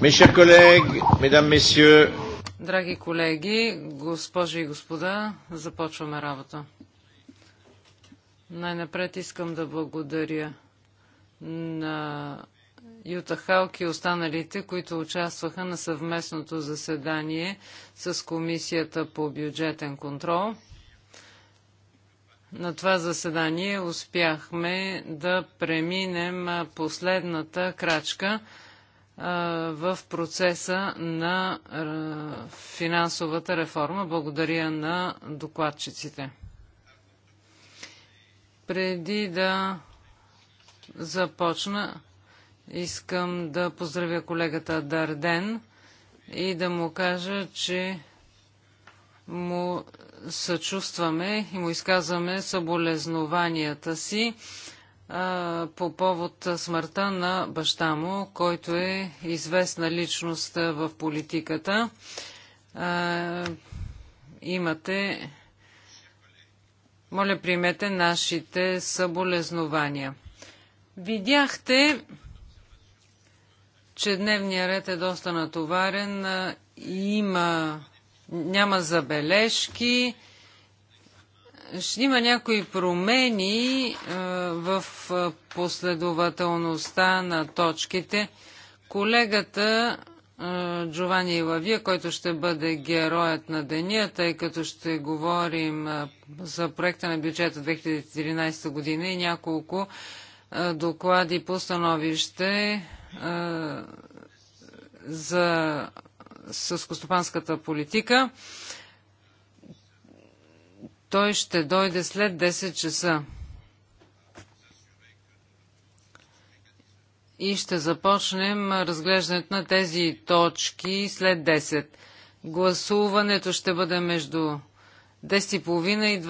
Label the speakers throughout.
Speaker 1: Mes chers collègues, mesdames, messieurs.
Speaker 2: Драги колеги, госпожи и господа, започваме работа. Най-напред искам да благодаря на Юта Халк и останалите, които участваха на съвместното заседание с Комисията по бюджетен контрол. На това заседание успяхме да преминем последната крачка – в процеса на финансовата реформа. Благодаря на докладчиците. Преди да започна, искам да поздравя колегата Дарден и да му кажа, че му съчувстваме и му изказваме съболезнованията си по повод смъртта на баща му, който е известна личност в политиката. имате. Моля, примете нашите съболезнования. Видяхте, че дневният ред е доста натоварен. Има, няма забележки ще има някои промени в последователността на точките. Колегата Джовани Лавия, който ще бъде героят на деня, тъй като ще говорим за проекта на бюджета 2013 година и няколко доклади по становище за съскостопанската политика. Той ще дойде след 10 часа. И ще започнем разглеждането на тези точки след 10. Гласуването ще бъде между 10.30 и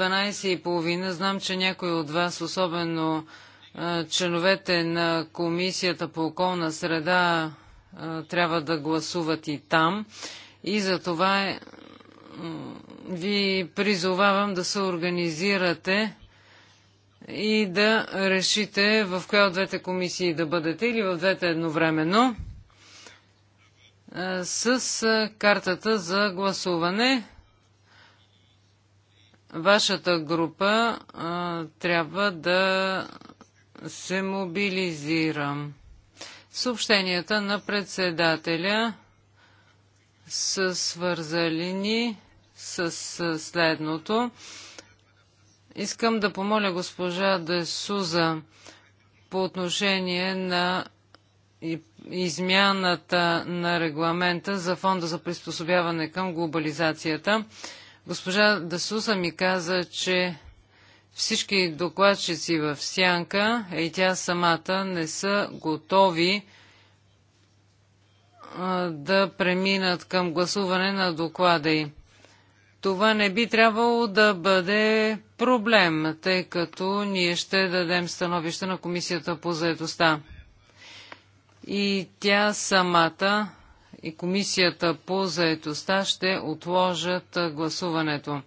Speaker 2: 12.30. Знам, че някой от вас, особено членовете на Комисията по околна среда, трябва да гласуват и там. И за това е ви призовавам да се организирате и да решите в коя от двете комисии да бъдете или в двете едновременно с картата за гласуване. Вашата група а, трябва да се мобилизира. Съобщенията на председателя са свързали ни с следното. Искам да помоля госпожа Десуза по отношение на измяната на регламента за фонда за приспособяване към глобализацията. Госпожа Десуза ми каза, че всички докладчици в Сянка, а и тя самата, не са готови да преминат към гласуване на доклада й. Това не би трябвало да бъде проблем, тъй като ние ще дадем становище на Комисията по заедостта. И тя самата и Комисията по заедостта ще отложат гласуването.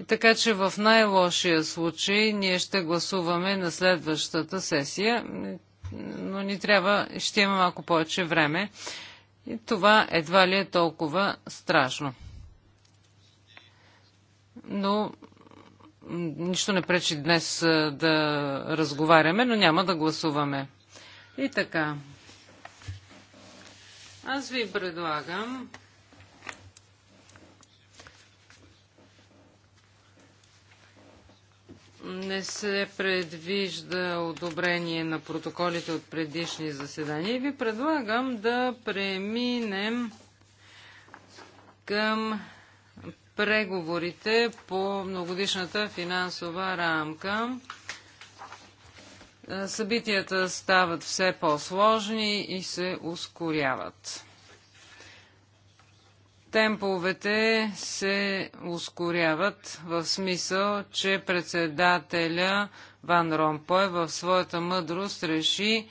Speaker 2: И така че в най-лошия случай ние ще гласуваме на следващата сесия, но ни трябва, ще има малко повече време. И това едва ли е толкова страшно но нищо не пречи днес да разговаряме, но няма да гласуваме. И така. Аз ви предлагам не се предвижда одобрение на протоколите от предишни заседания и ви предлагам да преминем към преговорите по многодишната финансова рамка. Е, събитията стават все по-сложни и се ускоряват. Темповете се ускоряват в смисъл, че председателя Ван Ромпой в своята мъдрост реши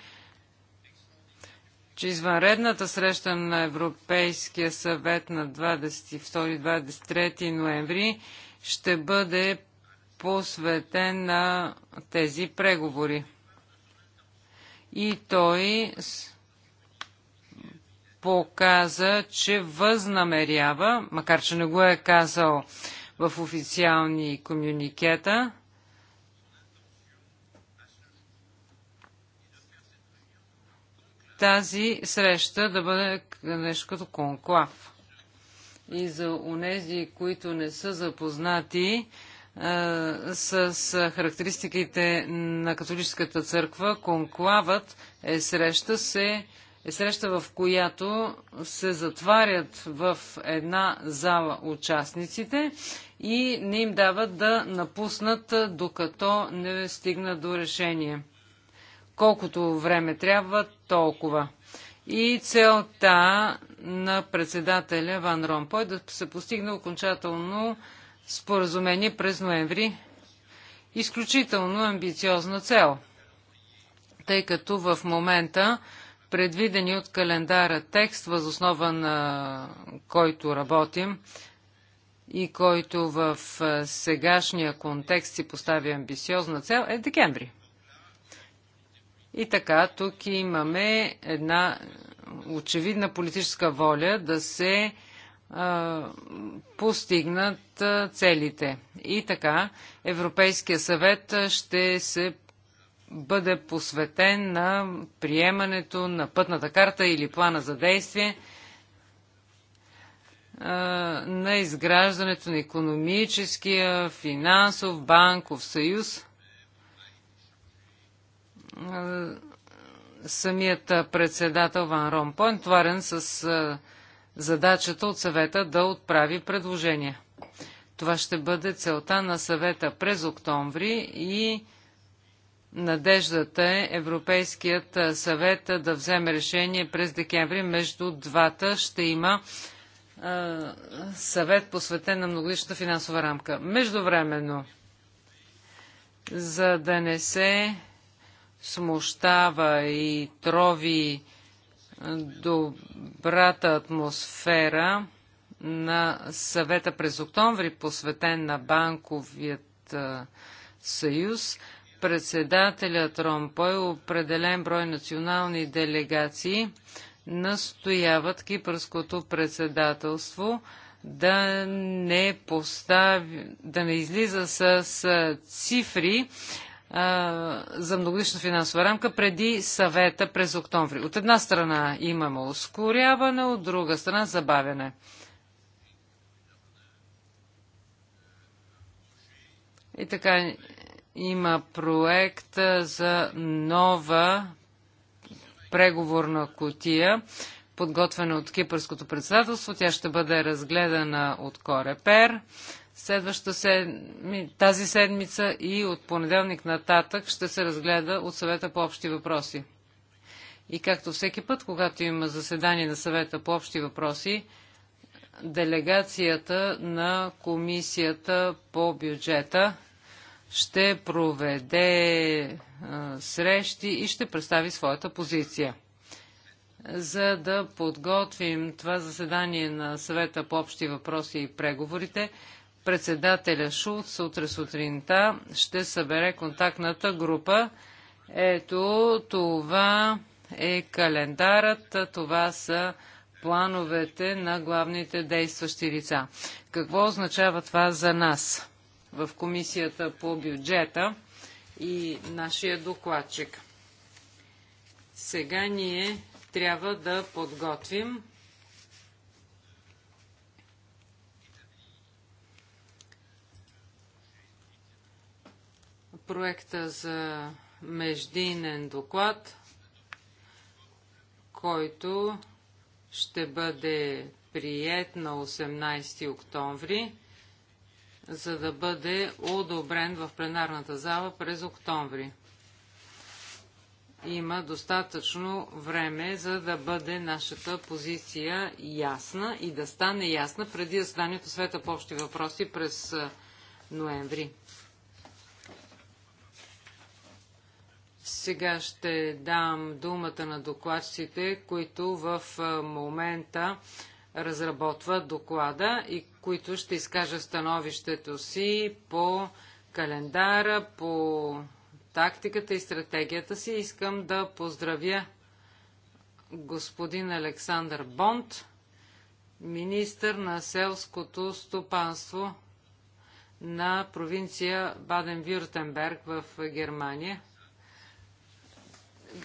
Speaker 2: че извънредната среща на Европейския съвет на 22-23 ноември ще бъде посветен на тези преговори. И той показа, че възнамерява, макар че не го е казал в официални комюникета, тази среща да бъде нещо като конклав. И за унези, които не са запознати, е, с характеристиките на католическата църква, конклавът е среща, се, е среща в която се затварят в една зала участниците и не им дават да напуснат, докато не стигна до решение. Колкото време трябва, толкова. И целта на председателя Ван Ромпой е да се постигне окончателно споразумение през ноември. Изключително амбициозна цел, тъй като в момента предвидени от календара текст, възоснова на който работим и който в сегашния контекст си поставя амбициозна цел, е декември. И така, тук имаме една очевидна политическа воля да се а, постигнат а, целите. И така, Европейския съвет ще се бъде посветен на приемането на пътната карта или плана за действие а, на изграждането на економическия, финансов, банков съюз – самият председател Ван Ромпо е натварен с задачата от съвета да отправи предложения. Това ще бъде целта на съвета през октомври и надеждата е Европейският съвет да вземе решение през декември. Между двата ще има съвет посветен на многолична финансова рамка. Междувременно, за да не се смущава и трови добрата атмосфера на съвета през октомври, посветен на банковият съюз, председателят Ромпой, определен брой национални делегации, настояват кипърското председателство да не, постави, да не излиза с цифри за многодишна финансова рамка преди съвета през октомври. От една страна имаме ускоряване, от друга страна забавяне. И така има проект за нова преговорна котия, подготвена от Кипърското председателство. Тя ще бъде разгледана от Корепер. Следваща седмица, тази седмица и от понеделник нататък ще се разгледа от съвета по общи въпроси. И както всеки път, когато има заседание на съвета по общи въпроси, делегацията на комисията по бюджета ще проведе срещи и ще представи своята позиция. За да подготвим това заседание на съвета по общи въпроси и преговорите, Председателя Шулц утре сутринта ще събере контактната група. Ето това е календарът, това са плановете на главните действащи лица. Какво означава това за нас в Комисията по бюджета и нашия докладчик? Сега ние трябва да подготвим проекта за междинен доклад, който ще бъде прият на 18 октомври, за да бъде одобрен в пленарната зала през октомври. Има достатъчно време, за да бъде нашата позиция ясна и да стане ясна преди заседанието света по общи въпроси през ноември. Сега ще дам думата на докладчите, които в момента разработват доклада и които ще изкажат становището си по календара, по тактиката и стратегията си. Искам да поздравя господин Александър Бонд, министър на селското стопанство на провинция Баден-Вюртенберг в Германия.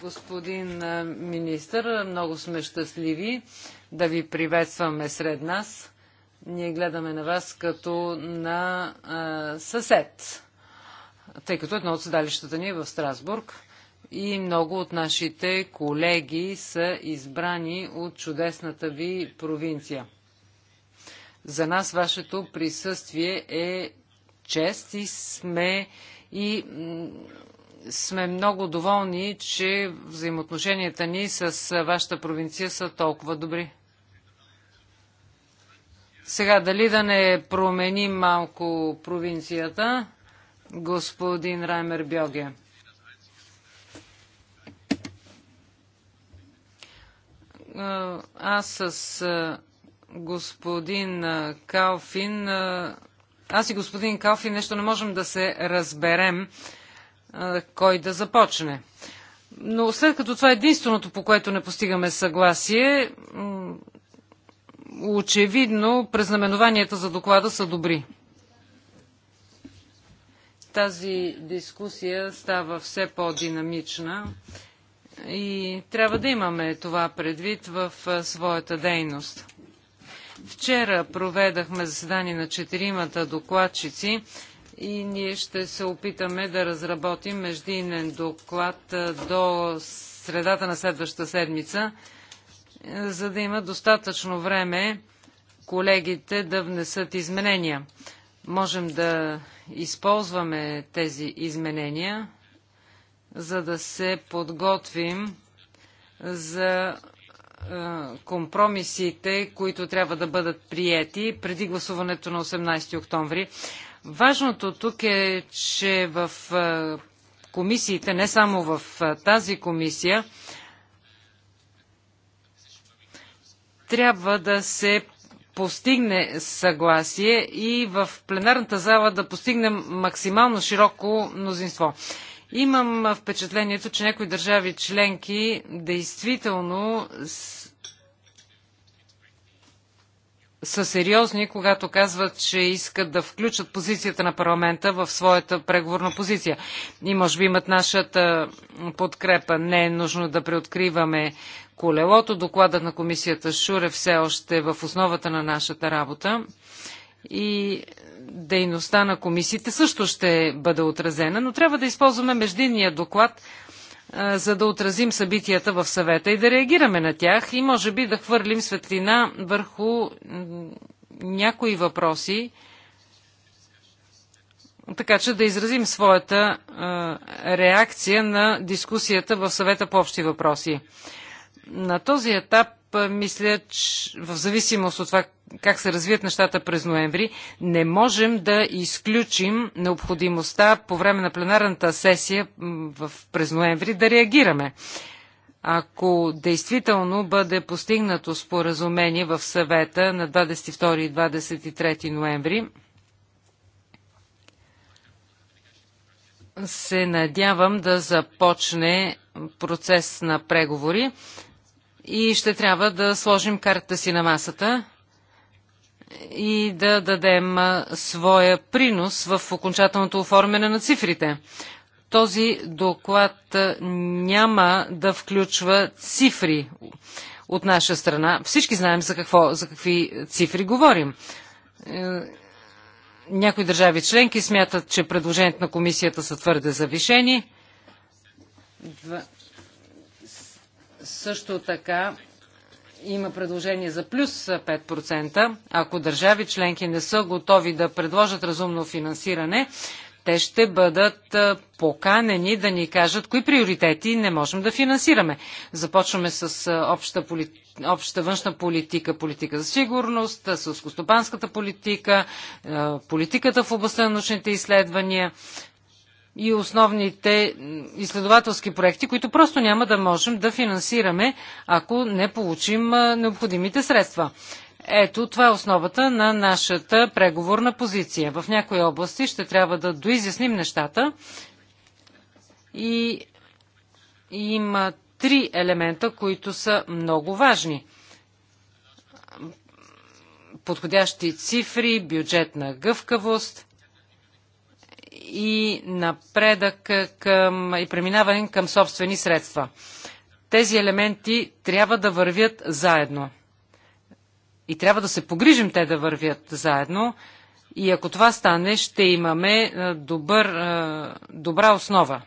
Speaker 2: Господин министър, много сме щастливи да ви приветстваме сред нас. Ние гледаме на вас като на а, съсед, тъй като едно от седалищата ни е в Страсбург и много от нашите колеги са избрани от чудесната ви провинция. За нас вашето присъствие е чест и сме и сме много доволни, че взаимоотношенията ни с вашата провинция са толкова добри. Сега, дали да не променим малко провинцията, господин Раймер Бьоге? Аз с господин Калфин, аз и господин Калфин нещо не можем да се разберем кой да започне. Но след като това е единственото, по което не постигаме съгласие, очевидно презнаменованията за доклада са добри. Тази дискусия става все по-динамична и трябва да имаме това предвид в своята дейност. Вчера проведахме заседание на четиримата докладчици и ние ще се опитаме да разработим междинен доклад до средата на следващата седмица, за да има достатъчно време колегите да внесат изменения. Можем да използваме тези изменения, за да се подготвим за компромисите, които трябва да бъдат приети преди гласуването на 18 октомври. Важното тук е, че в комисиите, не само в тази комисия, трябва да се постигне съгласие и в пленарната зала да постигнем максимално широко мнозинство. Имам впечатлението, че някои държави членки действително са сериозни, когато казват, че искат да включат позицията на парламента в своята преговорна позиция. И може би имат нашата подкрепа. Не е нужно да преоткриваме колелото. Докладът на комисията Шуре все още е в основата на нашата работа. И дейността на комисиите също ще бъде отразена, но трябва да използваме междинния доклад – за да отразим събитията в съвета и да реагираме на тях и може би да хвърлим светлина върху някои въпроси, така че да изразим своята реакция на дискусията в съвета по общи въпроси. На този етап мисля, че в зависимост от това как се развият нещата през ноември, не можем да изключим необходимостта по време на пленарната сесия в, през ноември да реагираме. Ако действително бъде постигнато споразумение в съвета на 22 и 23 ноември, се надявам да започне процес на преговори и ще трябва да сложим картата си на масата и да дадем своя принос в окончателното оформяне на цифрите. Този доклад няма да включва цифри от наша страна. Всички знаем за, какво, за какви цифри говорим. Е, някои държави членки смятат, че предложението на комисията са твърде завишени. Също така има предложение за плюс 5%. Ако държави членки не са готови да предложат разумно финансиране, те ще бъдат поканени да ни кажат кои приоритети не можем да финансираме. Започваме с обща, поли... обща външна политика, политика за сигурност, сълскостопанската политика, политиката в областта на научните изследвания, и основните изследователски проекти, които просто няма да можем да финансираме, ако не получим необходимите средства. Ето, това е основата на нашата преговорна позиция. В някои области ще трябва да доизясним нещата и има три елемента, които са много важни. Подходящи цифри, бюджетна гъвкавост – и напредък към, и преминаване към собствени средства. Тези елементи трябва да вървят заедно. И трябва да се погрижим те да вървят заедно. И ако това стане, ще имаме е, добър, е, добра основа.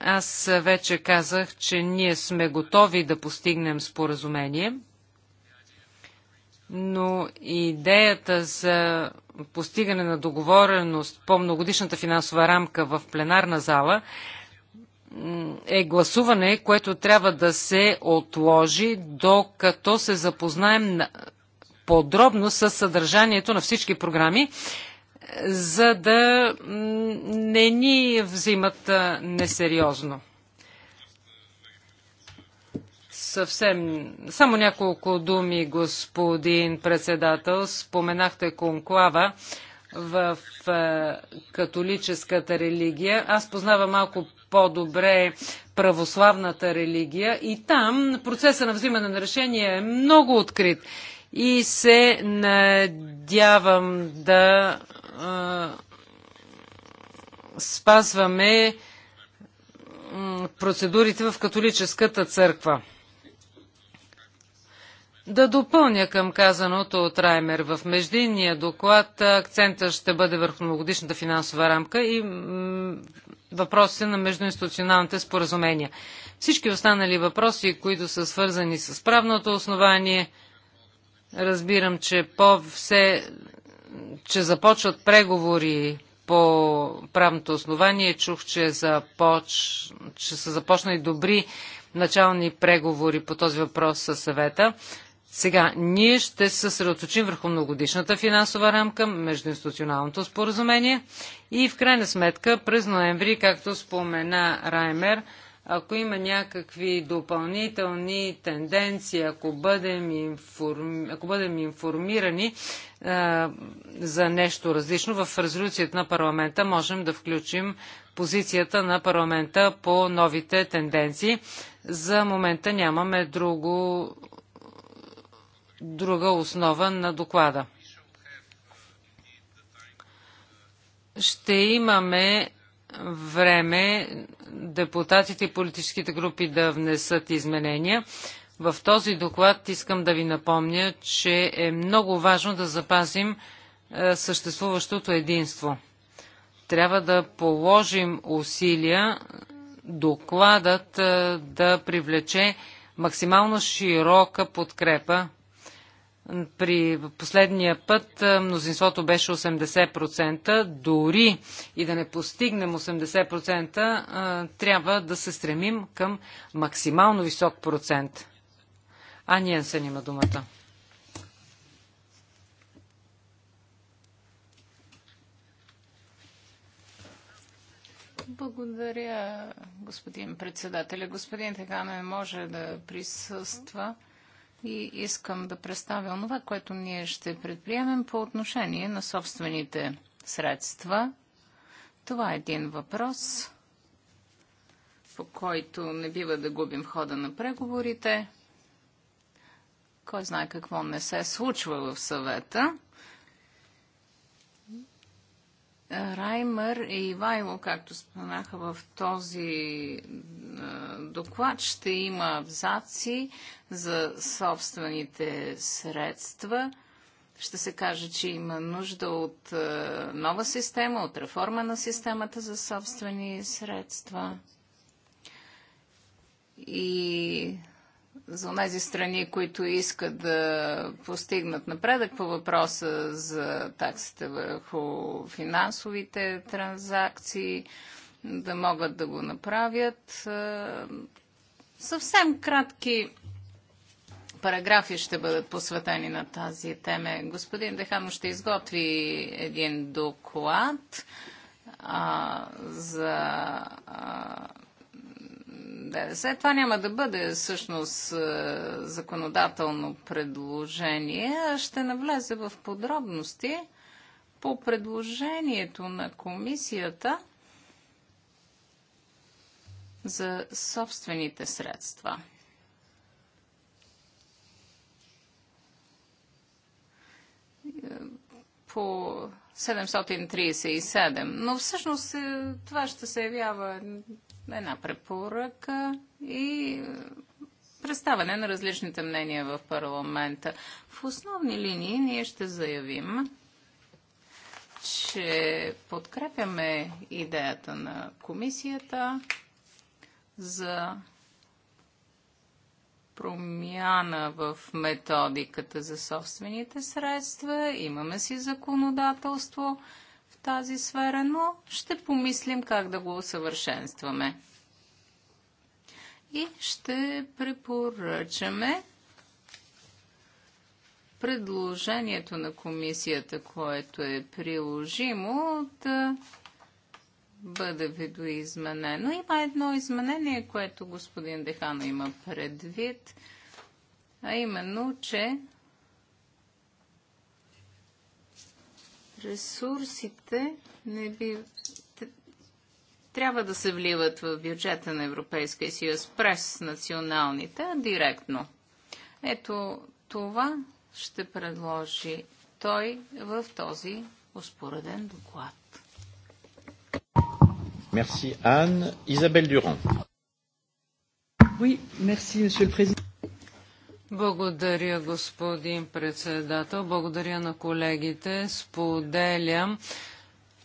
Speaker 2: Аз вече казах, че ние сме готови да постигнем споразумение – но идеята за постигане на договореност по многодишната финансова рамка в пленарна зала е гласуване, което трябва да се отложи, докато се запознаем подробно с съдържанието на всички програми, за да не ни взимат несериозно. Съвсем само няколко думи, господин председател. Споменахте конклава в е, католическата религия. Аз познавам малко по-добре православната религия и там процеса на взимане на решение е много открит и се надявам да а, е, спазваме процедурите в католическата църква. Да допълня към казаното от Раймер. В междинния доклад акцента ще бъде върху многогодишната финансова рамка и въпросите на междуинституционалните споразумения. Всички останали въпроси, които са свързани с правното основание, разбирам, че по все, че започват преговори по правното основание. Чух, че, започ... че са започнали добри начални преговори по този въпрос със съвета. Сега, ние ще се съсредоточим върху многогодишната финансова рамка, междуинституционалното споразумение и в крайна сметка през ноември, както спомена Раймер, ако има някакви допълнителни тенденции, ако бъдем, информи... ако бъдем информирани а, за нещо различно, в резолюцията на парламента можем да включим позицията на парламента по новите тенденции. За момента нямаме друго друга основа на доклада. Ще имаме време депутатите и политическите групи да внесат изменения. В този доклад искам да ви напомня, че е много важно да запазим е, съществуващото единство. Трябва да положим усилия докладът е, да привлече максимално широка подкрепа при последния път мнозинството беше 80%. Дори и да не постигнем 80%, трябва да се стремим към максимално висок процент. А се има думата.
Speaker 3: Благодаря, господин председател. Господин Теганове може да присъства и искам да представя това, което ние ще предприемем по отношение на собствените средства. Това е един въпрос, по който не бива да губим хода на преговорите. Кой знае какво не се случва в съвета. Раймър и Вайло, както споменаха в този доклад, ще има абзаци за собствените средства. Ще се каже, че има нужда от нова система, от реформа на системата за собствени средства. И за тези страни, които искат да постигнат напредък по въпроса за таксите върху финансовите транзакции, да могат да го направят. Е, съвсем кратки параграфи ще бъдат посветени на тази теме. Господин Деханов ще изготви един доклад а, за а, ДДС. Е, това няма да бъде всъщност е, законодателно предложение, ще навлезе в подробности по предложението на комисията за собствените средства. По 737. Но всъщност е, това ще се явява една препоръка и е, представяне на различните мнения в парламента. В основни линии ние ще заявим, че подкрепяме идеята на комисията за промяна в методиката за собствените средства. Имаме си законодателство тази сфера, но ще помислим как да го усъвършенстваме. И ще препоръчаме предложението на комисията, което е приложимо, да бъде видоизменено. Има едно изменение, което господин Дехано има предвид, а именно, че Ресурсите не би... трябва да се вливат в бюджета на Европейския съюз през националните, а директно. Ето това ще предложи той в този успореден доклад.
Speaker 2: Merci Anne. Isabelle Durand. Oui, merci Monsieur le Président. Благодаря, господин председател. Благодаря на колегите. Споделям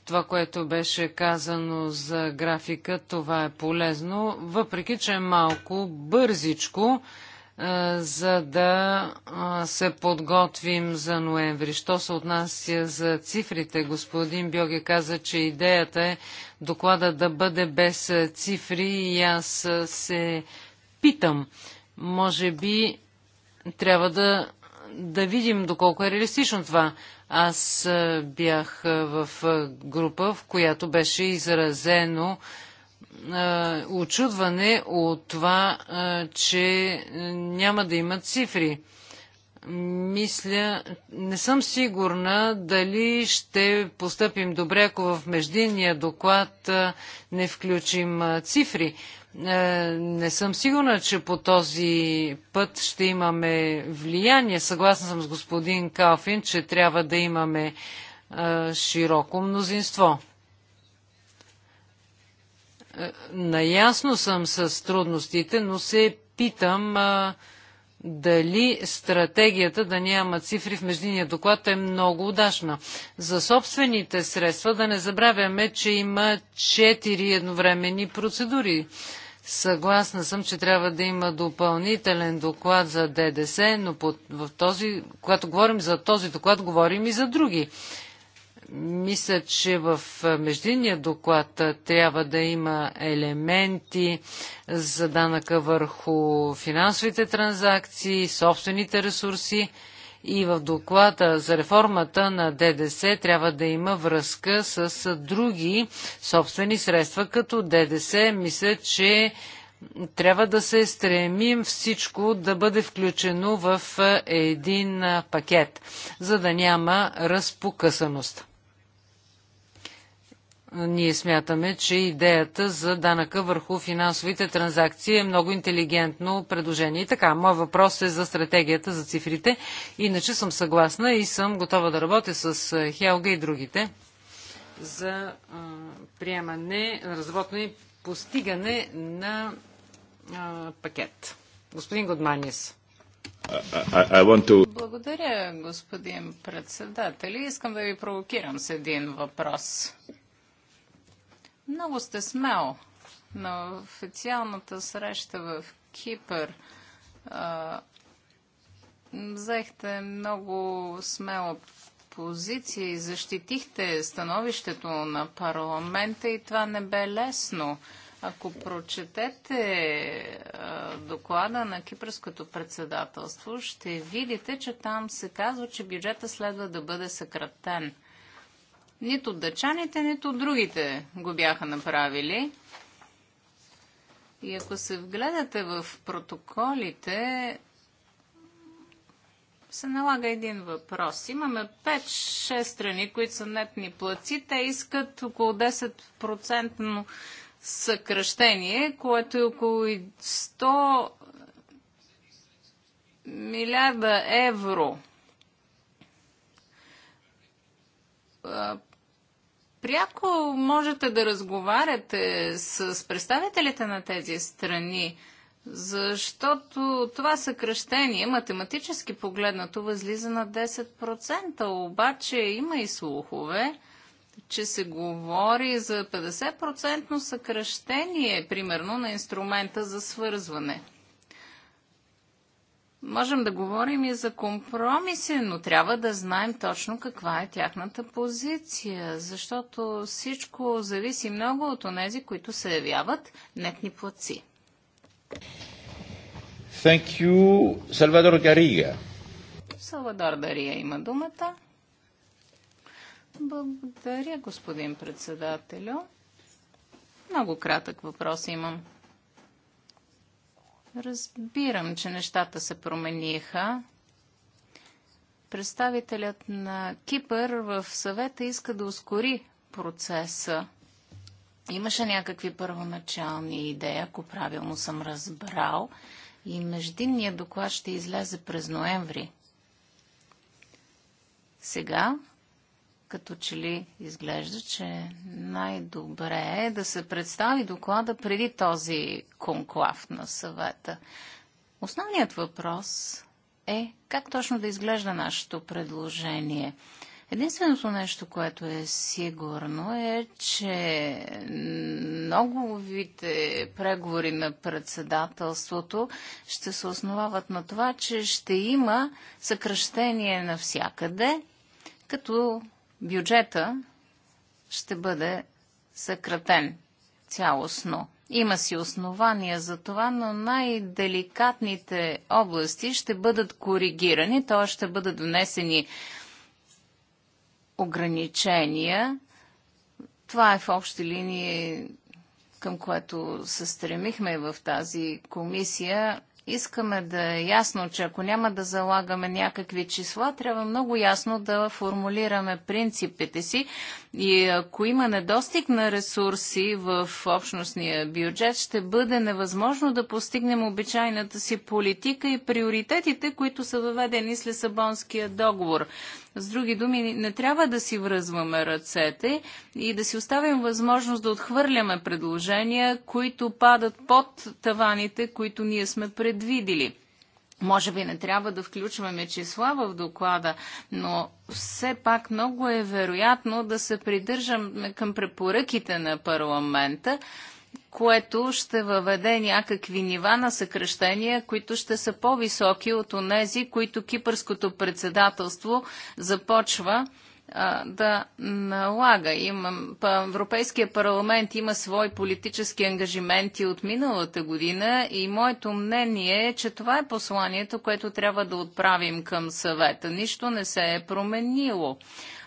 Speaker 2: това, което беше казано за графика. Това е полезно, въпреки че е малко бързичко, е, за да е, се подготвим за ноември. Що се отнася за цифрите, господин Бьоге каза, че идеята е доклада да бъде без цифри и аз се питам. Може би трябва да, да видим доколко е реалистично това. Аз бях в група, в която беше изразено очудване от това, че няма да има цифри мисля, не съм сигурна дали ще постъпим добре, ако в междинния доклад не включим цифри. Е, не съм сигурна, че по този път ще имаме влияние. Съгласна съм с господин Калфин, че трябва да имаме е, широко мнозинство. Е, наясно съм с трудностите, но се питам дали стратегията да няма цифри в междинния доклад е много удачна. За собствените средства да не забравяме, че има 4 едновременни процедури. Съгласна съм, че трябва да има допълнителен доклад за ДДС, но в този, когато говорим за този доклад, говорим и за други мисля, че в междинния доклад трябва да има елементи за данъка върху финансовите транзакции, собствените ресурси и в доклада за реформата на ДДС трябва да има връзка с други собствени средства, като ДДС. Мисля, че трябва да се стремим всичко да бъде включено в един пакет, за да няма разпокъсаност. Ние смятаме, че идеята за данъка върху финансовите транзакции е много интелигентно предложение. И така, моят въпрос е за стратегията за цифрите. Иначе съм съгласна и съм готова да работя с Хелга и другите за приемане, разработване и постигане на а, пакет. Господин Годманис.
Speaker 3: To...
Speaker 2: Благодаря, господин председател. Искам да
Speaker 3: ви провокирам с един въпрос. Много сте смел. На официалната среща в Кипър взехте много смела позиция и защитихте становището на парламента и това не бе лесно. Ако прочетете доклада на Кипърското председателство, ще видите, че там се казва, че бюджета следва да бъде съкратен. Нито дъчаните, нито другите го бяха направили. И ако се вгледате в протоколите, се налага един въпрос. Имаме 5-6 страни, които са нетни плаци. Те искат около 10% съкръщение, което е около 100 милиарда евро. пряко можете да разговаряте с представителите на тези страни, защото това съкръщение, математически погледнато, възлиза на 10%, обаче има и слухове, че се говори за 50% съкръщение, примерно, на инструмента за свързване. Можем да говорим и за компромиси, но трябва да знаем точно каква е тяхната позиция, защото всичко зависи много от онези, които се явяват нетни плаци.
Speaker 1: Thank you,
Speaker 3: Салвадор Салвадор Дария има думата. Благодаря, господин председателю. Много кратък въпрос имам. Разбирам, че нещата се промениха. Представителят на Кипър в съвета иска да ускори процеса. Имаше някакви първоначални идеи, ако правилно съм разбрал, и междинният доклад ще излезе през ноември. Сега като че ли изглежда, че най-добре е да се представи доклада преди този конклав на съвета. Основният въпрос е как точно да изглежда нашето предложение. Единственото нещо, което е сигурно е, че многовите преговори на председателството ще се основават на това, че ще има съкръщение навсякъде, като бюджета ще бъде съкратен цялостно. Има си основания за това, но най-деликатните области ще бъдат коригирани, т.е. ще бъдат внесени ограничения. Това е в общи линии към което се стремихме в тази комисия искаме да е ясно, че ако няма да залагаме някакви числа, трябва много ясно да формулираме принципите си, и ако има недостиг на ресурси в общностния бюджет, ще бъде невъзможно да постигнем обичайната си политика и приоритетите, които са въведени с Лисабонския договор. С други думи, не трябва да си връзваме ръцете и да си оставим възможност да отхвърляме предложения, които падат под таваните, които ние сме предвидили. Може би не трябва да включваме числа в доклада, но все пак много е вероятно да се придържаме към препоръките на парламента, което ще въведе някакви нива на съкръщения, които ще са по-високи от онези, които кипърското председателство започва а, да налага. Имам, па, Европейския парламент има свои политически ангажименти от миналата година и моето мнение е, че това е посланието, което трябва да отправим към съвета. Нищо не се е променило.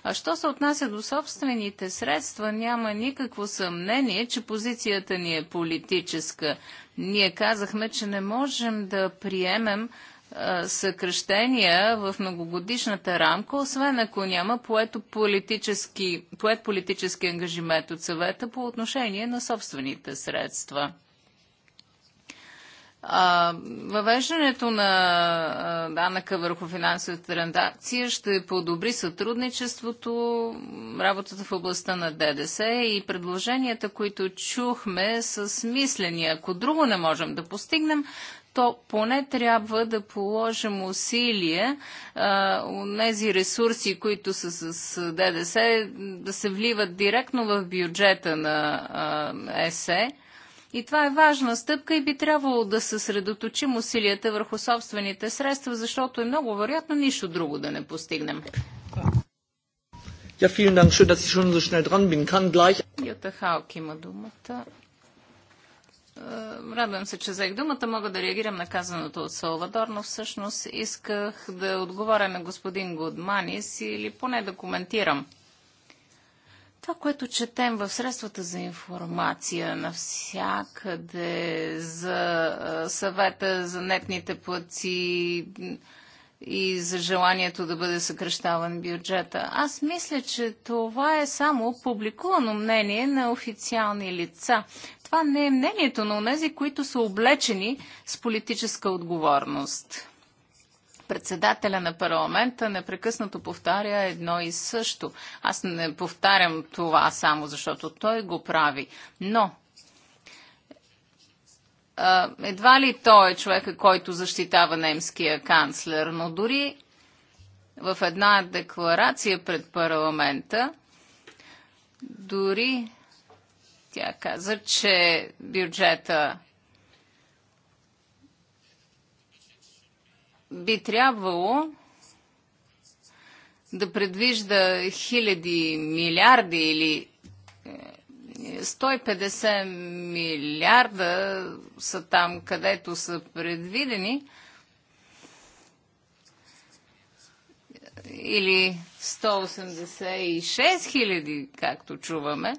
Speaker 3: А що се отнася до собствените средства, няма никакво съмнение, че позицията ни е политическа. Ние казахме, че не можем да приемем съкръщения в многогодишната рамка, освен ако няма поет политически, поет политически ангажимент от съвета по отношение на собствените средства. А, въвеждането на данъка върху финансовата транзакция ще подобри сътрудничеството, работата в областта на ДДС и предложенията, които чухме са смислени. Ако друго не можем да постигнем, то поне трябва да положим усилия от тези ресурси, които са с ДДС, да се вливат директно в бюджета на ЕСЕ. И това е важна стъпка и би трябвало да съсредоточим усилията върху собствените средства, защото е много вероятно нищо друго да не постигнем.
Speaker 2: Ja, vielen Dank. Schön, dass ich schon so schnell dran bin. Kann gleich.
Speaker 3: Jutta Hauk има думата. Е, радвам се, че взех думата. Мога да реагирам на казаното от Салвадор, но всъщност исках да отговоря на господин Гудманис или поне да коментирам. Това, което четем в средствата за информация навсякъде, за е, съвета за нетните плъци и за желанието да бъде съкръщаван бюджета. Аз мисля, че това е само публикувано мнение на официални лица. Това не е мнението на онези, които са облечени с политическа отговорност. Председателя на парламента непрекъснато повтаря едно и също. Аз не повтарям това само защото той го прави. Но едва ли той е човека, който защитава немския канцлер, но дори в една декларация пред парламента, дори тя каза, че бюджета би трябвало да предвижда хиляди милиарди или 150 е, милиарда са там, където са предвидени, или 186 хиляди, както чуваме.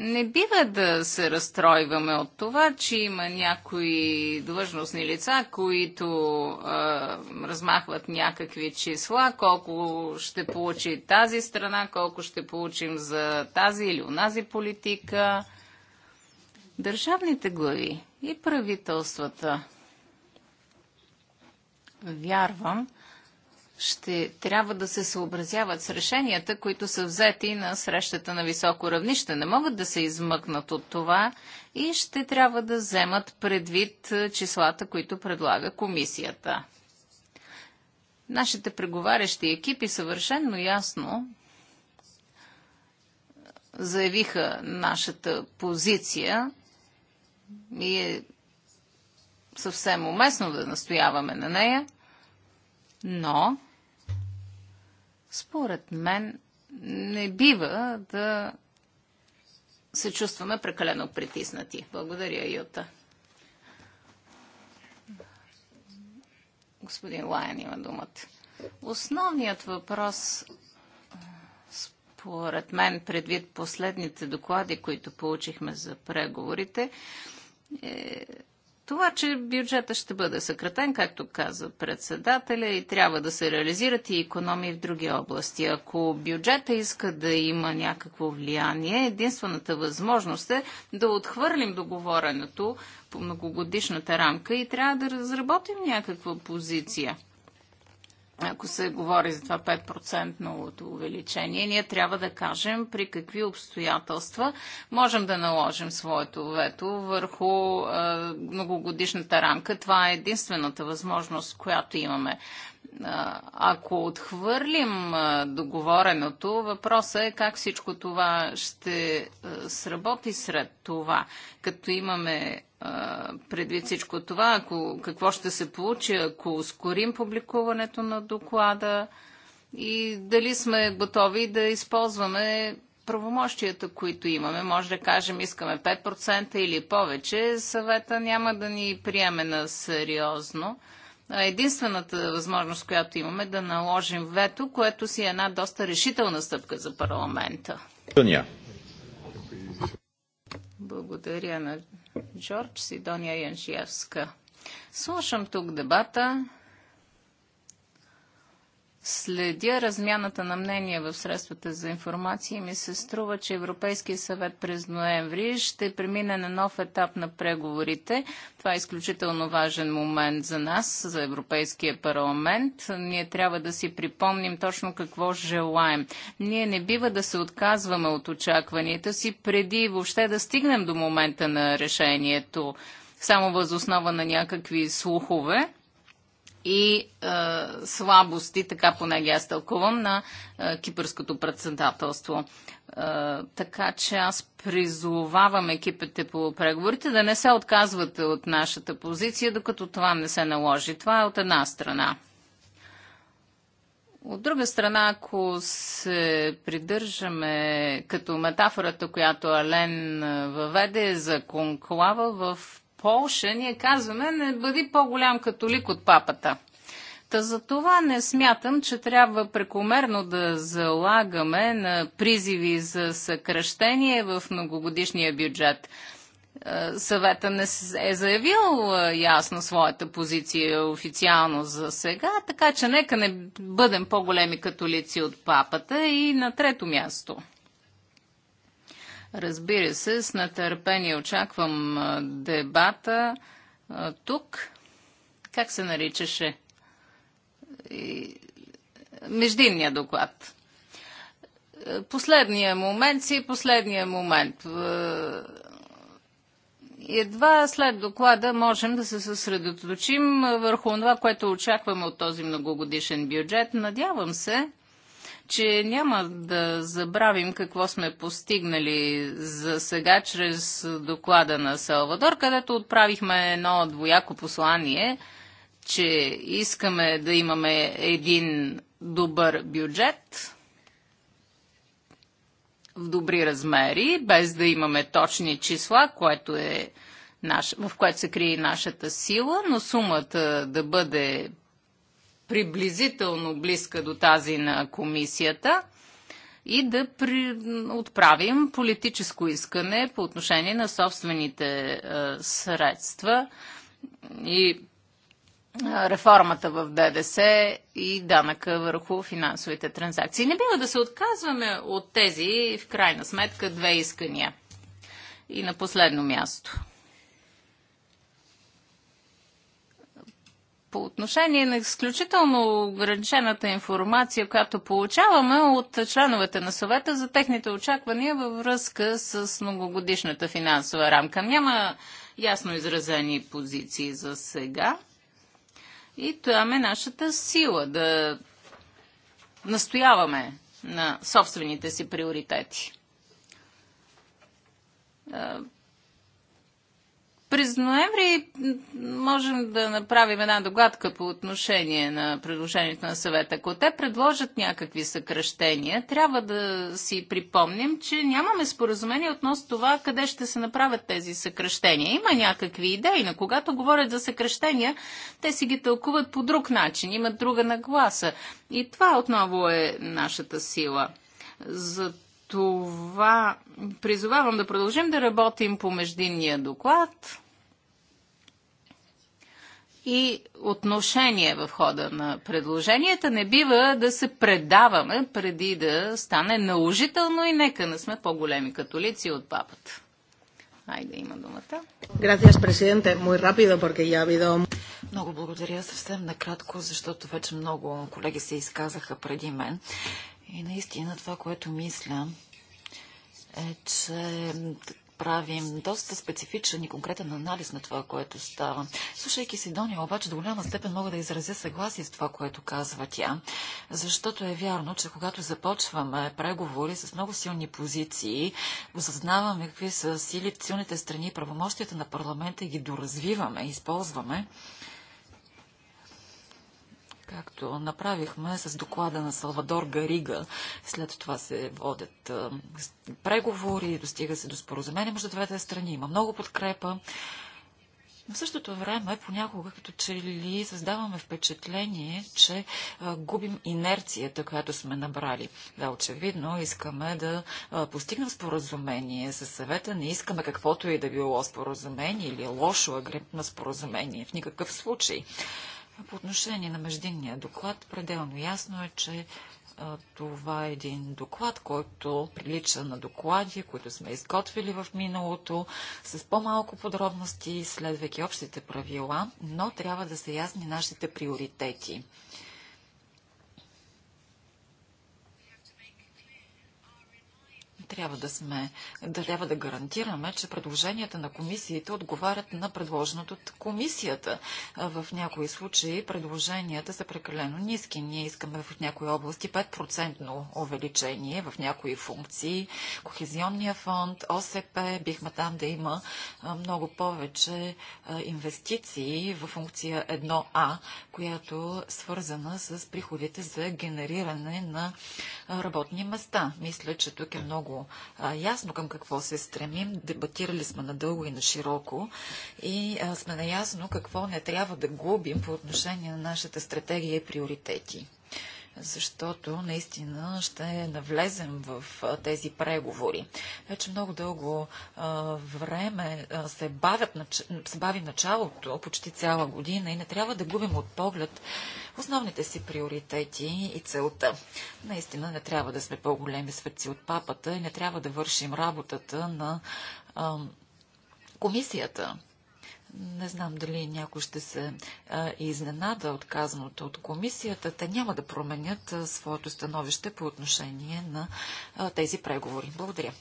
Speaker 3: Не бива да се разстройваме от това, че има някои длъжностни лица, които а, размахват някакви числа, колко ще получи тази страна, колко ще получим за тази или унази политика. Държавните глави и правителствата. Вярвам, ще трябва да се съобразяват с решенията, които са взети на срещата на високо равнище. Не могат да се измъкнат от това и ще трябва да вземат предвид е, числата, които предлага комисията. Нашите преговарящи екипи съвършенно ясно е, заявиха нашата позиция и е съвсем уместно да настояваме на нея, но според мен не бива да се чувстваме прекалено притиснати. Благодаря, Юта. Господин Лайен има думата. Основният въпрос, според мен, предвид последните доклади, които получихме за преговорите, е това, че бюджета ще бъде съкратен, както каза председателя, и трябва да се реализират и економии в други области. Ако бюджета иска да има някакво влияние, единствената възможност е да отхвърлим договореното по многогодишната рамка и трябва да разработим някаква позиция ако се говори за това 5 увеличение, ние трябва да кажем при какви обстоятелства можем да наложим своето вето върху е, многогодишната рамка. Това е единствената възможност, която имаме ако отхвърлим договореното, въпросът е как всичко това ще сработи сред това. Като имаме предвид всичко това, ако, какво ще се получи, ако ускорим публикуването на доклада и дали сме готови да използваме правомощията, които имаме. Може да кажем, искаме 5% или повече. Съвета няма да ни приеме на сериозно единствената възможност, която имаме да наложим вето, което си е една доста решителна стъпка за парламента. Тония. Благодаря на Джордж Сидония Янжиевска. Слушам тук дебата следя размяната на мнения в средствата за информация и ми се струва, че Европейския съвет през ноември ще премине на нов етап на преговорите. Това е изключително важен момент за нас, за Европейския парламент. Ние трябва да си припомним точно какво желаем. Ние не бива да се отказваме от очакванията си преди въобще да стигнем до момента на решението само възоснова на някакви слухове и е, слабости, така поне ги аз тълкувам, на е, кипърското председателство. Е, така че аз призовавам екипите по преговорите да не се отказвате от нашата позиция, докато това не се наложи. Това е от една страна. От друга страна, ако се придържаме като метафората, която Ален въведе за конклава, в Полша, ние казваме, не бъди по-голям католик от папата. Та за това не смятам, че трябва прекомерно да залагаме на призиви за съкръщение в многогодишния бюджет. Е, съвета не е заявил е, ясно своята позиция официално за сега, така че нека не бъдем по-големи католици от папата и на трето място – Разбира се, с нетърпение очаквам дебата тук. Как се наричаше? Междинния доклад. Последния момент си, последния момент. Едва след доклада можем да се съсредоточим върху това, което очакваме от този многогодишен бюджет. Надявам се, че няма да забравим какво сме постигнали за сега чрез доклада на Салвадор, където отправихме едно двояко послание, че искаме да имаме един добър бюджет в добри размери, без да имаме точни числа, което е наш, в което се крие нашата сила, но сумата да бъде приблизително близка до тази на комисията и да при... отправим политическо искане по отношение на собствените е, средства и е, реформата в ДДС и данъка върху финансовите транзакции. Не бива да се отказваме от тези, в крайна сметка, две искания. И на последно място. по отношение на изключително ограничената информация, която получаваме от членовете на съвета за техните очаквания във връзка с многогодишната финансова рамка. Няма ясно изразени позиции за сега. И това е нашата сила да настояваме на собствените си приоритети през ноември можем да направим една догадка по отношение на предложението на съвета. Ако те предложат някакви съкръщения, трябва да си припомним, че нямаме споразумение относно това къде ще се направят тези съкръщения. Има някакви идеи, но когато говорят за съкръщения, те си ги тълкуват по друг начин, имат друга нагласа. И това отново е нашата сила. За това призовавам да продължим да работим по междинния доклад и отношение в хода на предложенията. Не бива да се предаваме преди да стане наложително и нека не сме по-големи католици от папата. Айде, има думата. Gracias, presidente. Muy rápido, porque ya ha habido...
Speaker 1: Много благодаря съвсем накратко, защото вече много колеги се изказаха преди мен. И наистина това, което мисля, е, че правим доста специфичен и конкретен анализ на това, което става. Слушайки Сидония, обаче до голяма степен мога да изразя съгласие с това, което казва тя, защото е вярно, че когато започваме преговори с много силни позиции, осъзнаваме какви са сили, силните страни, правомощията на парламента и ги доразвиваме, използваме, както направихме с доклада на Салвадор Гарига. След това се водят преговори, достига се до споразумение между двете страни. Има много подкрепа. Но в същото време, понякога, като че ли създаваме впечатление, че а, губим инерцията, която сме набрали. Да, очевидно, искаме да а, постигнем споразумение със съвета, не искаме каквото и да било споразумение или лошо агрепно споразумение в никакъв случай. По отношение на междинния доклад, пределно ясно е, че това е един доклад, който прилича на доклади, които сме изготвили в миналото, с по-малко подробности, следвайки общите правила, но трябва да са ясни нашите приоритети. Трябва да сме, да, трябва да гарантираме, че предложенията на комисиите отговарят на предложеното от комисията. В някои случаи предложенията са прекалено ниски. Ние искаме в някои области 5% увеличение, в някои функции. Кохезионния фонд, ОСП, бихме там да има много повече инвестиции в функция 1А, която е свързана с приходите за генериране на работни места. Мисля, че тук е много а, ясно към какво се стремим. Дебатирали сме надълго и на широко и а, сме наясно какво не трябва да губим по отношение на нашата стратегия и приоритети защото наистина ще навлезем в тези преговори. Вече много дълго време се, бавят, се бави началото, почти цяла година и не трябва да губим от поглед основните си приоритети и целта. Наистина не трябва да сме по-големи светци от папата и не трябва да вършим работата на комисията. Не знам дали някой ще се а, изненада от казаното от комисията. Те няма да променят а, своето становище по отношение на а, тези преговори. Благодаря.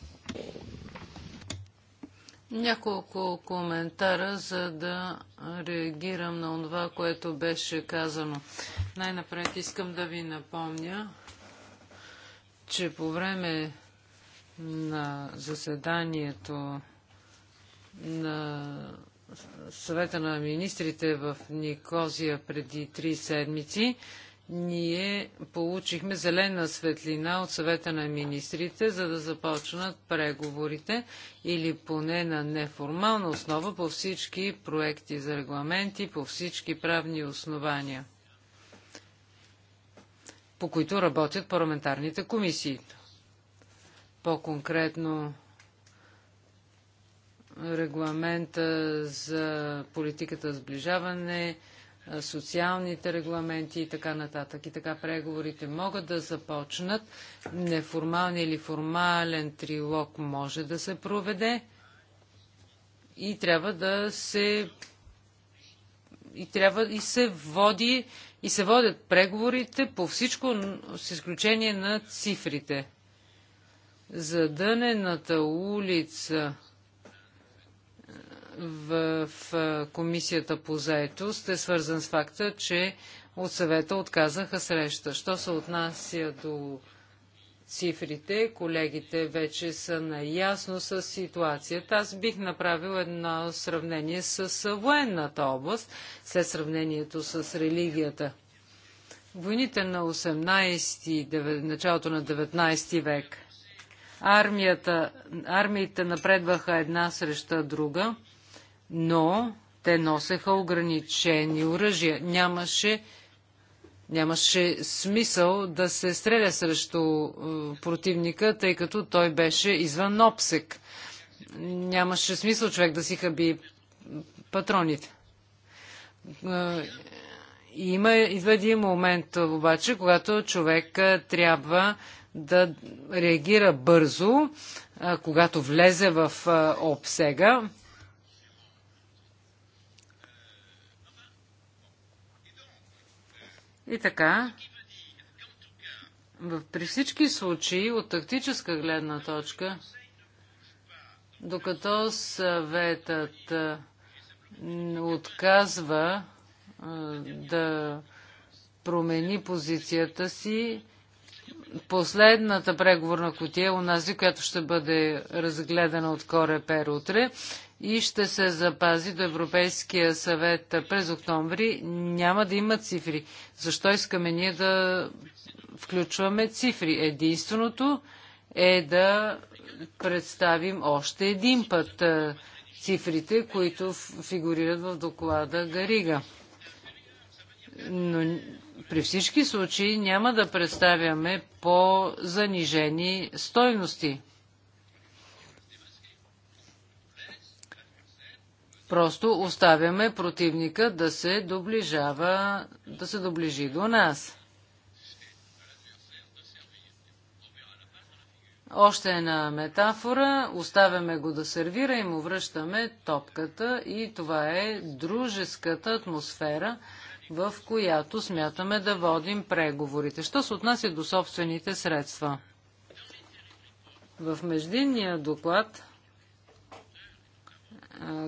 Speaker 2: Няколко коментара, за да реагирам на това, което беше казано. Най-напред искам да ви напомня, че по време на заседанието на съвета на министрите в Никозия преди три седмици, ние получихме зелена светлина от съвета на министрите, за да започнат преговорите или поне на неформална основа по всички проекти за регламенти, по всички правни основания, по които работят парламентарните комисии. По-конкретно регламента за политиката сближаване, социалните регламенти и така нататък. И така преговорите могат да започнат. Неформален или формален трилог може да се проведе и трябва да се и трябва и се води и се водят преговорите по всичко с изключение на цифрите. за дънената улица в комисията по заетост е свързан с факта, че от съвета отказаха среща. Що се отнася до цифрите, колегите вече са наясно с ситуацията. Аз бих направил едно сравнение с военната област, след сравнението с религията. Войните на 18 началото на 19 век. Армията, армиите напредваха една среща друга – но те носеха ограничени оръжия. Нямаше, нямаше смисъл да се стреля срещу е, противника, тъй като той беше извън обсек. Нямаше смисъл човек да си хаби патроните. Е, има, идва един момент обаче, когато човек е, трябва да реагира бързо, когато влезе в обсега И така, при всички случаи, от тактическа гледна точка, докато съветът отказва да промени позицията си, последната преговорна котия, е унази, която ще бъде разгледана от Пер утре, и ще се запази до Европейския съвет през октомври, няма да има цифри. Защо искаме ние да включваме цифри? Единственото е да представим още един път е, цифрите, които фигурират в доклада Гарига. Но при всички случаи няма да представяме по занижени стойности. Просто оставяме противника да се доближава, да се доближи до нас. Още една метафора. Оставяме го да сервира и му връщаме топката и това е дружеската атмосфера, в която смятаме да водим преговорите. Що се отнася до собствените средства? В междинния доклад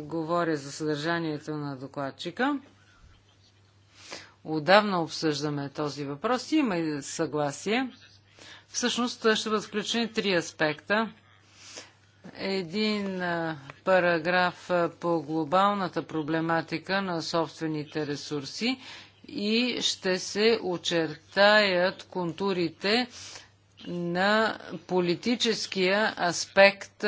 Speaker 2: говоря за съдържанието на докладчика. Отдавна обсъждаме този въпрос и има и съгласие. Всъщност ще бъдат включени три аспекта. Един параграф по глобалната проблематика на собствените ресурси и ще се очертаят контурите на политическия аспект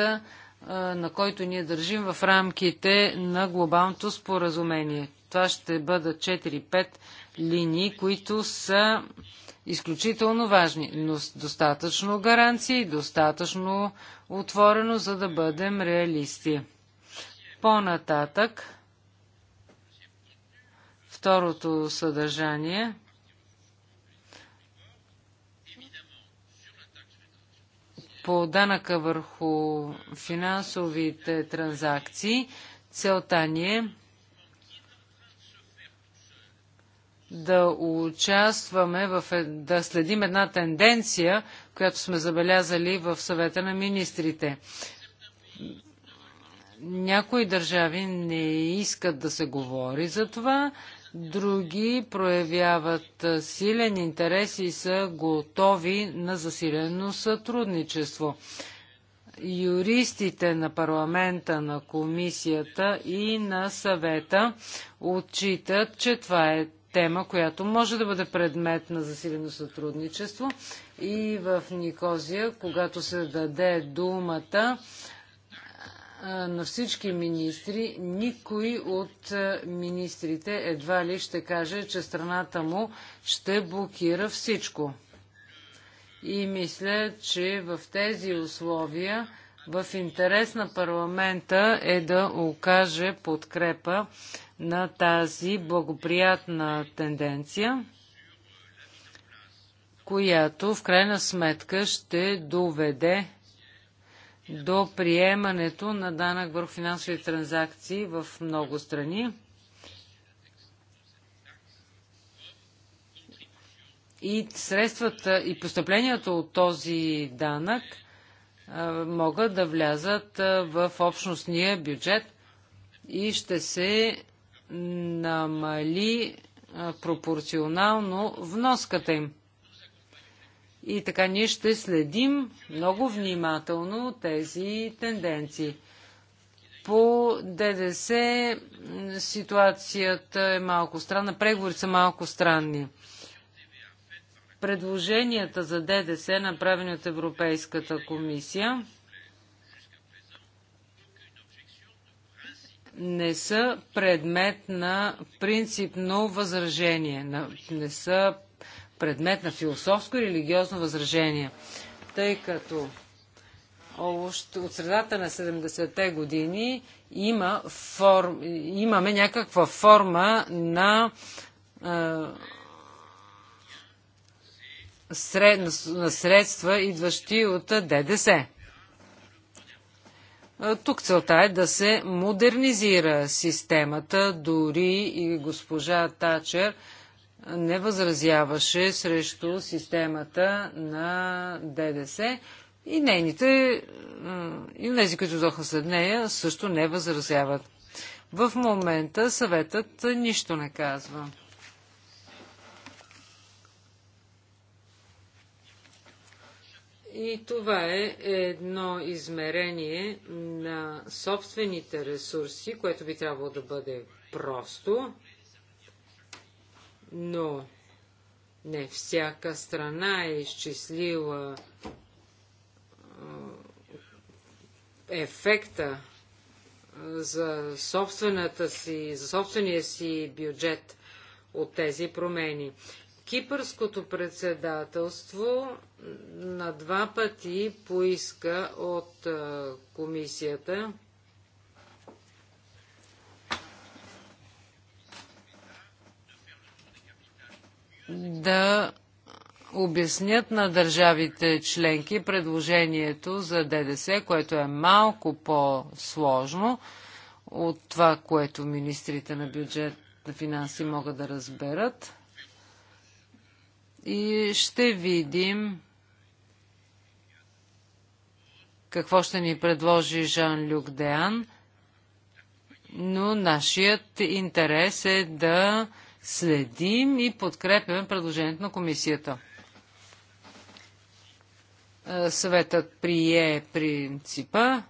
Speaker 2: на който ние държим в рамките на глобалното споразумение. Това ще бъдат 4-5 линии, които са изключително важни, но с достатъчно гаранции и достатъчно отворено, за да бъдем реалисти. По-нататък, второто съдържание по данъка върху финансовите транзакции. Целта ни е да участваме, в, е, да следим една тенденция, която сме забелязали в съвета на министрите. Някои държави не искат да се говори за това, Други проявяват силен интерес и са готови на засилено сътрудничество. Юристите на парламента, на комисията и на съвета отчитат, че това е тема, която може да бъде предмет на засилено сътрудничество. И в Никозия, когато се даде думата на всички министри, никой от министрите едва ли ще каже, че страната му ще блокира всичко. И мисля, че в тези условия в интерес на парламента е да окаже подкрепа на тази благоприятна тенденция, която в крайна сметка ще доведе до приемането на данък върху финансови транзакции в много страни. И средствата и постъпленията от този данък могат да влязат в общностния бюджет и ще се намали пропорционално вноската им. И така ние ще следим много внимателно тези тенденции. По ДДС ситуацията е малко странна, Преговори са малко странни. Предложенията за ДДС, направени от Европейската комисия, не са предмет на принципно възражение, не са предмет на философско и религиозно възражение, тъй като от средата на 70-те години има форм, имаме някаква форма на, на средства, идващи от ДДС. Тук целта е да се модернизира системата, дори и госпожа Тачер – не възразяваше срещу системата на ДДС и нейните, и тези, които дойдоха след нея, също не възразяват. В момента съветът нищо не казва. И това е едно измерение на собствените ресурси, което би трябвало да бъде просто, но не всяка страна е изчислила ефекта за, собствената си, за собствения си бюджет от тези промени. Кипърското председателство на два пъти поиска от комисията да обяснят на държавите членки предложението за ДДС, което е малко по-сложно от това, което министрите на бюджет на финанси могат да разберат. И ще видим какво ще ни предложи Жан-Люк Деан, но нашият интерес е да следим и подкрепяме предложението на комисията. Е, съветът прие принципа,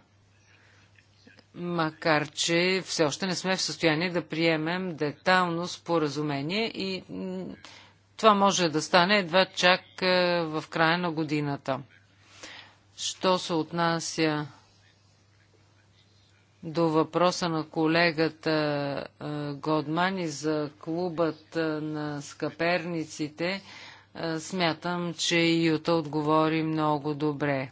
Speaker 2: макар че все още не сме в състояние да приемем детално споразумение и това може да стане едва чак е, в края на годината. Що се отнася до въпроса на колегата Годмани за клубът на скъперниците, смятам, че Юта отговори много добре.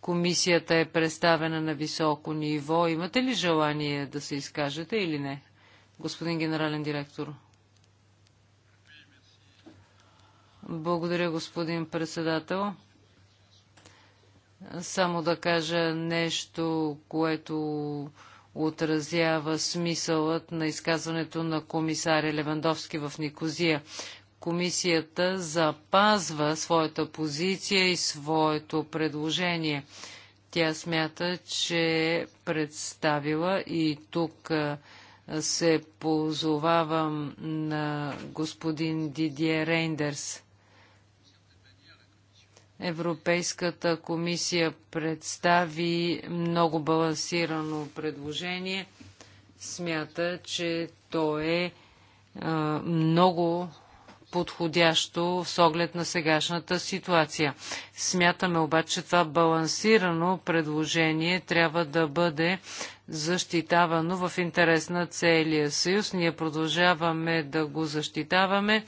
Speaker 2: Комисията е представена на високо ниво. Имате ли желание да се изкажете или не, господин генерален директор? Благодаря, господин председател. Само да кажа нещо, което отразява смисълът на изказването на комисаря Левандовски в Никозия. Комисията запазва своята позиция и своето предложение. Тя смята, че представила и тук се позовавам на господин Дидие Рейндерс. Европейската комисия представи много балансирано предложение. Смята, че то е много подходящо с оглед на сегашната ситуация. Смятаме обаче, че това балансирано предложение трябва да бъде защитавано в интерес на целия съюз. Ние продължаваме да го защитаваме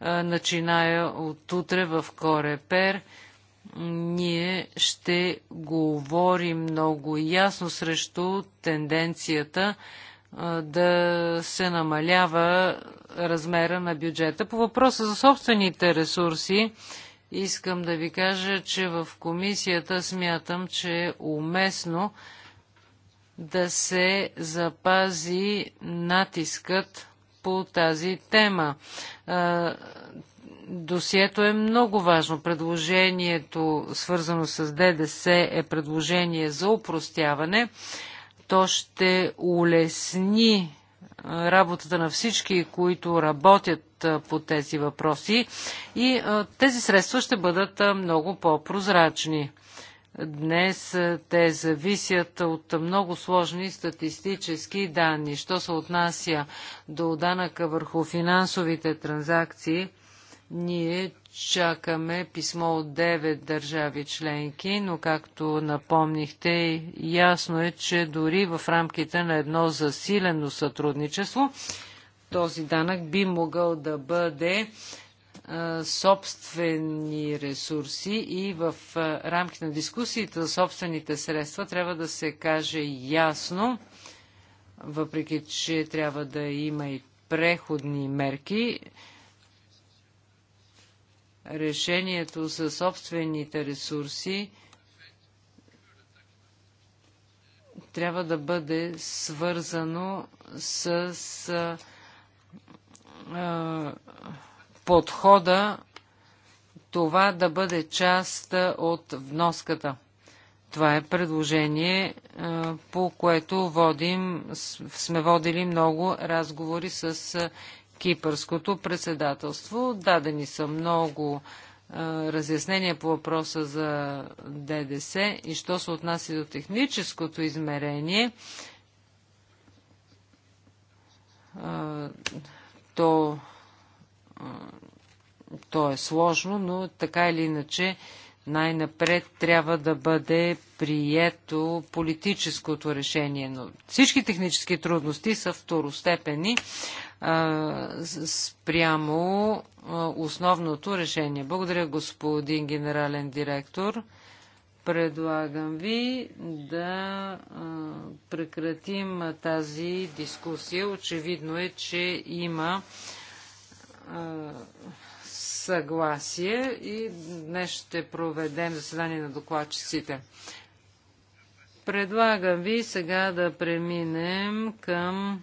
Speaker 2: начиная от утре в Корепер. Ние ще говорим много ясно срещу тенденцията да се намалява размера на бюджета. По въпроса за собствените ресурси, искам да ви кажа, че в комисията смятам, че е уместно да се запази натискът по тази тема. Досието е много важно. Предложението, свързано с ДДС, е предложение за упростяване. То ще улесни работата на всички, които работят по тези въпроси и тези средства ще бъдат много по-прозрачни. Днес те зависят от много сложни статистически данни. Що се отнася до данъка върху финансовите транзакции, ние чакаме писмо от 9 държави членки, но както напомнихте, ясно е, че дори в рамките на едно засилено сътрудничество, този данък би могъл да бъде собствени ресурси и в рамките на дискусиите за собствените средства трябва да се каже ясно, въпреки че трябва да има и преходни мерки, решението за собствените ресурси трябва да бъде свързано с а, а, подхода това да бъде част от вноската. Това е предложение, по което водим, сме водили много разговори с кипърското председателство. Дадени са много разяснения по въпроса за ДДС и що се отнася до техническото измерение, то то е сложно, но така или иначе най-напред трябва да бъде прието политическото решение. Но всички технически трудности са второстепени а, спрямо а, основното решение. Благодаря, господин генерален директор. Предлагам ви да а, прекратим тази дискусия. Очевидно е, че има а, съгласие и днес ще проведем заседание на докладчиците. Предлагам ви сега да преминем към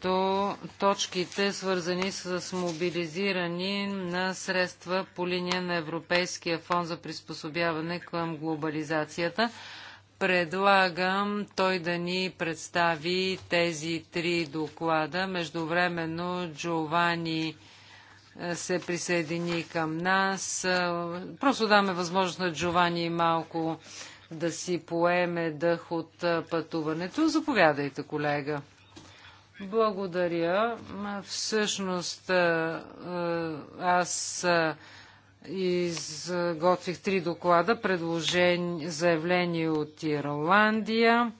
Speaker 2: до точките, свързани с мобилизиране на средства по линия на Европейския фонд за приспособяване към глобализацията. Предлагам той да ни представи тези три доклада. Междувременно Джовани е, се присъедини към нас. Е, просто даме възможност на Джовани малко да си поеме дъх от е, пътуването. Заповядайте, колега. Благодаря. Всъщност аз изготвих три доклада, предложение, заявление от Ирландия,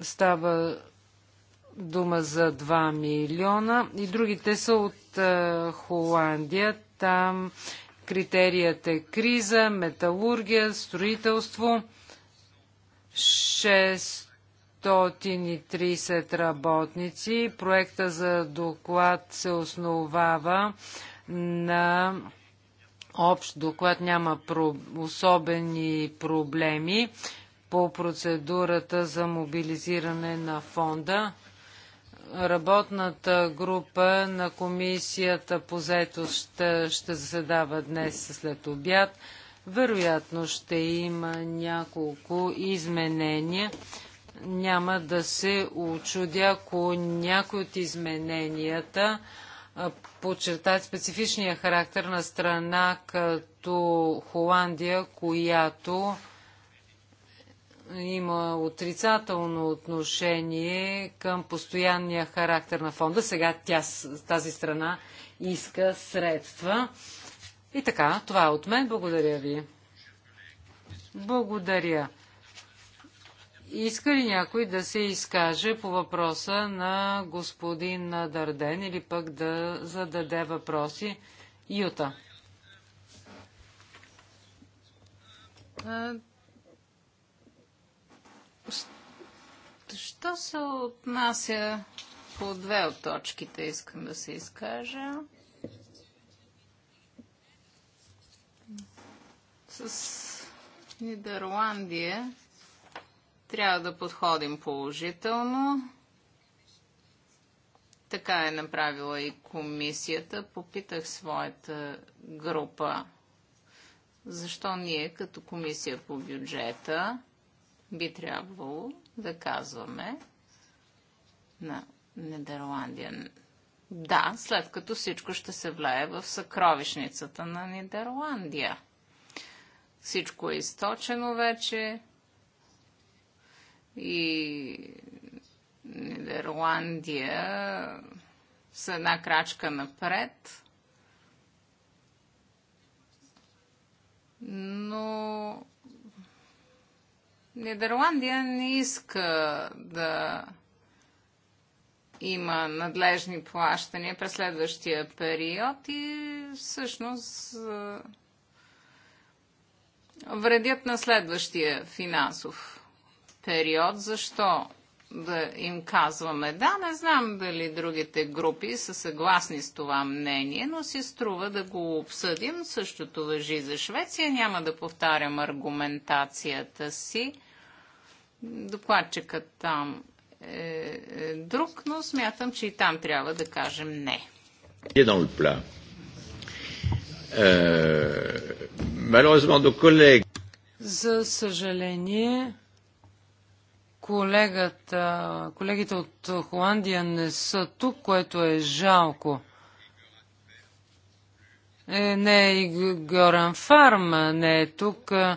Speaker 2: става дума за 2 милиона и другите са от Холандия. Там критерият е криза, металургия, строителство. 630 работници. Проекта за доклад се основава на общ доклад. Няма особени проблеми по процедурата за мобилизиране на фонда. Работната група на комисията по заетост ще заседава днес след обяд. Вероятно ще има няколко изменения. Няма да се очудя, ако някои от измененията подчертаят специфичния характер на страна като Холандия, която има отрицателно отношение към постоянния характер на фонда. Сега тя, тази страна иска средства и така, това е от мен. Благодаря ви. Благодаря. Иска ли някой да се изкаже по въпроса на господин Дарден или пък да зададе въпроси? Юта. Що
Speaker 3: се отнася по две от точките, искам да се изкажа. С Нидерландия трябва да подходим положително. Така е направила и комисията. Попитах своята група защо ние като комисия по бюджета би трябвало да казваме на Нидерландия. Да, след като всичко ще се влее в съкровищницата на Нидерландия. Всичко е източено вече. И Нидерландия с една крачка напред. Но Нидерландия не иска да има надлежни плащания през следващия период и всъщност вредят на следващия финансов период. Защо да им казваме? Да, не знам дали другите групи са съгласни с това мнение, но си струва да го обсъдим. Същото въжи за Швеция. Няма да повтарям аргументацията си. Докладчикът там е, е друг, но смятам, че и там трябва да кажем не. Е dans le plat. Malheureusement, nos collègues.
Speaker 2: За съжаление, колегата, колегите от Холандия не са тук, което е жалко. Е, не е и Горан Фарм не е тук. Е,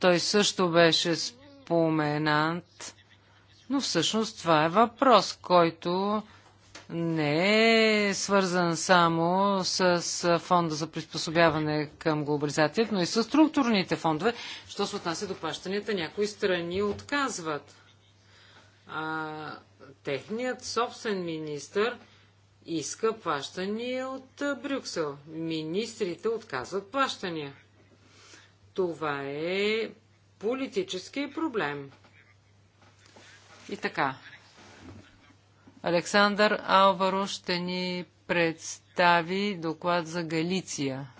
Speaker 2: той също беше споменат. Но всъщност това е въпрос, който не е свързан само с фонда за приспособяване към глобализацията, но и с структурните фондове. Що се отнася до плащанията, някои страни отказват. А, техният собствен министр иска плащания от Брюксел. Министрите отказват плащания. Това е политически проблем. И така, Александър Алваро ще ни представи доклад за Галиция.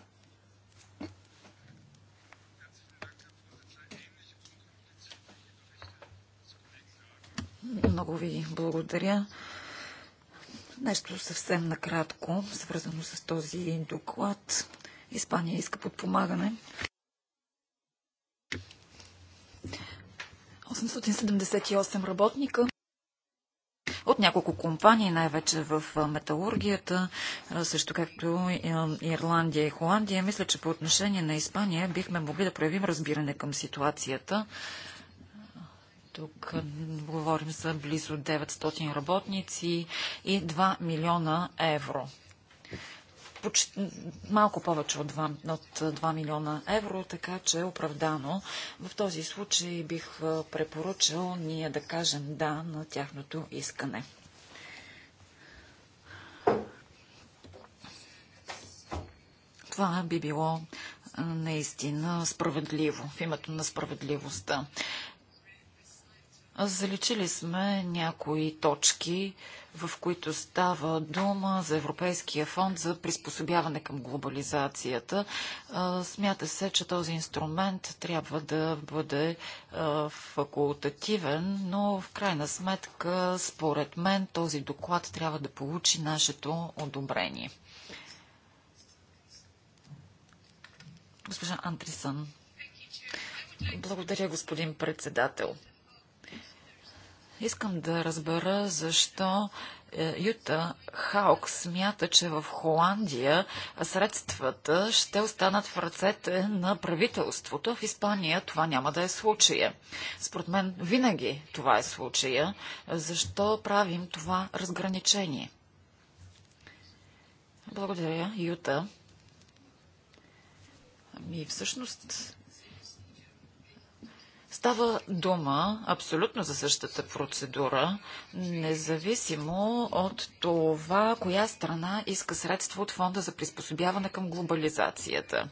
Speaker 1: Много ви благодаря. Нещо съвсем накратко, свързано с този доклад. Испания иска подпомагане. 878 работника от няколко компании, най-вече в металургията, също както Ирландия и Холандия. Мисля, че по отношение на Испания бихме могли да проявим разбиране към ситуацията. Тук говорим за близо 900 работници и 2 милиона евро почти, малко повече от 2, от 2 милиона евро, така че е оправдано. В този случай бих препоръчал ние да кажем да на тяхното искане. Това би било наистина справедливо, в името на справедливостта. Заличили сме някои точки, в които става дума за Европейския фонд за приспособяване към глобализацията. Смята се, че този инструмент трябва да бъде факултативен, но в крайна сметка, според мен, този доклад трябва да получи нашето одобрение. Госпожа Антрисън. Благодаря, господин председател. Искам да разбера защо е, Юта Хаук смята, че в Холандия средствата ще останат в ръцете на правителството. В Испания това няма да е случая. Според мен винаги това е случая. Защо правим това разграничение? Благодаря, Юта. Ами всъщност Става дума абсолютно за същата процедура, независимо от това, коя страна иска средства от фонда за приспособяване към глобализацията.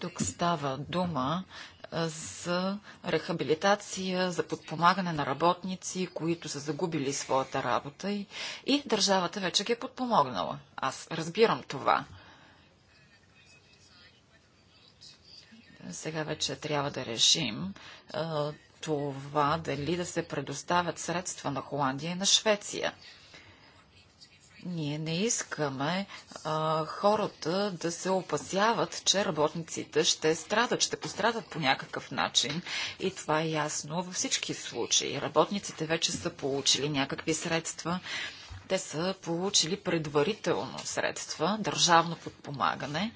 Speaker 1: Тук става дума за рехабилитация, за подпомагане на работници, които са загубили своята работа и, и държавата вече ги е подпомогнала. Аз разбирам това. Сега вече трябва да решим това дали да се предоставят средства на Холандия и на Швеция. Ние не искаме а, хората да се опасяват, че работниците ще страдат, ще пострадат по някакъв начин. И това е ясно във всички случаи. Работниците вече са получили някакви средства. Те са получили предварително средства, държавно подпомагане.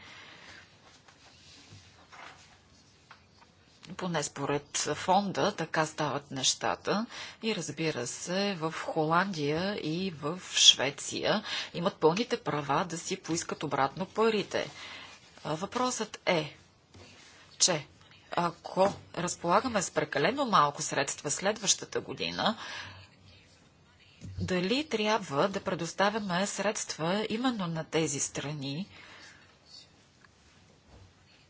Speaker 1: Поне според фонда така стават нещата. И разбира се, в Холандия и в Швеция имат пълните права да си поискат обратно парите. Въпросът е, че ако разполагаме с прекалено малко средства следващата година, дали трябва да предоставяме средства именно на тези страни,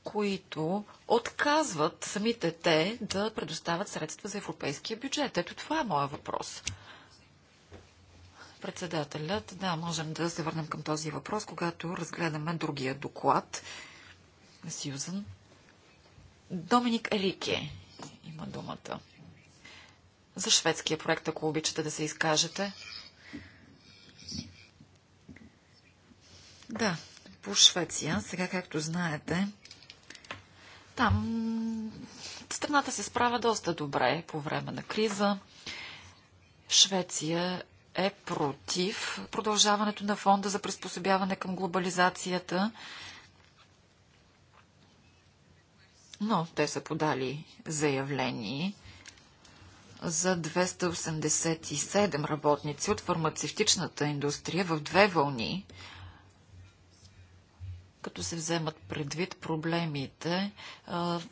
Speaker 1: които отказват самите те да предоставят средства за европейския бюджет? Ето това е моя въпрос. Председателят, да, можем да се върнем към този въпрос, когато разгледаме другия доклад. на Сюзан. Доминик Елике има думата. За шведския проект, ако обичате да се изкажете. Да, по Швеция, сега както знаете, там страната се справя доста добре по време на криза. Швеция е против продължаването на фонда за приспособяване към глобализацията. Но те са подали заявление за 287 работници от фармацевтичната индустрия в две вълни като се вземат предвид проблемите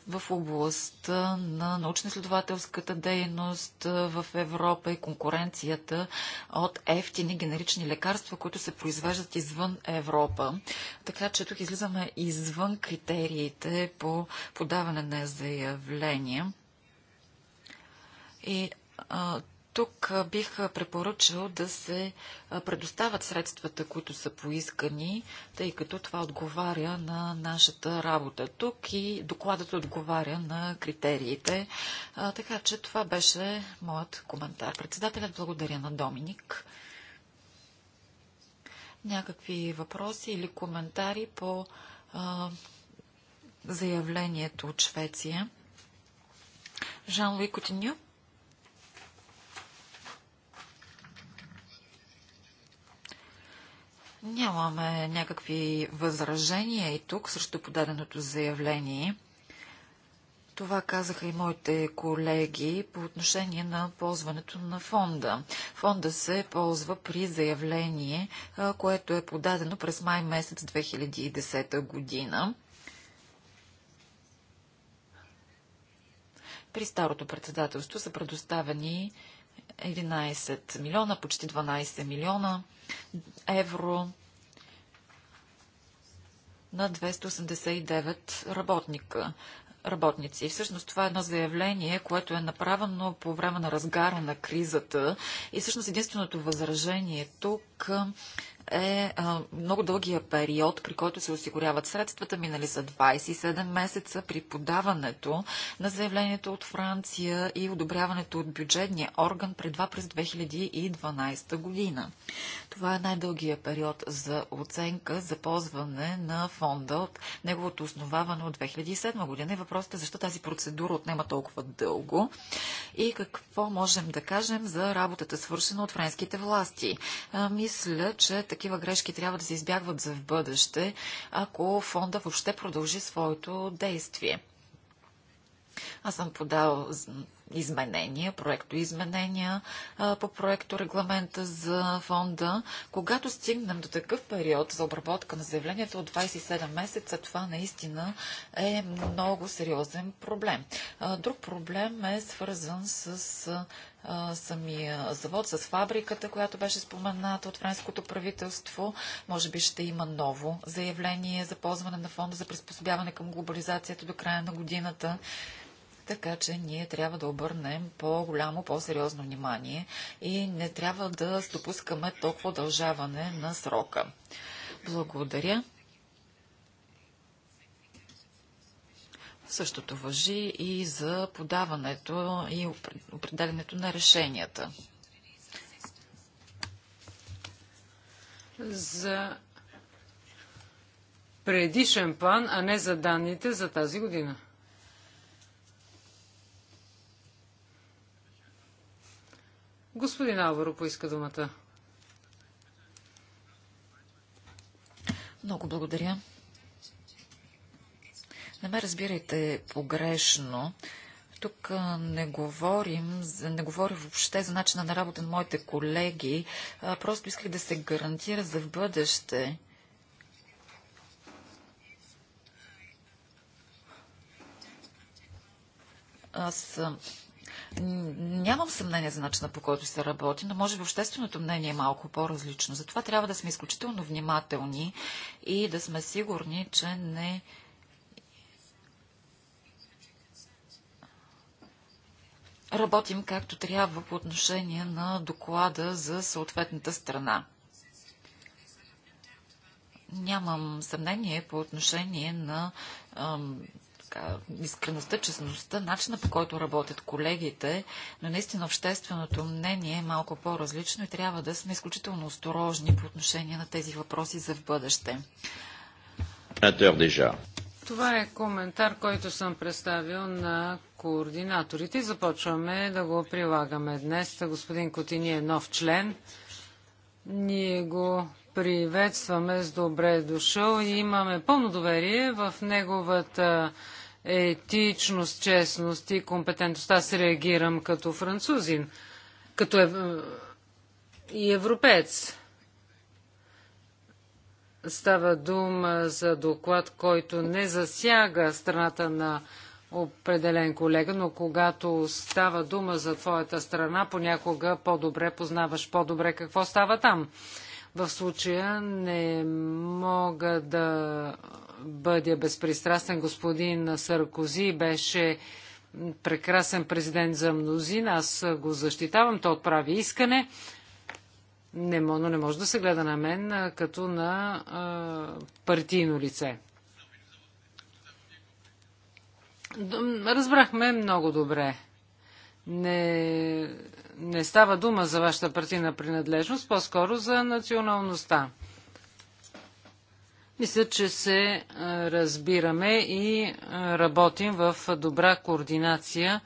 Speaker 1: в областта на научно-изследователската дейност в Европа и конкуренцията от ефтини генерични лекарства, които се произвеждат извън Европа. Така че тук излизаме извън критериите по подаване на заявления. И а, тук бих препоръчал да се предоставят средствата, които са поискани, тъй като това отговаря на нашата работа тук и докладът отговаря на критериите. Така че това беше моят коментар. Председателят благодаря на Доминик. Някакви въпроси или коментари по а, заявлението от Швеция? Жан-Луи Котиню? Нямаме някакви възражения и тук срещу подаденото заявление. Това казаха и моите колеги по отношение на ползването на фонда. Фонда се ползва при заявление, което е подадено през май месец 2010 година. При старото председателство са предоставени 11 милиона, почти 12 милиона евро на 289 работника, работници. И всъщност това е едно заявление, което е направено по време на разгара на кризата. И всъщност единственото възражение тук е а, много дългия период, при който се осигуряват средствата. Минали са 27 месеца при подаването на заявлението от Франция и одобряването от бюджетния орган предва през 2012 година. Това е най-дългия период за оценка за ползване на фонда от неговото основаване от 2007 година. И въпросът е защо тази процедура отнема толкова дълго и какво можем да кажем за работата свършена от френските власти. А, мисля, че така такива грешки трябва да се избягват за в бъдеще, ако фонда въобще продължи своето действие. Аз съм подал изменения, проектоизменения по проекто регламента за фонда. Когато стигнем до такъв период за обработка на заявлението от 27 месеца, това наистина е много сериозен проблем. Друг проблем е свързан с самия завод, с фабриката, която беше спомената от френското правителство. Може би ще има ново заявление за ползване на фонда за приспособяване към глобализацията до края на годината. Така че ние трябва да обърнем по-голямо, по-сериозно внимание и не трябва да допускаме толкова удължаване на срока. Благодаря. Същото въжи и за подаването и определенето
Speaker 2: на решенията. За предишен план, а не за данните за тази година. Господин Алваро поиска думата.
Speaker 1: Много благодаря. Не ме разбирайте погрешно. Тук не говорим, не говоря въобще за начина на работа на моите колеги. просто исках да се гарантира за в бъдеще. Аз Нямам съмнение за начина по който се работи, но може би общественото мнение е малко по-различно. Затова трябва да сме изключително внимателни и да сме сигурни, че не работим както трябва по отношение на доклада за съответната страна. Нямам съмнение по отношение на така, искреността, честността, начина по който работят колегите, но наистина общественото мнение е малко по-различно и трябва да сме изключително осторожни по отношение
Speaker 2: на тези въпроси за в бъдеще. Това е коментар, който съм представил на координаторите. Започваме да го прилагаме днес. Господин Котини е нов член. Ние го приветстваме с добре дошъл и имаме пълно доверие в неговата етичност, честност и компетентност. Аз реагирам като французин, като ев... и европеец. Става дума за доклад, който не засяга страната на определен колега, но когато става дума за твоята страна, понякога по-добре познаваш по-добре какво става там. В случая не мога да бъда безпристрастен. Господин Саркози беше прекрасен президент за мнозин. Аз го защитавам. Той отправи искане. Не, но не може да се гледа на мен като на а, партийно лице. Разбрахме много добре. Не не става дума за вашата партийна принадлежност, по-скоро за националността. Мисля, че се разбираме и работим в добра координация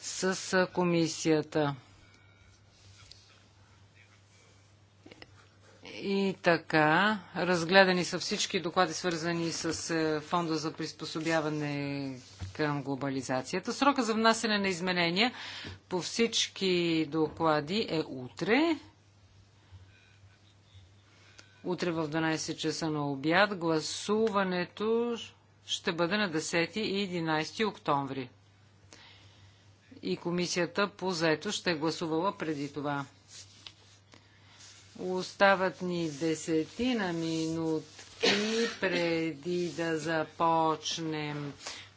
Speaker 2: с комисията. И така, разгледани са всички доклади, свързани с Фонда за приспособяване към глобализацията. Срока за внасене на изменения по всички доклади е утре. Утре в 12 часа на обяд гласуването ще бъде на 10 и 11 октомври. И комисията по заето ще е гласувала преди това. Остават ни десетина минутки преди да започнем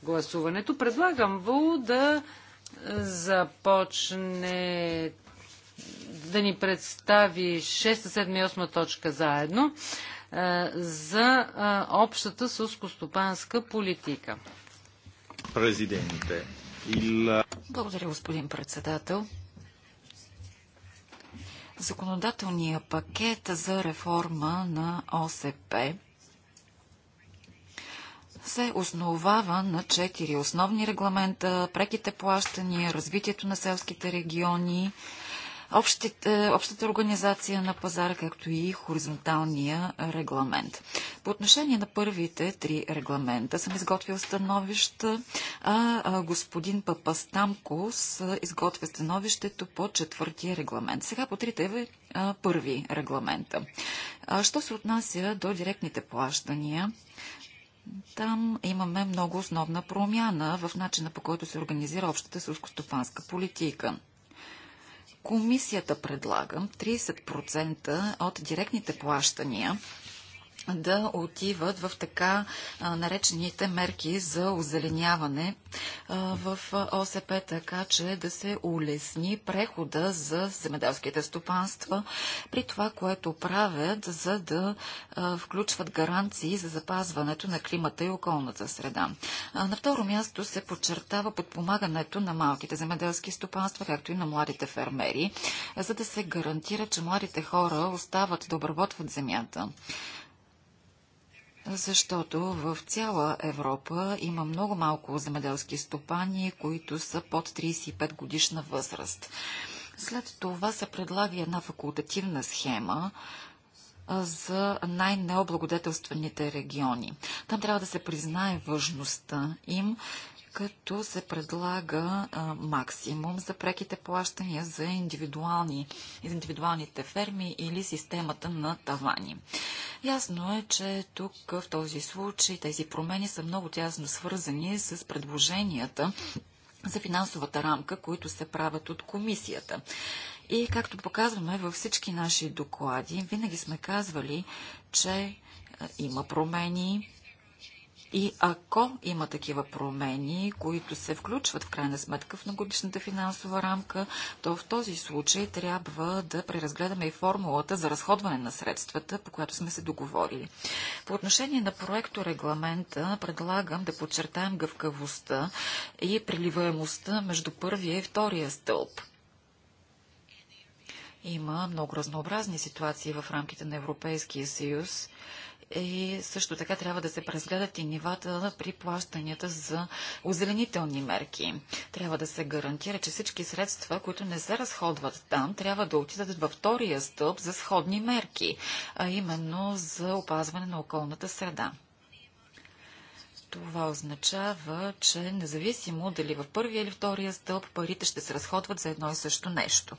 Speaker 2: гласуването. Предлагам Ву да е, започне да ни представи 6, 7 и 8 точка заедно е, за е, общата сълскостопанска политика. Президенте. Благодаря, господин председател.
Speaker 1: Законодателният пакет за реформа на ОСП се основава на четири основни регламента, преките плащания, развитието на селските региони, общите, общата организация на пазара, както и хоризонталния регламент. По отношение на първите три регламента съм изготвил становища, а господин Папастамкос изготвя становището по четвъртия регламент. Сега по трите първи регламента. Що се отнася до директните плащания, там имаме много основна промяна в начина по който се организира общата сълскостопанска политика. Комисията предлагам 30% от директните плащания да отиват в така наречените мерки за озеленяване в ОСП, така че да се улесни прехода за земеделските стопанства при това, което правят, за да включват гаранции за запазването на климата и околната среда. На второ място се подчертава подпомагането на малките земеделски стопанства, както и на младите фермери, за да се гарантира, че младите хора остават да обработват земята защото в цяла Европа има много малко земеделски стопани, които са под 35 годишна възраст. След това се предлага една факултативна схема, за най-необлагодетелстваните региони. Там трябва да се признае важността им като се предлага а, максимум за преките плащания за, индивидуални, за индивидуалните ферми или системата на тавани. Ясно е, че тук в този случай тези промени са много тясно свързани с предложенията за финансовата рамка, които се правят от комисията. И както показваме във всички наши доклади, винаги сме казвали, че има промени, и ако има такива промени, които се включват в крайна сметка в многогодишната финансова рамка, то в този случай трябва да преразгледаме и формулата за разходване на средствата, по която сме се договорили. По отношение на проекто регламента предлагам да подчертаем гъвкавостта и приливаемостта между първия и втория стълб. Има много разнообразни ситуации в рамките на Европейския съюз и също така трябва да се преразгледат и нивата при плащанията за озеленителни мерки. Трябва да се гарантира, че всички средства, които не се разходват там, трябва да отидат във втория стълб за сходни мерки, а именно за опазване на околната среда. Това означава, че независимо дали в първия или втория стълб парите ще се разходват за едно и също нещо.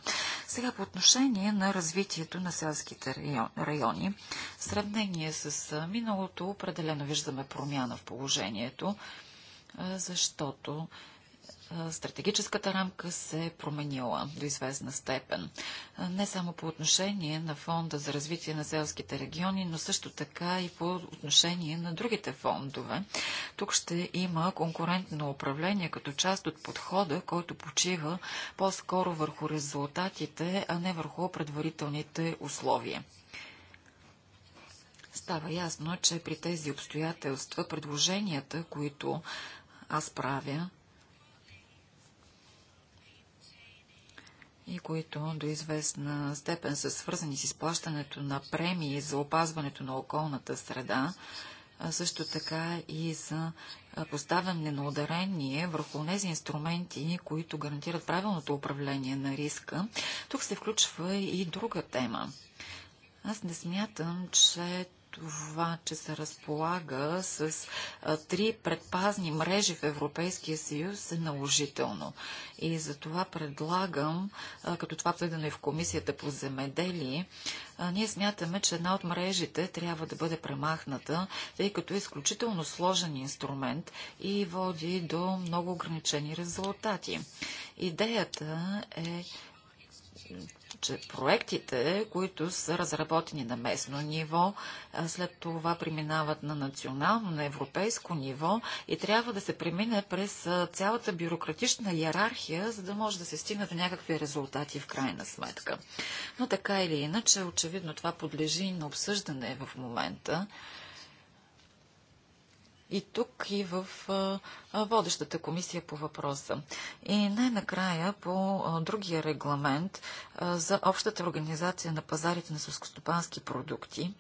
Speaker 1: Сега по отношение на развитието на селските райони, в сравнение с миналото определено виждаме промяна в положението, защото стратегическата рамка се е променила до известна степен. Не само по отношение на фонда за развитие на селските региони, но също така и по отношение на другите фондове. Тук ще има конкурентно управление като част от подхода, който почива по-скоро върху резултатите, а не върху предварителните условия. Става ясно, че при тези обстоятелства предложенията, които аз правя, и които до известна степен са свързани с изплащането на премии за опазването на околната среда, а също така и за поставяне на ударение върху тези инструменти, които гарантират правилното управление на риска. Тук се включва и друга тема. Аз не смятам, че това, че се разполага с а, три предпазни мрежи в Европейския съюз е наложително. И за това предлагам, а, като това предано и в Комисията по земеделие, а, ние смятаме, че една от мрежите трябва да бъде премахната, тъй като е изключително сложен инструмент и води до много ограничени резултати. Идеята е че проектите, които са разработени на местно ниво, след това преминават на национално, на европейско ниво и трябва да се премине през цялата бюрократична иерархия, за да може да се стигне до някакви резултати в крайна сметка. Но така или иначе, очевидно това подлежи на обсъждане в момента и тук, и в водещата комисия по въпроса. И най-накрая по другия регламент за общата организация на пазарите на сълскостопански продукти.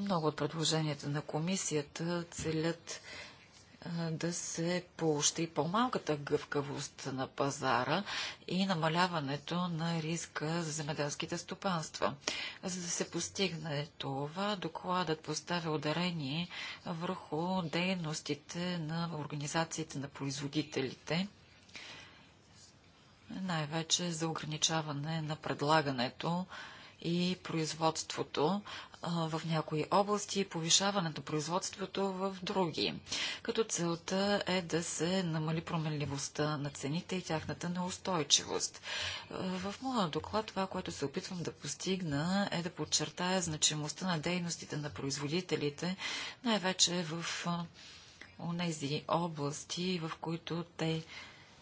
Speaker 1: Много от предложенията на комисията целят да се поощри по-малката гъвкавост на пазара и намаляването на риска за земеделските стопанства. За да се постигне това, докладът поставя ударение върху дейностите на организациите на производителите, най-вече за ограничаване на предлагането и производството, в някои области и повишаването производството в други, като целта е да се намали променливостта на цените и тяхната неустойчивост. В моя доклад това, което се опитвам да постигна е да подчертая значимостта на дейностите на производителите, най-вече в тези области, в които те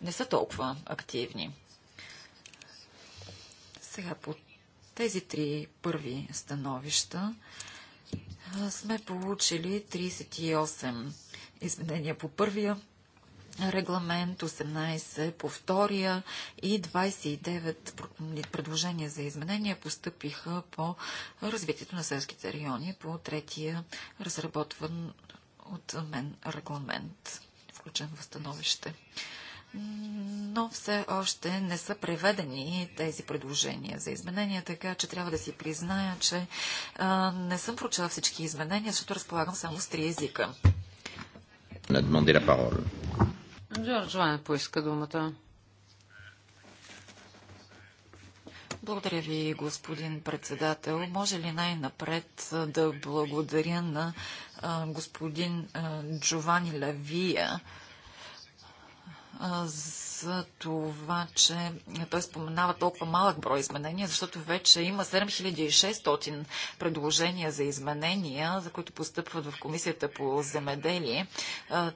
Speaker 1: не са толкова активни. Сега по тези три първи становища сме получили 38 изменения по първия регламент, 18 по втория и 29 предложения за изменения постъпиха по развитието на селските райони по третия разработван от мен регламент, включен в становище но все още не са преведени тези предложения за изменения, така че трябва да си призная, че а, не съм прочела всички изменения, защото разполагам само с
Speaker 2: три езика. Джордж Вайн поиска думата. Благодаря ви, господин
Speaker 1: председател. Може ли най-напред да благодаря на а, господин а, Джовани Лавия, за това, че той споменава толкова малък брой изменения, защото вече има 7600 предложения за изменения, за които постъпват в Комисията по земеделие.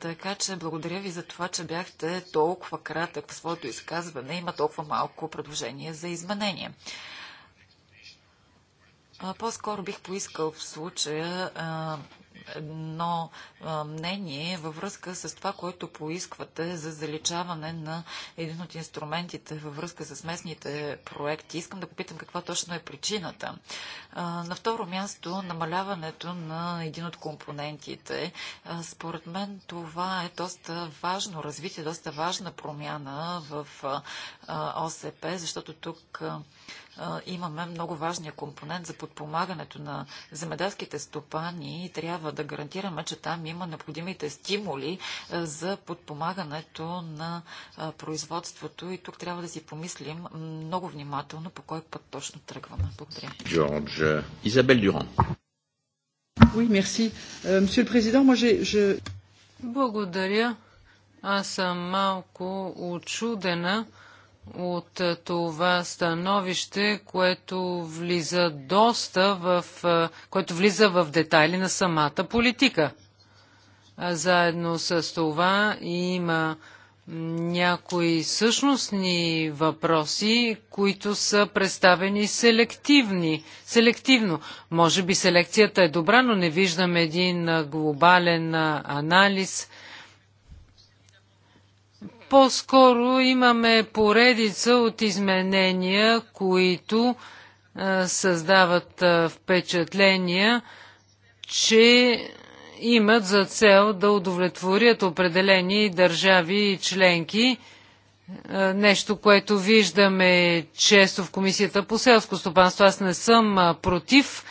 Speaker 1: Така че благодаря ви за това, че бяхте толкова кратък в своето изказване. Има толкова малко предложения за изменения. По-скоро бих поискал в случая едно мнение във връзка с това, което поисквате за заличаване на един от инструментите във връзка с местните проекти. Искам да попитам каква точно е причината. На второ място, намаляването на един от компонентите. Според мен това е доста важно развитие, доста важна промяна в ОСП, защото тук имаме много важния компонент за подпомагането на земеделските стопани и трябва да гарантираме, че там има необходимите стимули за подпомагането на производството и тук трябва да си помислим много внимателно по кой път точно тръгваме.
Speaker 2: Благодаря.
Speaker 3: Джордж, Изабел Дюран.
Speaker 2: Oui, merci. Euh, monsieur le Président, moi Je... Благодаря. Аз съм малко очудена от е, това становище, което влиза доста в, е, което влиза в детайли на самата политика. Заедно с това има някои същностни въпроси, които са представени селективни, селективно. Може би селекцията е добра, но не виждам един е, глобален анализ – по-скоро имаме поредица от изменения, които създават впечатления, че имат за цел да удовлетворят определени държави и членки. Нещо, което виждаме често в Комисията по селско стопанство. Аз не съм против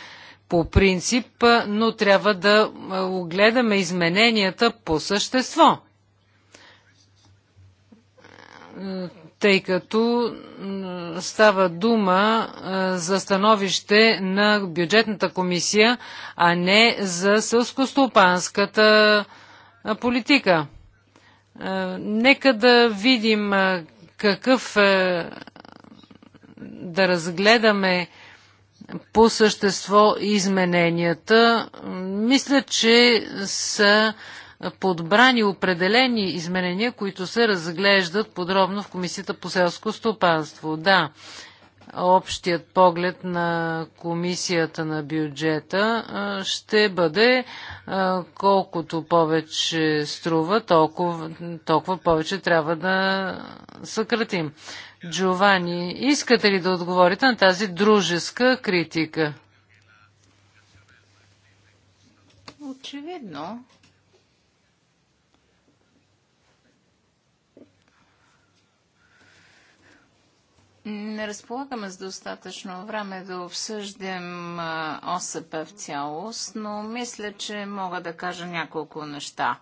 Speaker 2: по принцип, но трябва да огледаме измененията по същество тъй като става дума за становище на бюджетната комисия, а не за сълскостопанската политика. Нека да видим какъв да разгледаме по същество измененията. Мисля, че са подбрани определени изменения, които се разглеждат подробно в Комисията по селско стопанство. Да, общият поглед на комисията на бюджета ще бъде колкото повече струва, толкова, толкова повече трябва да съкратим. Джовани, искате ли да отговорите на тази дружеска критика?
Speaker 3: Очевидно, Не разполагаме с достатъчно време да обсъждам ОСП в цялост, но мисля, че мога да кажа няколко неща.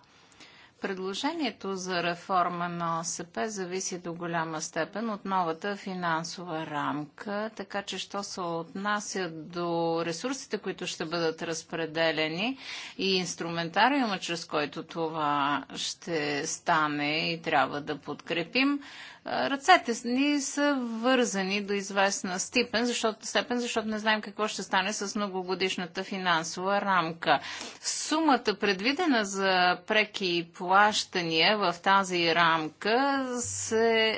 Speaker 3: Предложението за реформа на ОСП зависи до голяма степен от новата финансова рамка, така че що се отнася до ресурсите, които ще бъдат разпределени и инструментариума, чрез който това ще стане и трябва да подкрепим, Ръцете ни са вързани до известна степен, защото, степен, защото не знаем какво ще стане с многогодишната финансова рамка. Сумата, предвидена за преки плащания в тази рамка, се е,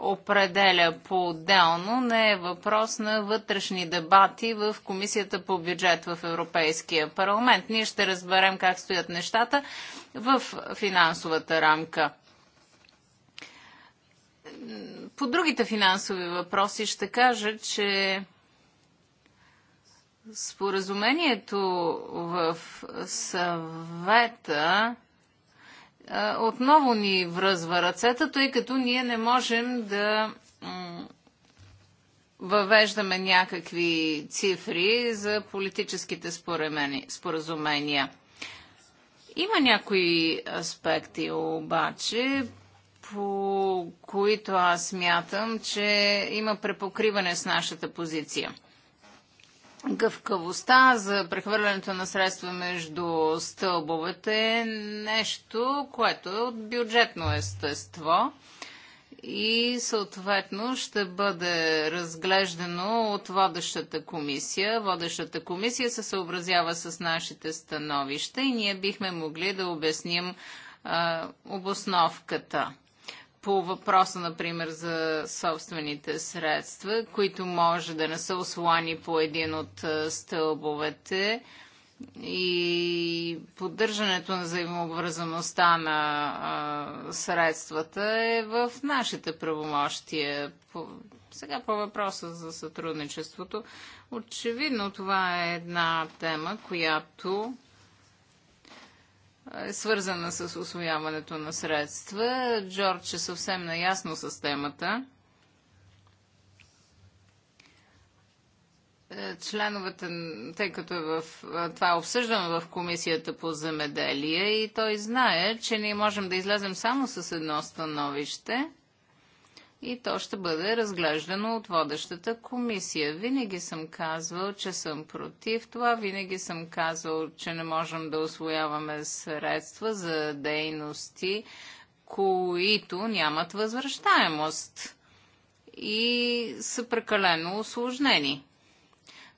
Speaker 3: определя по-отделно. Не е въпрос на вътрешни дебати в Комисията по бюджет в Европейския парламент. Ние ще разберем как стоят нещата в финансовата рамка по другите финансови въпроси ще кажа, че споразумението в съвета отново ни връзва ръцета, тъй като ние не можем да въвеждаме някакви цифри за политическите споразумения. Има някои аспекти обаче, по които аз мятам, че има препокриване с нашата позиция. Гъвкавостта за прехвърлянето на средства между стълбовете е нещо, което е от бюджетно естество и съответно ще бъде разглеждано от водещата комисия. Водещата комисия се съобразява с нашите становища и ние бихме могли да обясним а, обосновката по въпроса, например, за собствените средства, които може да не са ослани по един от стълбовете и поддържането на взаимообразността на а, средствата е в нашите правомощия. По, сега по въпроса за сътрудничеството. Очевидно това е една тема, която е свързана с освояването на средства. Джордж е съвсем наясно с темата. Е, членовете, тъй като е в, е, това е обсъждано в Комисията по земеделие и той знае, че ние можем да излезем само с едно становище – и то ще бъде разглеждано от водещата комисия. Винаги съм казвал, че съм против това, винаги съм казвал, че не можем да освояваме средства за дейности, които нямат възвръщаемост и са прекалено осложнени.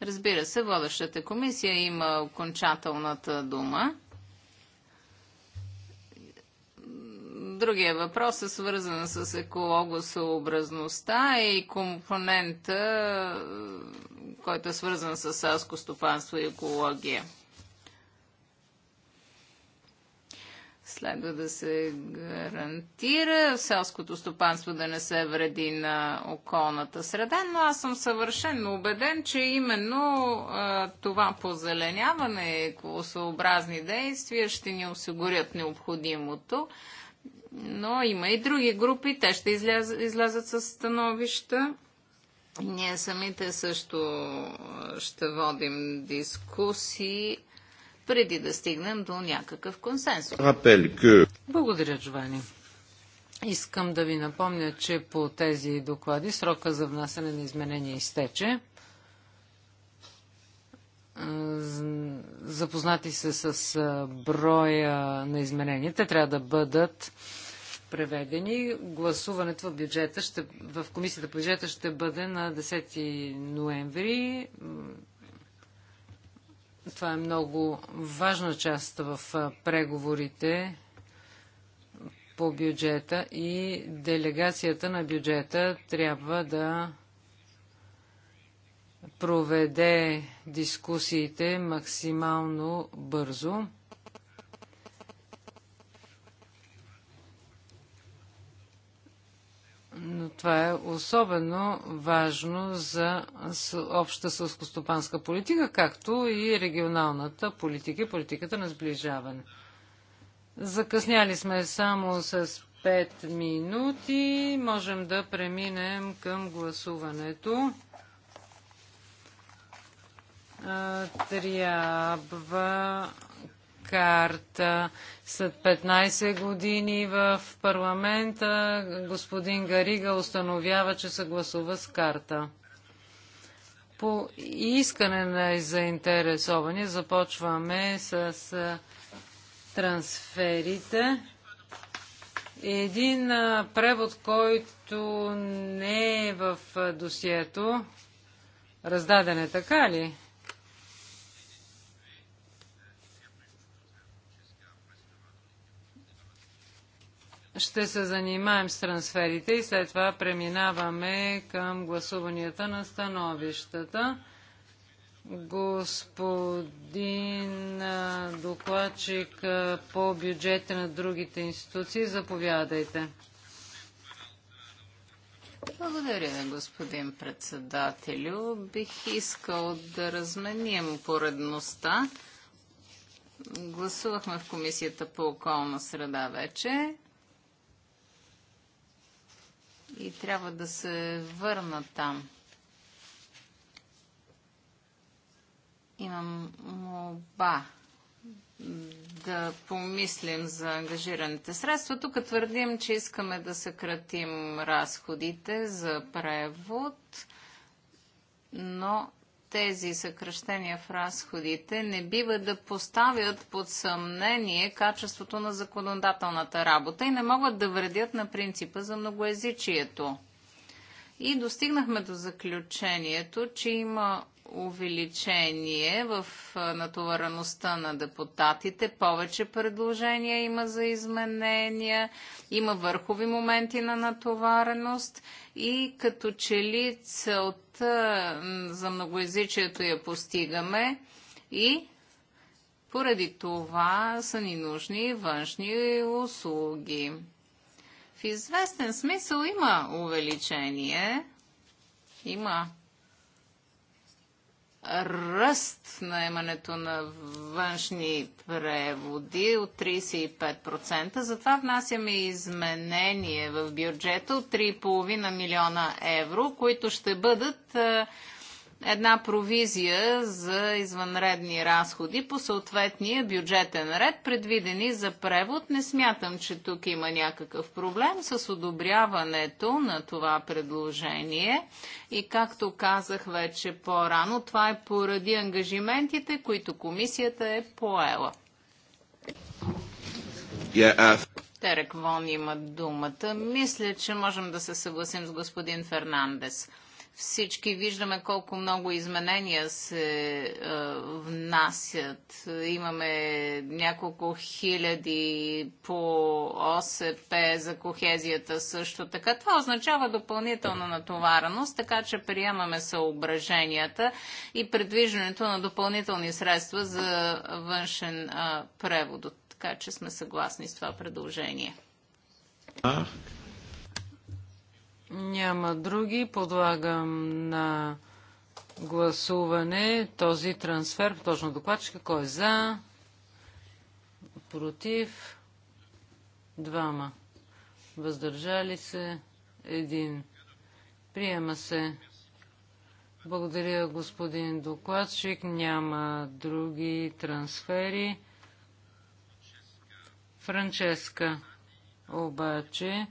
Speaker 3: Разбира се, водещата комисия има окончателната дума Другия въпрос е свързан с екологосъобразността и компонента, който е свързан с селско стопанство и екология. Следва да се гарантира селското стопанство да не се вреди на околната среда, но аз съм съвършенно убеден, че именно а, това позеленяване и екосъобразни действия ще ни осигурят необходимото. Но има и други групи, те ще изляз, излязат с становища. Ние самите също ще водим дискусии преди да стигнем до някакъв
Speaker 2: консенсус. Благодаря, Джовани. Искам да ви напомня, че по тези доклади срока за внасяне на изменения изтече запознати се с броя на измененията. Трябва да бъдат преведени. Гласуването в, бюджета ще, в комисията по бюджета ще бъде на 10 ноември. Това е много важна част в преговорите по бюджета и делегацията на бюджета трябва да проведе дискусиите максимално бързо. Но това е особено важно за обща сълскостопанска политика, както и регионалната политика и политиката на сближаване. Закъсняли сме само с 5 минути. Можем да преминем към гласуването трябва карта. След 15 години в парламента господин Гарига установява, че се гласува с карта. По искане на заинтересовани започваме с трансферите. Един превод, който не е в досието, раздаден е така ли? ще се занимаем с трансферите и след това преминаваме към гласуванията на становищата. Господин докладчик по бюджета на другите институции, заповядайте.
Speaker 3: Благодаря, господин председателю. Бих искал да разменим поредността. Гласувахме в Комисията по околна среда вече и трябва да се върна там. Имам моба да помислим за ангажираните средства. Тук твърдим, че искаме да съкратим разходите за превод, но тези съкръщения в разходите не бива да поставят под съмнение качеството на законодателната работа и не могат да вредят на принципа за многоязичието. И достигнахме до заключението, че има увеличение в натовареността на депутатите. Повече предложения има за изменения, има върхови моменти на натовареност и като че ли целта за многоязичието я постигаме и поради това са ни нужни външни услуги. В известен смисъл има увеличение. Има ръст на наемането на външни преводи от 35%. Затова внасяме изменение в бюджета от 3,5 милиона евро, които ще бъдат е, една провизия за извънредни разходи по съответния бюджетен ред, предвидени за превод. Не смятам, че тук има някакъв проблем с одобряването на това предложение. И както казах вече по-рано, това е поради ангажиментите, които комисията е поела. Yeah, uh... Терек Вон има думата. Мисля, че можем да се съгласим с господин Фернандес. Всички виждаме колко много изменения се е, внасят. Имаме няколко хиляди по ОСП за кохезията също така. Това означава допълнителна натовареност, така че приемаме съображенията и предвиждането на допълнителни средства за външен е, превод. Така че сме съгласни с това предложение.
Speaker 2: Няма други. Подлагам на гласуване този трансфер. Точно докладчика. Кой е за? Против? Двама. Въздържали се? Един. Приема се. Благодаря, господин докладчик. Няма други трансфери. Франческа обаче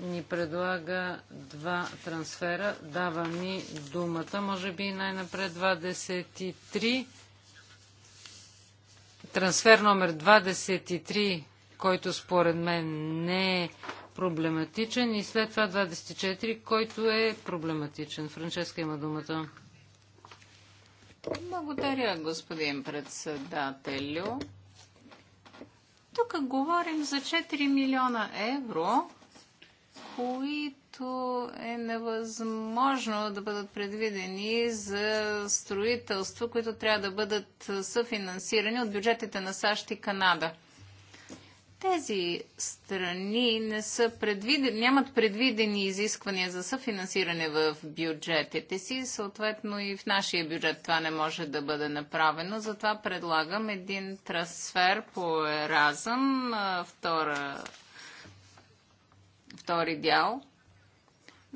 Speaker 2: ни предлага два трансфера. Дава ми думата. Може би най-напред 23. Трансфер номер 23, който според мен не е проблематичен. И след това 24, който е проблематичен. Франческа има думата.
Speaker 3: Благодаря, господин председателю. Тук говорим за 4 милиона евро които е невъзможно да бъдат предвидени за строителство, които трябва да бъдат съфинансирани от бюджетите на САЩ и Канада. Тези страни не са предвидени, нямат предвидени изисквания за съфинансиране в бюджетите си, съответно и в нашия бюджет това не може да бъде направено, затова предлагам един трансфер по Еразъм, втора втори дял,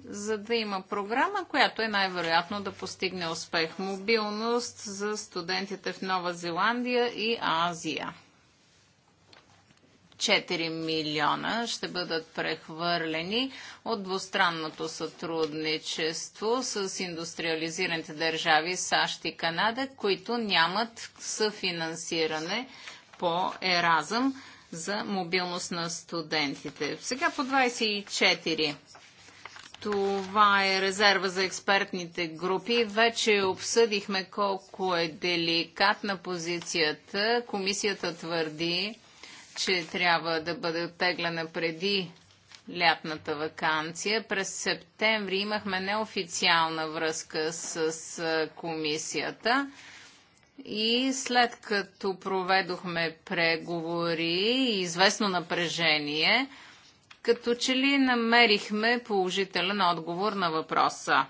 Speaker 3: за да има програма, която е най-вероятно да постигне успех. Мобилност за студентите в Нова Зеландия и Азия. 4 милиона ще бъдат прехвърлени от двустранното сътрудничество с индустриализираните държави САЩ и Канада, които нямат съфинансиране по Еразъм за мобилност на студентите. Сега по 24. Това е резерва за експертните групи. Вече обсъдихме колко е деликатна позицията. Комисията твърди, че трябва да бъде оттеглена преди лятната вакансия. През септември имахме неофициална връзка с комисията. И след като проведохме преговори и известно напрежение, като че ли намерихме положителен отговор на въпроса.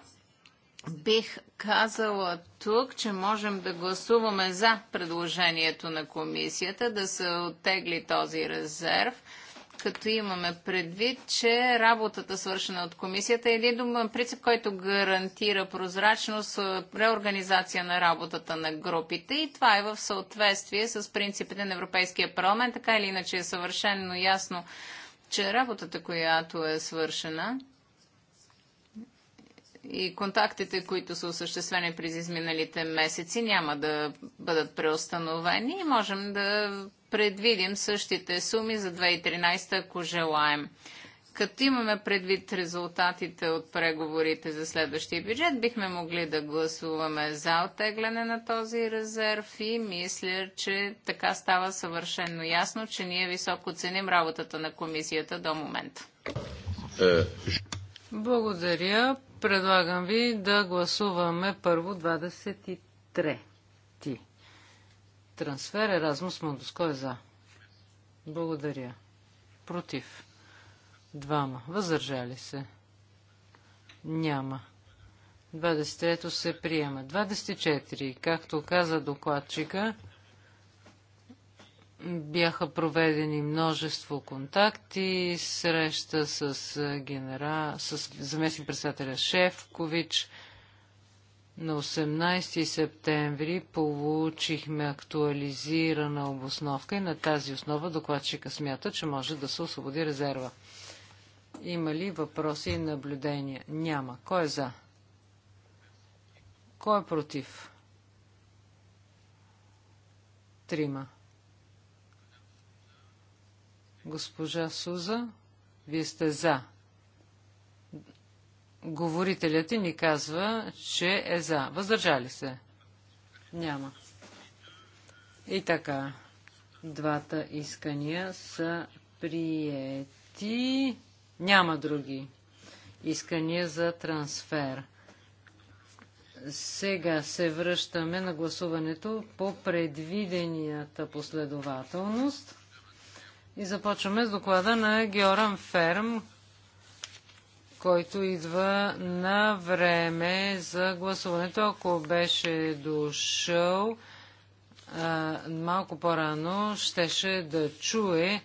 Speaker 3: Бих казала тук, че можем да гласуваме за предложението на комисията да се оттегли този резерв – като имаме предвид, че работата свършена от комисията е един принцип, който гарантира прозрачност, е, реорганизация на работата на групите и това е в съответствие с принципите на Европейския парламент, така или иначе е съвършено ясно, че работата, която е свършена и контактите, които са осъществени през изминалите месеци, няма да бъдат преустановени и можем да предвидим същите суми за 2013, ако желаем. Като имаме предвид резултатите от преговорите за следващия бюджет, бихме могли да гласуваме за отегляне на този резерв и мисля, че така става съвършено ясно, че ние високо ценим работата на комисията до момента.
Speaker 2: Е, Благодаря. Предлагам ви да гласуваме първо 23. Ти трансфер Еразмус Мундус. Кой е за? Благодаря. Против. Двама. Въздържали се. Няма. 23-то се приема. 24, както каза докладчика, бяха проведени множество контакти, среща с, генера... с заместник председателя Шефкович, на 18 септември получихме актуализирана обосновка и на тази основа докладчика смята, че може да се освободи резерва. Има ли въпроси и наблюдения? Няма. Кой е за? Кой е против? Трима. Госпожа Суза, вие сте за. Говорителят ни казва, че е за. Въздържали се? Няма. И така, двата искания са приети. Няма други искания за трансфер. Сега се връщаме на гласуването по предвиденията последователност и започваме с доклада на Георан Ферм, който идва на време за гласуването. Ако беше дошъл а, малко по-рано, щеше да чуе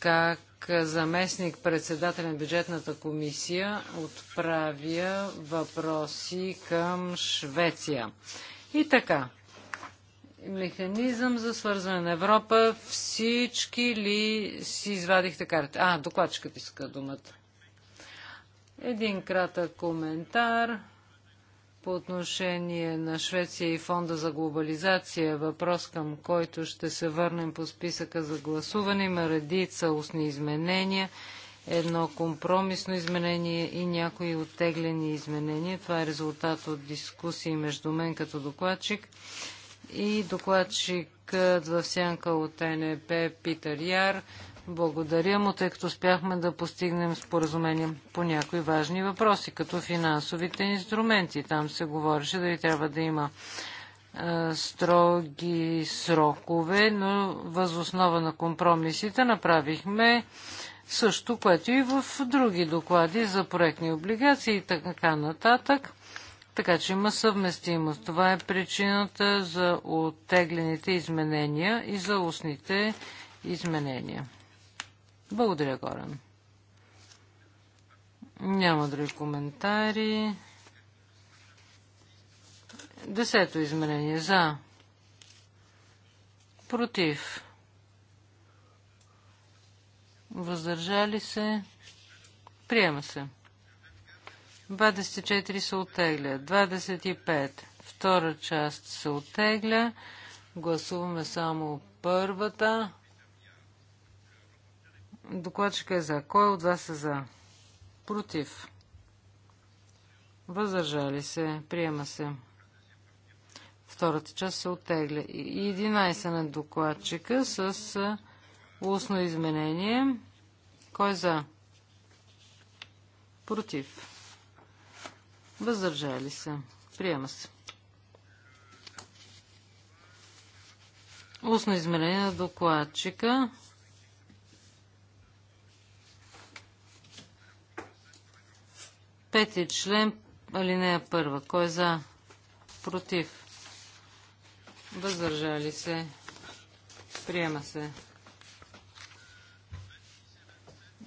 Speaker 2: как заместник председател на бюджетната комисия отправя въпроси към Швеция. И така, механизъм за свързване на Европа, всички ли си извадихте карта? А, докладчикът иска думата. Един кратък коментар по отношение на Швеция и Фонда за глобализация, въпрос към който ще се върнем по списъка за гласуване. Има редица устни изменения, едно компромисно изменение и някои оттеглени изменения. Това е резултат от дискусии между мен като докладчик и докладчикът в сянка от НП Питър Яр благодаря му, тъй като успяхме да постигнем споразумение по някои важни въпроси, като финансовите инструменти. Там се говореше дали трябва да има е, строги срокове, но възоснова на компромисите направихме също, което и в други доклади за проектни облигации и така нататък. Така че има съвместимост. Това е причината за оттеглените изменения и за устните изменения. Благодаря, Горан. Няма други коментари. Десето изменение за. Против. Въздържали се. Приема се. 24 се оттегля. 25. Втора част се оттегля. Гласуваме само първата. Докладчика е за. Кой от вас е за? Против. Въздържали се. Приема се. Втората част се оттегля. И 11 на докладчика с устно изменение. Кой е за? Против. Въздържали се. Приема се. Устно измерение на докладчика Пети член, алинея първа. Кой е за? Против. Въздържали се. Приема се.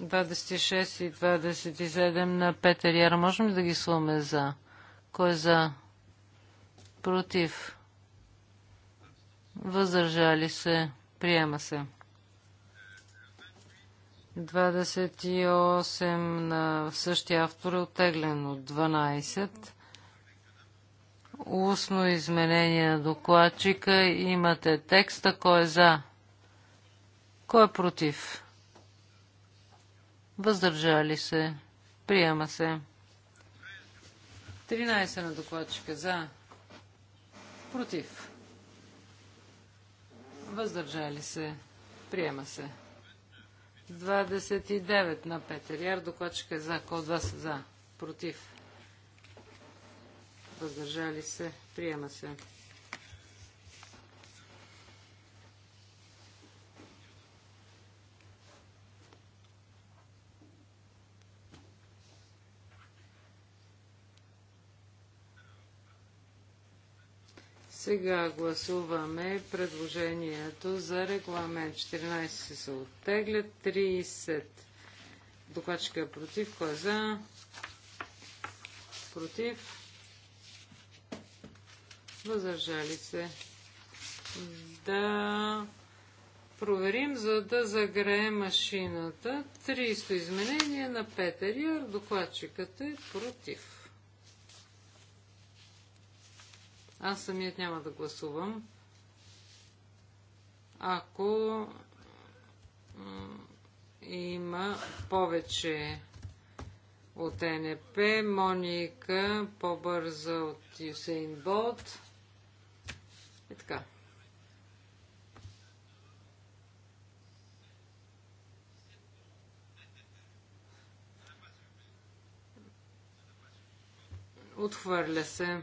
Speaker 2: 26 и 27 на Петър Яра. Можем ли да ги сломе за? Кой е за? Против. Въздържали се. Приема се. 28 на същия автор е оттеглен от 12. Устно изменение на докладчика. Имате текста. Кой е за? Кой е против? Въздържали се. Приема се. 13 на докладчика. За. Против. Въздържали се. Приема се. 29 на Петър Яр. Докладчик е за. Кой от вас е за? Против? Въздържали се? Приема се. Сега гласуваме предложението за регламент 14 се оттеглят, 30 докладчика е против, кой е за? Против. Възържали се. Да проверим, за да загрее машината. 300 изменения на Петър Яр. Докладчикът е против. Аз самият няма да гласувам. Ако има повече от НП, Моника по-бърза от Юсейн Болт. И така. Отхвърля се.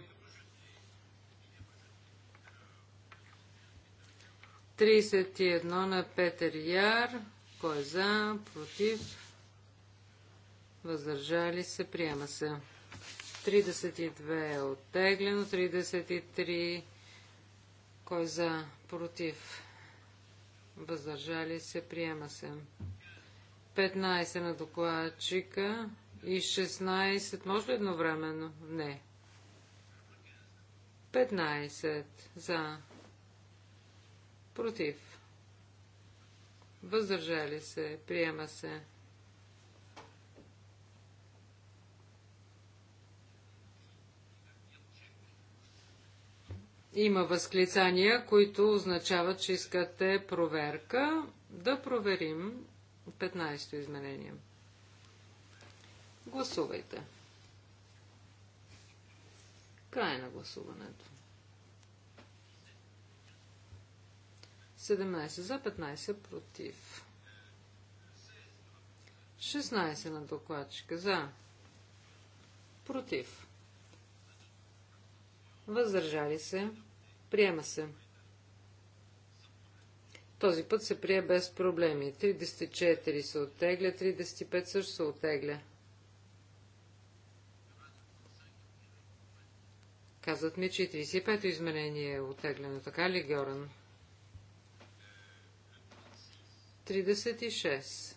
Speaker 2: 31 на Петър Яр. Кой е за? Против? Въздържали се? Приема се. 32 е оттеглено. 33. Кой е за? Против? Въздържали се? Приема се. 15 на докладчика и 16. Може ли едновременно? Не. 15 за Против. Въздържали се. Приема се. Има възклицания, които означават, че искате проверка. Да проверим 15-то изменение. Гласувайте. Край на гласуването. 17 за 15 против. 16 на докладчика за против. Въздържали се. Приема се. Този път се прие без проблеми. 34 се оттегля, 35 също се оттегля. Казват ми, че 35-то изменение е оттеглено. Така ли, Георан? 36.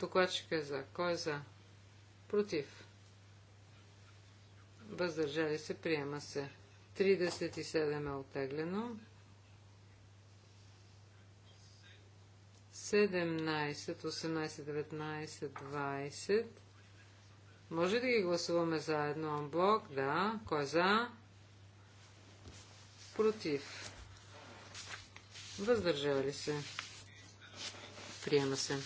Speaker 2: Докладчик е за. Кой е за? Против. Въздържали се, приема се. 37 е отеглено. 17, 18, 19, 20. Може да ги гласуваме заедно блок? Да. Кой е за? Против. Въздържали се. Приема се.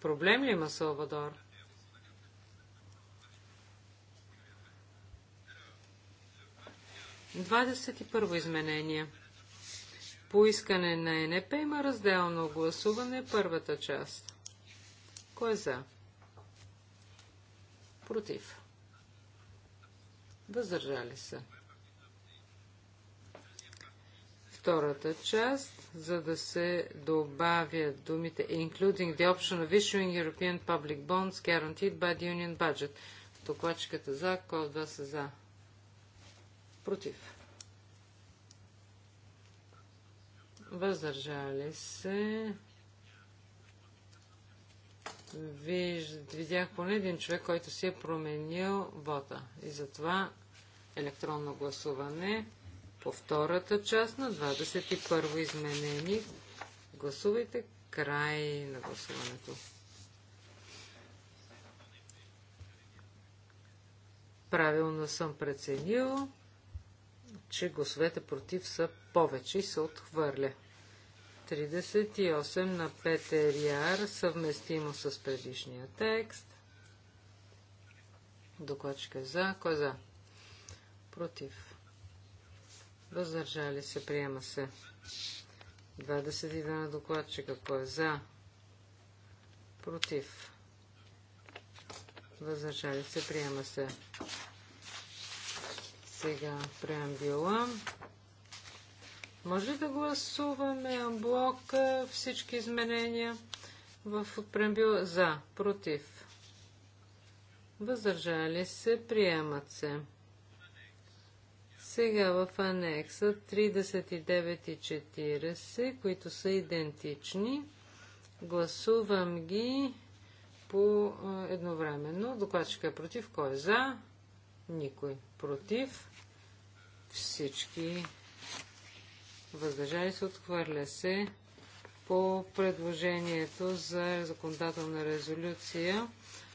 Speaker 2: Проблем ли има Салвадор? Двадесет и първо изменение. По искане на НП има разделно гласуване първата част. Кой е за? Против. Въздържали се втората част, за да се добавят думите including the option of issuing European public bonds guaranteed by the union budget. Докладчиката за, кой от вас е за? Против. Въздържали се. Виж, видях поне един човек, който си е променил вота. И затова електронно гласуване. По втората част на 21 во изменение гласувайте край на гласуването. Правилно съм преценил, че гласовете против са повече и се отхвърля. 38 на Петер Яр, съвместимо с предишния текст. Докладчика е за. Кой е за? Против. Въздържали се, приема се. 22 на докладчика. Кой е за? Против. Въздържали се, приема се. Сега преамбюла. Може да гласуваме амблок е, всички изменения в преамбюла за, против. Въздържали се, приемат се. Сега в анекса 39 и 40, които са идентични, гласувам ги по едновременно. Докладчика е против. Кой е за? Никой. Против. Всички. Въздържали се. Отхвърля се по предложението за законодателна резолюция.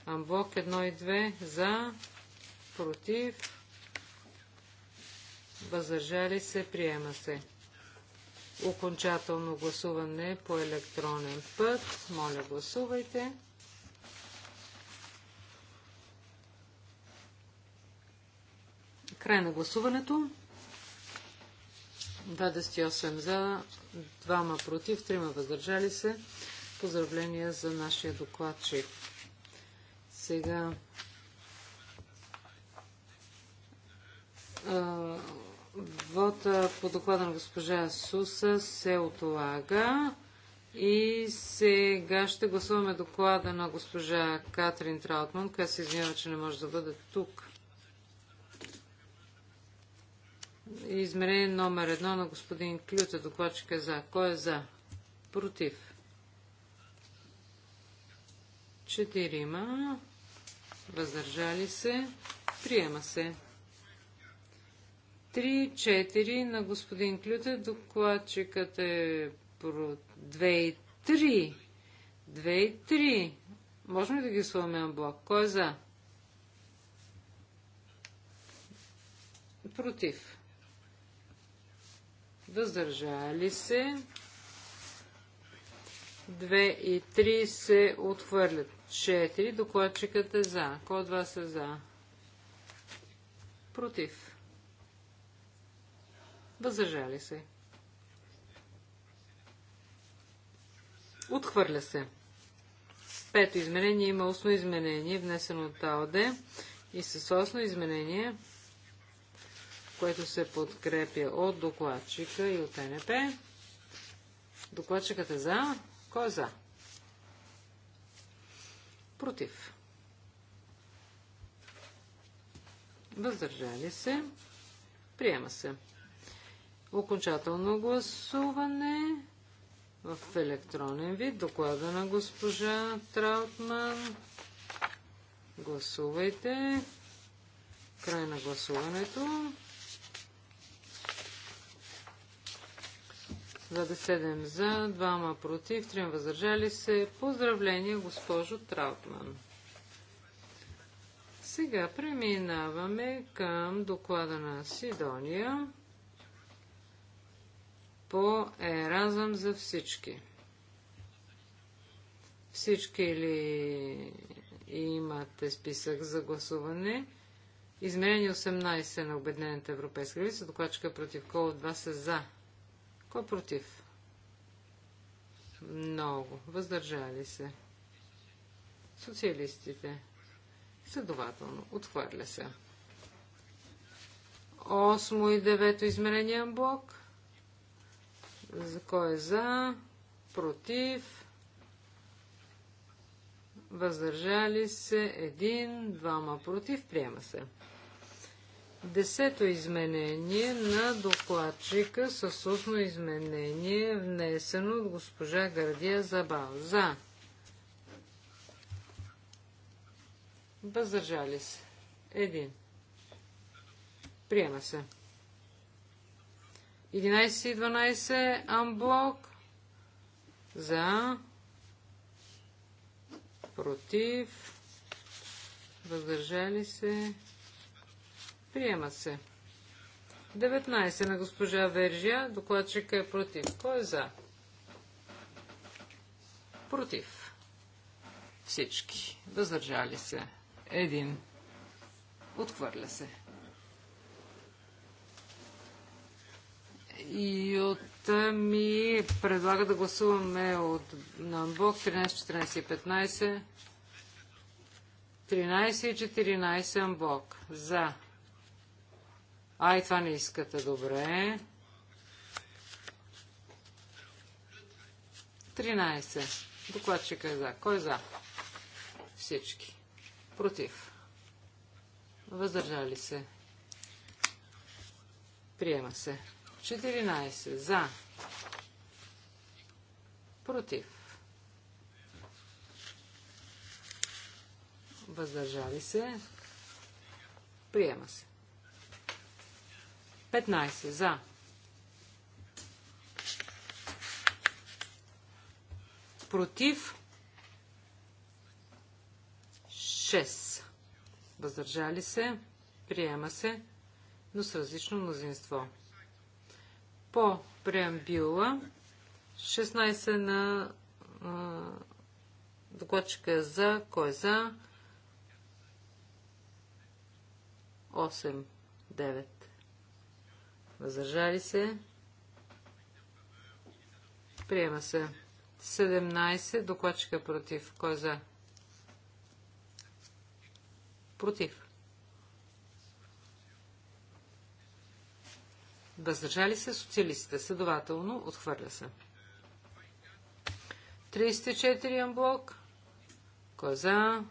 Speaker 2: Амблок 1 и 2 за, против, Въздържали се. Приема се. Окончателно гласуване по електронен път. Моля, гласувайте. Край на гласуването. 28 за, 2 против, 3 въздържали се. Поздравления за нашия докладчик. Сега а, Вота по доклада на госпожа Суса се отлага. И сега ще гласуваме доклада на госпожа Катрин Траутман, която се извинява, че не може да бъде тук. Измерение номер едно на господин Клюта. Докладчик е за. Кой е за? Против. Четирима. Въздържали се. Приема се. 3-4 на господин Клюте, докладчикът е про 2 и 3. 2 и 3. Можем ли да ги сломим на блок? Кой е за? Против. Въздържали се. 2 и 3 се отхвърлят. 4. Докладчикът е за. Кой от вас е за? Против. Въздържали се. Отхвърля се. Пето изменение има устно изменение, внесено от АОД и с осно изменение, което се подкрепя от докладчика и от НП. Докладчикът е за. Кой е за? Против. Въздържали се. Приема се. Окончателно гласуване в електронен вид. Доклада на госпожа Траутман. Гласувайте. Край на гласуването. 27 за, 2 против, 3 въздържали се. Поздравление, госпожо Траутман. Сега преминаваме към доклада на Сидония по Еразъм за всички. Всички ли имате списък за гласуване? Измерени 18 на Обединената европейска лица. Докладчика против. кол, от вас е за? Кой е против? Много. Въздържали се. Социалистите. Следователно. Отхвърля се. Осмо и девето измерения блок. За кой е за? Против? Въздържали се един, двама против. Приема се. Десето изменение на докладчика с устно изменение, внесено от госпожа Гардия Забал. За. Въздържали се. Един. Приема се. 11 и 12 амблок. За. Против. Въздържали се. Приема се. 19 на госпожа Вержия. Докладчика е против. Кой е за? Против. Всички. Въздържали се. Един. Отхвърля се. Юта ми предлага да гласуваме от на 13, 14 и 15. 13 и 14 амблок. За. Ай, това не искате. Добре. 13. Докладчика е за. Кой е за? Всички. Против. Въздържали се. Приема се. 14. За. Против. Въздържали се. Приема се. 15. За. Против. 6. Въздържали се. Приема се, но с различно мнозинство по преамбюла 16 на а, докладчика е за, кой е за 8, 9. Въздържали се. Приема се. 17. Докладчика е против. Кой е за? Против. Въздържали се социалистите. Следователно, отхвърля се. 34 амблок. Кой е за?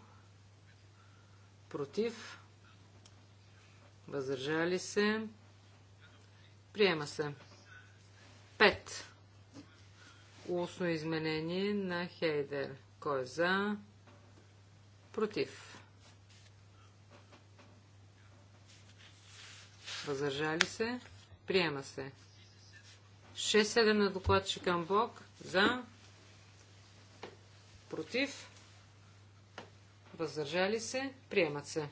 Speaker 2: Против. Въздържали се. Приема се. 5. Устно изменение на Хейдер. Кой е за? Против. Въздържали се. Приема се. 6-7 на докладчика Бог За. Против. Въздържали се. Приемат се.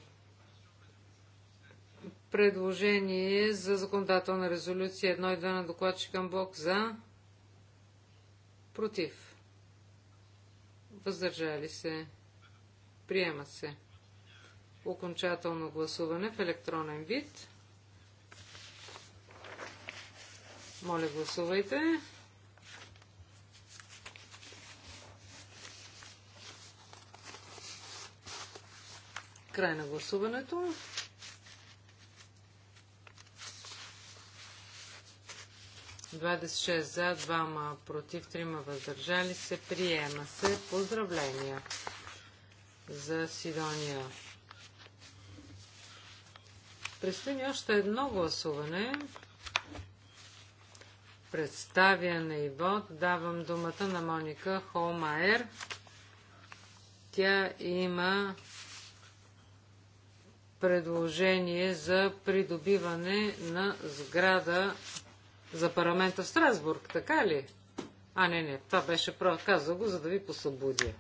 Speaker 2: Предложение за законодателна резолюция 1 и 2 на докладчика Бог За. Против. Въздържали се. Приемат се. Окончателно гласуване в електронен вид. Моля, гласувайте. Край на гласуването. за, двама против, трима въздържали се. Приема се. Поздравления за Сидония. Престани още едно гласуване. Представя на вод давам думата на Моника Холмайер. Тя има предложение за придобиване на сграда за парламента в Страсбург, така ли? А, не, не, това беше право. Каза го, за да ви посъбудя.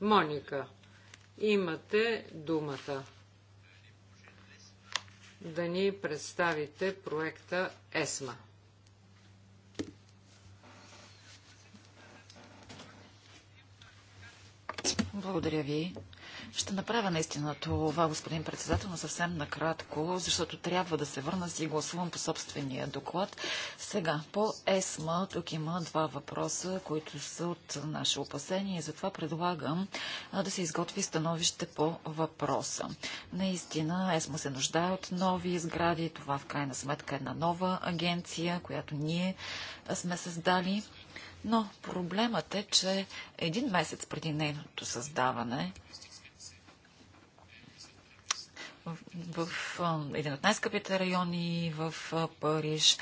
Speaker 2: Моника, имате думата да ни представите проекта ЕСМА.
Speaker 1: Благодаря ви. Ще направя наистина това, господин председател, но съвсем накратко, защото трябва да се върна си и гласувам по собствения доклад. Сега, по ЕСМА, тук има два въпроса, които са от наше опасение и затова предлагам да се изготви становище по въпроса. Наистина, ЕСМА се нуждае от нови сгради, това в крайна сметка е една нова агенция, която ние сме създали но проблемът е, че един месец преди нейното създаване в, в един от най-скъпите райони в Париж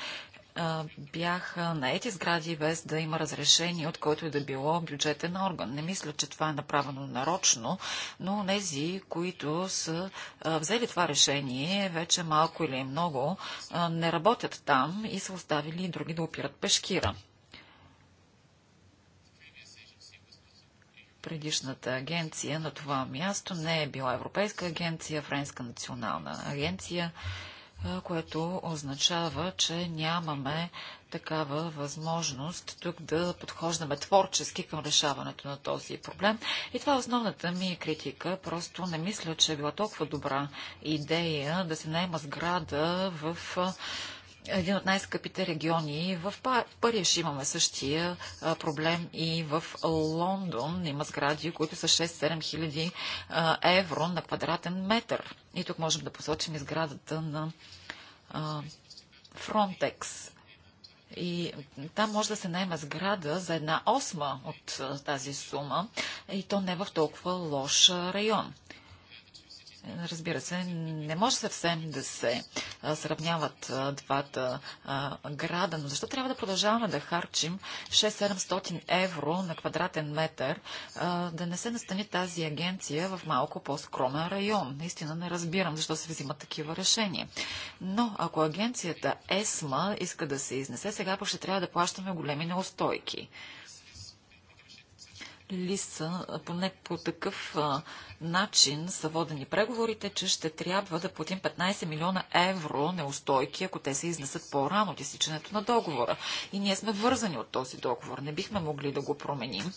Speaker 1: бяха наети сгради без да има разрешение, от който и е да било бюджетен орган. Не мисля, че това е направено нарочно, но нези, които са взели това решение, вече малко или много не работят там и са оставили други да опират пешкира. предишната агенция на това място не е била Европейска агенция, Френска национална агенция, което означава, че нямаме такава възможност тук да подхождаме творчески към решаването на този проблем. И това е основната ми критика. Просто не мисля, че е била толкова добра идея да се найма сграда в един от най-скъпите региони. В Париж имаме същия проблем и в Лондон има сгради, които са 6-7 хиляди евро на квадратен метър. И тук можем да посочим изградата на Фронтекс. И там може да се найма сграда за една осма от тази сума и то не в толкова лош район. Разбира се, не може съвсем да се сравняват двата града, но защо трябва да продължаваме да харчим 6-700 евро на квадратен метър, да не се настани тази агенция в малко по-скромен район? Наистина не разбирам защо се взимат такива решения. Но ако агенцията ЕСМА иска да се изнесе, сега ще трябва да плащаме големи неустойки ли са, поне по такъв начин са водени преговорите, че ще трябва да платим 15 милиона евро неустойки, ако те се изнесат по-рано от изтичането на договора. И ние сме вързани от този договор. Не бихме могли да го променим.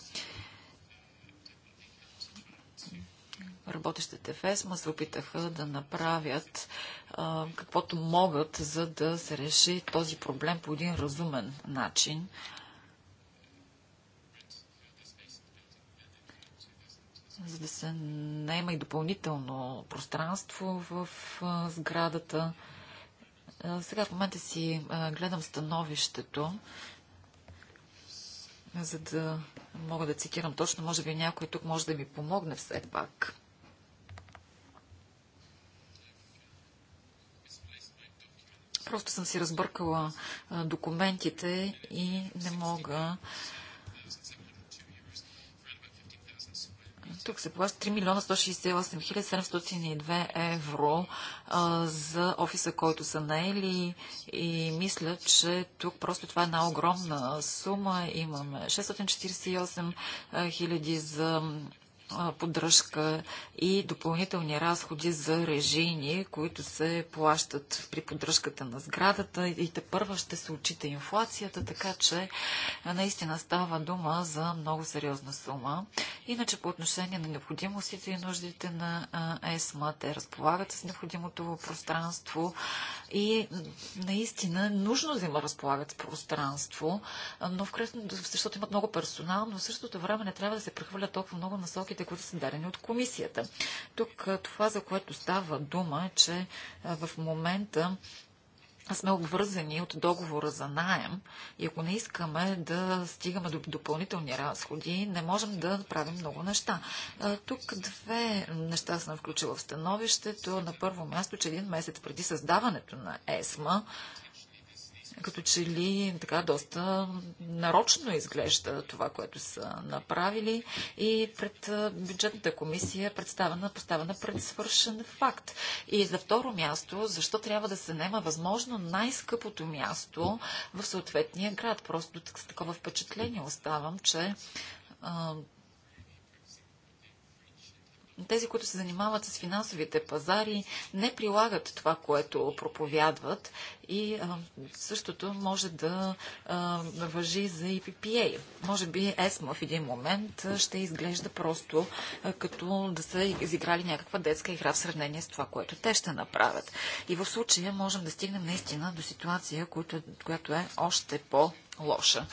Speaker 1: работещите в ЕСМА се опитаха да направят а, каквото могат, за да се реши този проблем по един разумен начин. за да се наема и допълнително пространство в а, сградата. А, сега в момента си а, гледам становището, за да мога да цитирам точно. Може би някой тук може да ми помогне все пак. Просто съм си разбъркала документите и не мога тук се плаща 3 милиона 168 702 евро а, за офиса, който са наели и мисля, че тук просто това е една огромна сума. Имаме 648 хиляди за поддръжка и допълнителни разходи за режини, които се плащат при поддръжката на сградата и те първа ще се отчита инфлацията, така че наистина става дума за много сериозна сума. Иначе по отношение на необходимостите и нуждите на ЕСМА, те разполагат с необходимото пространство и наистина нужно да има разполагат с пространство, но в крайна, защото имат много персонал, но в същото време не трябва да се прехвърлят толкова много насоки насоките, които са дадени от комисията. Тук това, за което става дума, е, че в момента сме обвързани от договора за найем и ако не искаме да стигаме до допълнителни разходи, не можем да правим много неща. Тук две неща съм включила в становището. На първо място, че един месец преди създаването на ЕСМА, като че ли така доста нарочно изглежда това, което са направили и пред бюджетната комисия е представена, поставена пред свършен факт. И за второ място, защо трябва да се нема възможно най-скъпото място в съответния град? Просто с такова впечатление оставам, че тези, които се занимават с финансовите пазари, не прилагат това, което проповядват и а, същото може да а, въжи за EPPA. Може би ЕСМА в един момент ще изглежда просто а, като да са изиграли някаква детска игра в сравнение с това, което те ще направят. И в случая можем да стигнем наистина до ситуация, която, е, която е още по-лоша.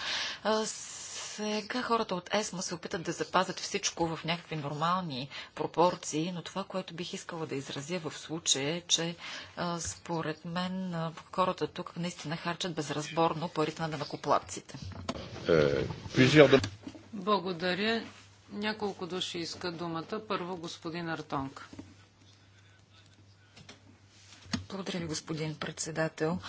Speaker 1: Сега хората от ЕСМА се опитат да запазят всичко в някакви нормални пропорции, но това, което бих искала да изразя в случая е, че а, според мен а, хората тук наистина харчат безразборно парите на накоплатците.
Speaker 2: Благодаря. Няколко души искат думата. Първо господин Артонг.
Speaker 1: Благодаря ви, господин председател.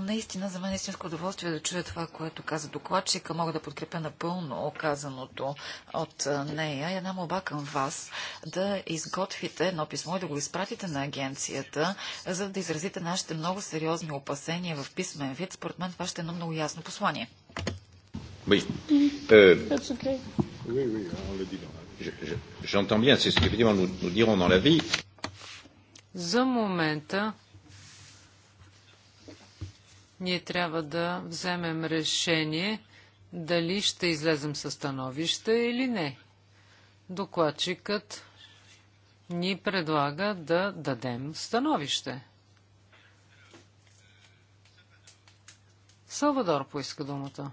Speaker 1: Наистина за мен е истинско удоволствие да чуя това, което каза докладчика. Мога да подкрепя напълно оказаното от нея. И една молба към вас да изготвите едно писмо и да го изпратите на агенцията, за да изразите нашите много сериозни опасения в писмен вид. Според мен това ще е едно много ясно послание.
Speaker 3: Oui.
Speaker 2: Mm-hmm. Euh, okay.
Speaker 3: oui, oui, on le dit dans la vie. J'entends bien, c'est ce que nous, nous dirons dans la vie.
Speaker 2: За момента ние трябва да вземем решение дали ще излезем със становище или не. Докладчикът ни предлага да дадем становище. Салвадор поиска думата.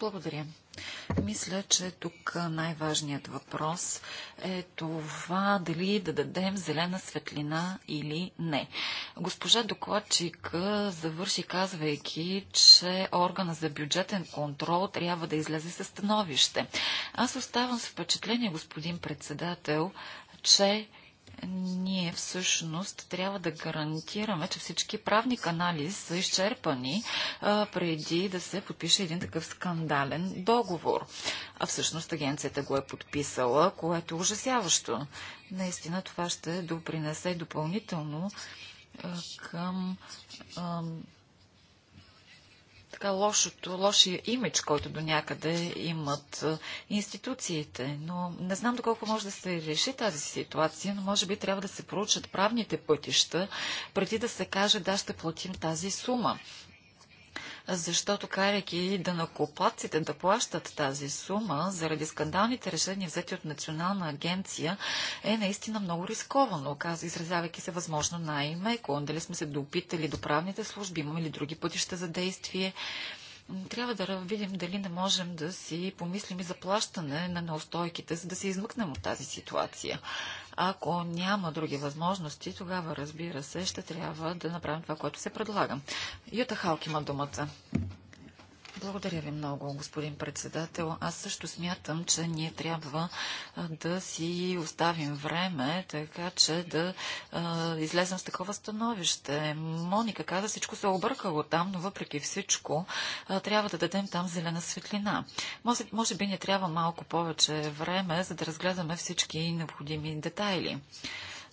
Speaker 1: Благодаря. Мисля, че тук най-важният въпрос е това дали да дадем зелена светлина или не. Госпожа докладчик завърши казвайки, че органа за бюджетен контрол трябва да излезе със становище. Аз оставам с впечатление, господин председател, че ние всъщност трябва да гарантираме, че всички правни канали са изчерпани а, преди да се подпише един такъв скандален договор. А всъщност агенцията го е подписала, което е ужасяващо. Наистина това ще допринесе допълнително а, към а, така лошото, лошия имидж, който до някъде имат институциите. Но не знам доколко може да се реши тази ситуация, но може би трябва да се проучат правните пътища, преди да се каже да ще платим тази сума защото карайки да накопаците да плащат тази сума заради скандалните решения взети от Национална агенция е наистина много рисковано, каза, изразявайки се възможно най-меко. Дали сме се допитали до правните служби, имаме ли други пътища за действие? трябва да видим дали не можем да си помислим и заплащане на неустойките, за да се измъкнем от тази ситуация. Ако няма други възможности, тогава, разбира се, ще трябва да направим това, което се предлага. Юта Халк има думата. Благодаря ви много, господин председател. Аз също смятам, че ние трябва да си оставим време, така че да а, излезем с такова становище. Моника каза, всичко се е объркало там, но въпреки всичко а, трябва да дадем там зелена светлина. Може, може би ни трябва малко повече време, за да разгледаме всички необходими детайли.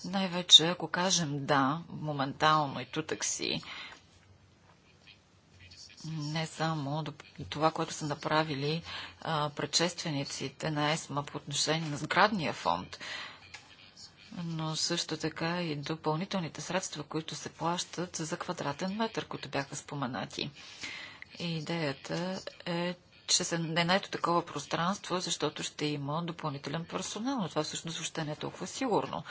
Speaker 1: Най-вече, ако кажем да, моментално и тутък си, не само това, което са направили а, предшествениците на ЕСМА по отношение на сградния фонд, но също така и допълнителните средства, които се плащат за квадратен метър, които бяха споменати. И идеята е, че се не е най-то такова пространство, защото ще има допълнителен персонал, но това всъщност въобще не е толкова сигурно.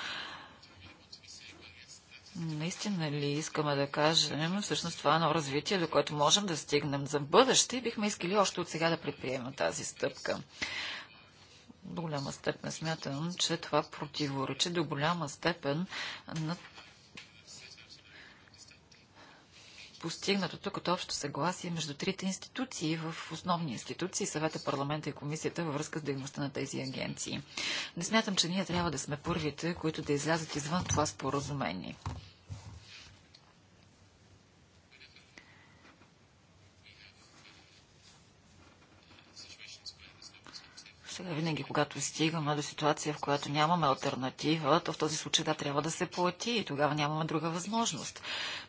Speaker 1: Наистина ли искаме да кажем, всъщност това е едно развитие, до което можем да стигнем за бъдеще и бихме искали още от сега да предприемем тази стъпка. До голяма степен смятам, че това противоречи до голяма степен на постигнатото като общо съгласие между трите институции в основни институции, съвета, парламента и комисията във връзка с дейността на тези агенции. Не смятам, че ние трябва да сме първите, които да излязат извън това споразумение. Сега винаги, когато стигаме до ситуация, в която нямаме альтернатива, то в този случай да трябва да се плати и тогава нямаме друга възможност.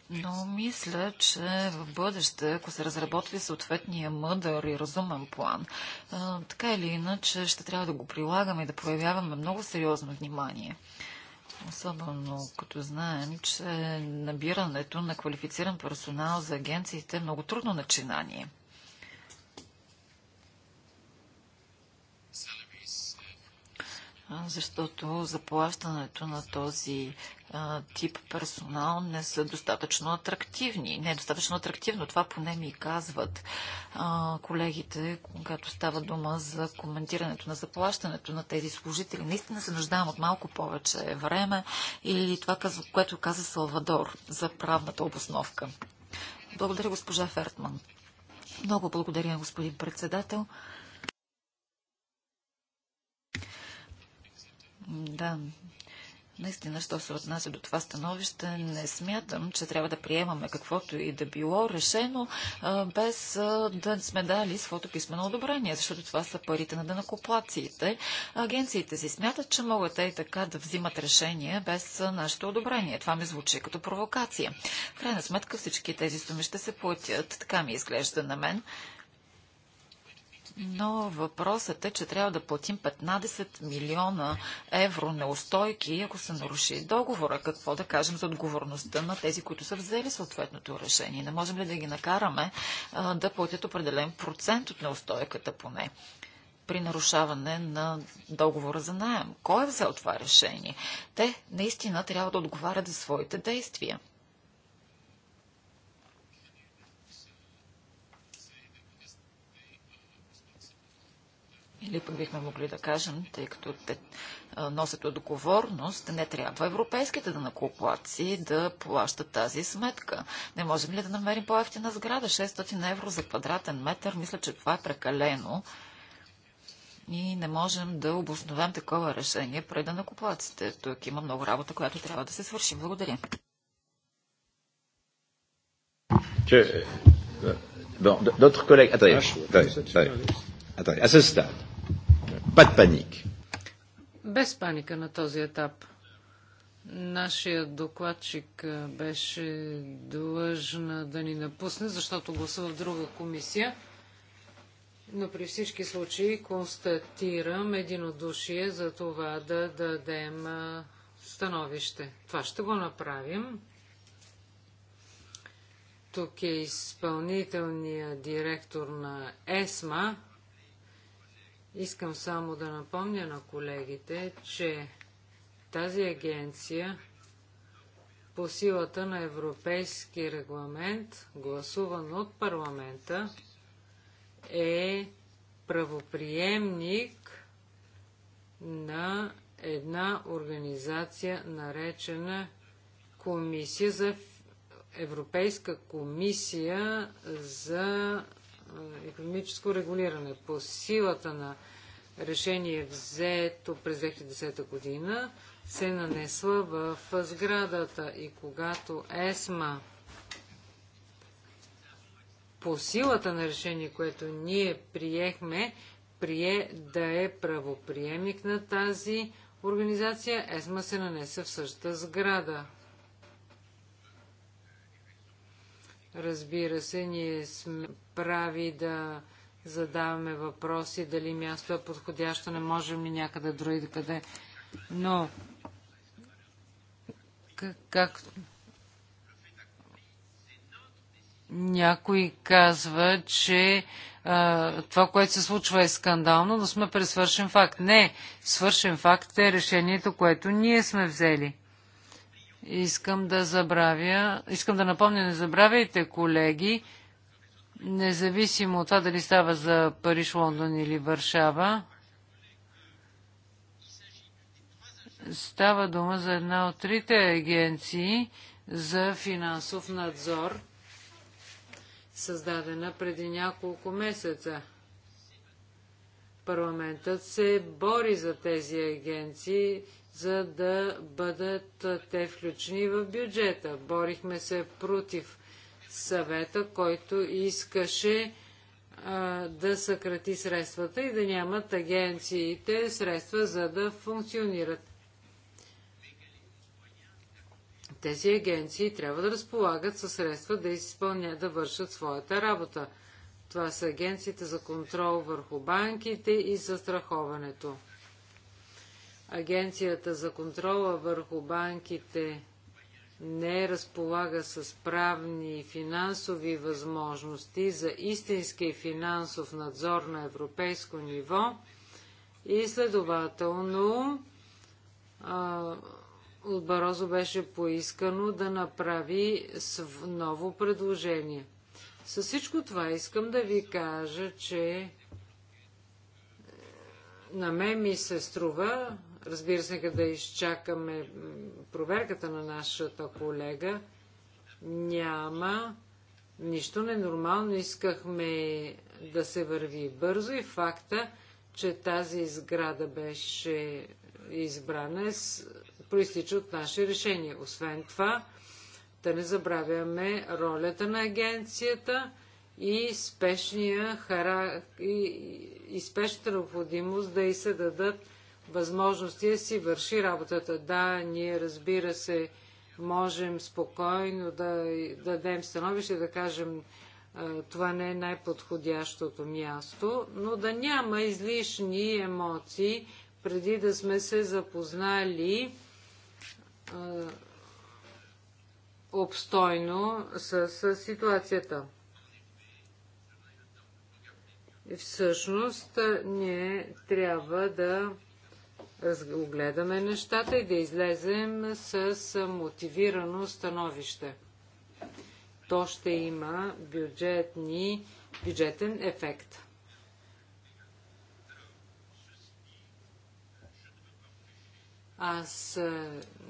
Speaker 1: Но мисля, че в бъдеще, ако се разработи съответния мъдър и разумен план, така или иначе ще трябва да го прилагаме и да проявяваме много сериозно внимание. Особено като знаем, че набирането на квалифициран персонал за агенциите е много трудно начинание. защото заплащането на този а, тип персонал не са достатъчно атрактивни. Не е достатъчно атрактивно, това поне ми казват а, колегите, когато става дума за коментирането на заплащането на тези служители. Наистина се нуждаем от малко повече време или това, което каза Салвадор за правната обосновка. Благодаря, госпожа Фертман. Много благодаря, господин председател. Да, Наистина, що се отнася до това становище, не смятам, че трябва да приемаме каквото и да било решено, без да сме дали своето писмено одобрение, защото това са парите на денакоплациите. Агенциите си смятат, че могат и така да взимат решение без нашето одобрение. Това ми звучи като провокация. В крайна сметка всички тези суми ще се платят. Така ми изглежда на мен. Но въпросът е, че трябва да платим 15 милиона евро неустойки, ако се наруши договора. Какво да кажем за отговорността на тези, които са взели съответното решение? Не можем ли да ги накараме а, да платят определен процент от неустойката поне? при нарушаване на договора за найем. Кой е взел това решение? Те наистина трябва да отговарят за своите действия. или пък бихме могли да кажем, тъй като те носят отговорност, не трябва европейските данакоплаци да плащат тази сметка. Не можем ли да намерим по-ефтина сграда? 600 евро за квадратен метър, мисля, че това е прекалено. И не можем да обосновем такова решение пред данакоплаците. Тук има много работа, която трябва да се свърши. Благодаря.
Speaker 3: Че... Bon, d'autres collègues. Attendez, attendez, attendez. à ce stade, Pas de panique.
Speaker 2: Без паника на този етап. Нашия докладчик беше длъжна да ни напусне, защото гласува в друга комисия. Но при всички случаи констатирам единодушие за това да дадем становище. Това ще го направим. Тук е изпълнителният директор на ЕСМА. Искам само да напомня на колегите, че тази агенция по силата на европейски регламент, гласуван от парламента, е правоприемник на една организация, наречена Комисия за Европейска комисия за економическо регулиране по силата на решение взето през 2010 година се нанесла в сградата и когато ЕСМА по силата на решение, което ние приехме, прие да е правоприемник на тази организация, ЕСМА се нанесе в същата сграда. Разбира се, ние сме прави да задаваме въпроси, дали място е подходящо, не можем ли някъде други къде. Но, как? някой казва, че а, това, което се случва е скандално, но сме пресвършен факт. Не, свършен факт е решението, което ние сме взели. Искам да забравя, искам да напомня, не забравяйте, колеги, независимо от това дали става за Париж, Лондон или Варшава, става дума за една от трите агенции за финансов надзор, създадена преди няколко месеца. Парламентът се бори за тези агенции за да бъдат те включени в бюджета. Борихме се против съвета, който искаше да съкрати средствата и да нямат агенциите средства, за да функционират. Тези агенции трябва да разполагат със средства да изпълнят, да вършат своята работа. Това са агенциите за контрол върху банките и застраховането. Агенцията за контрола върху банките не разполага с правни и финансови възможности за истински финансов надзор на европейско ниво и следователно от Барозо беше поискано да направи ново предложение. С всичко това искам да ви кажа, че е, на мен ми се струва, Разбира се, да изчакаме проверката на нашата колега. Няма нищо ненормално. Искахме да се върви бързо и факта, че тази сграда беше избрана, е проистича от наше решение. Освен това, да не забравяме ролята на агенцията и, спешния хара... и, и спешната необходимост да й се дадат възможности си върши работата. Да, ние разбира се, можем спокойно да дадем становище, да кажем това не е най-подходящото място, но да няма излишни емоции, преди да сме се запознали обстойно с, с ситуацията. И всъщност ние трябва да огледаме нещата и да излезем с мотивирано становище. То ще има бюджетни, бюджетен ефект. Аз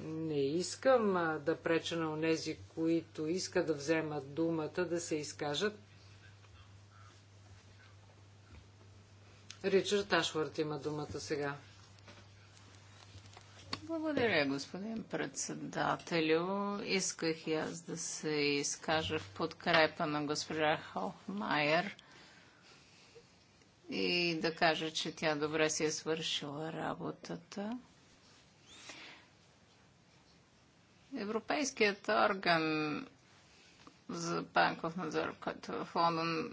Speaker 2: не искам да преча на онези, които искат да вземат думата, да се изкажат. Ричард Ашвард има думата сега. Благодаря, господин председателю.
Speaker 3: Исках и аз да се изкажа в подкрепа на госпожа Хофмайер и да кажа, че тя добре си е свършила работата. Европейският орган за банков надзор, който е в Лондон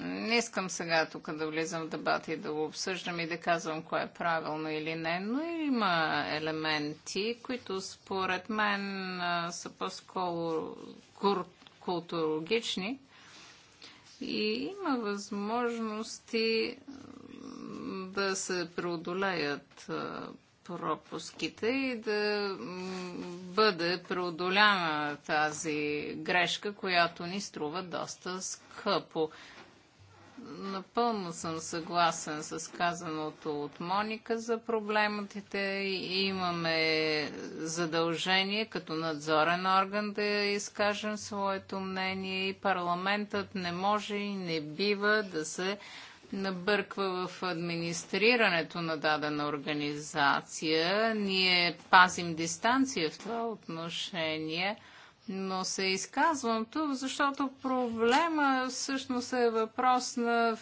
Speaker 3: не искам сега тук да влизам в дебати и да го обсъждам и да казвам кое е правилно или не, но има елементи, които според мен са по-скоро културологични и има възможности да се преодолеят пропуските и да бъде преодоляна тази грешка, която ни струва доста скъпо. Напълно съм съгласен с казаното от Моника за проблематите. Имаме задължение като надзорен орган да изкажем своето мнение и парламентът не може и не бива да се набърква в администрирането на дадена организация. Ние пазим дистанция в това отношение – но се изказвам тук, защото проблема всъщност е въпрос на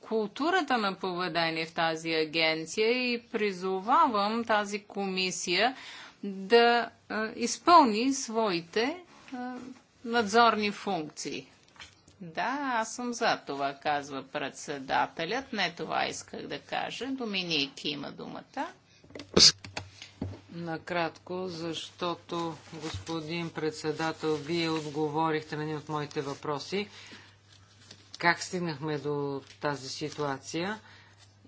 Speaker 3: културата на поведение в тази агенция и призовавам тази комисия да изпълни своите надзорни функции. Да, аз съм за това, казва председателят. Не това исках да кажа. Доминик има думата
Speaker 2: накратко, защото господин председател, вие отговорихте на един от моите въпроси. Как стигнахме до тази ситуация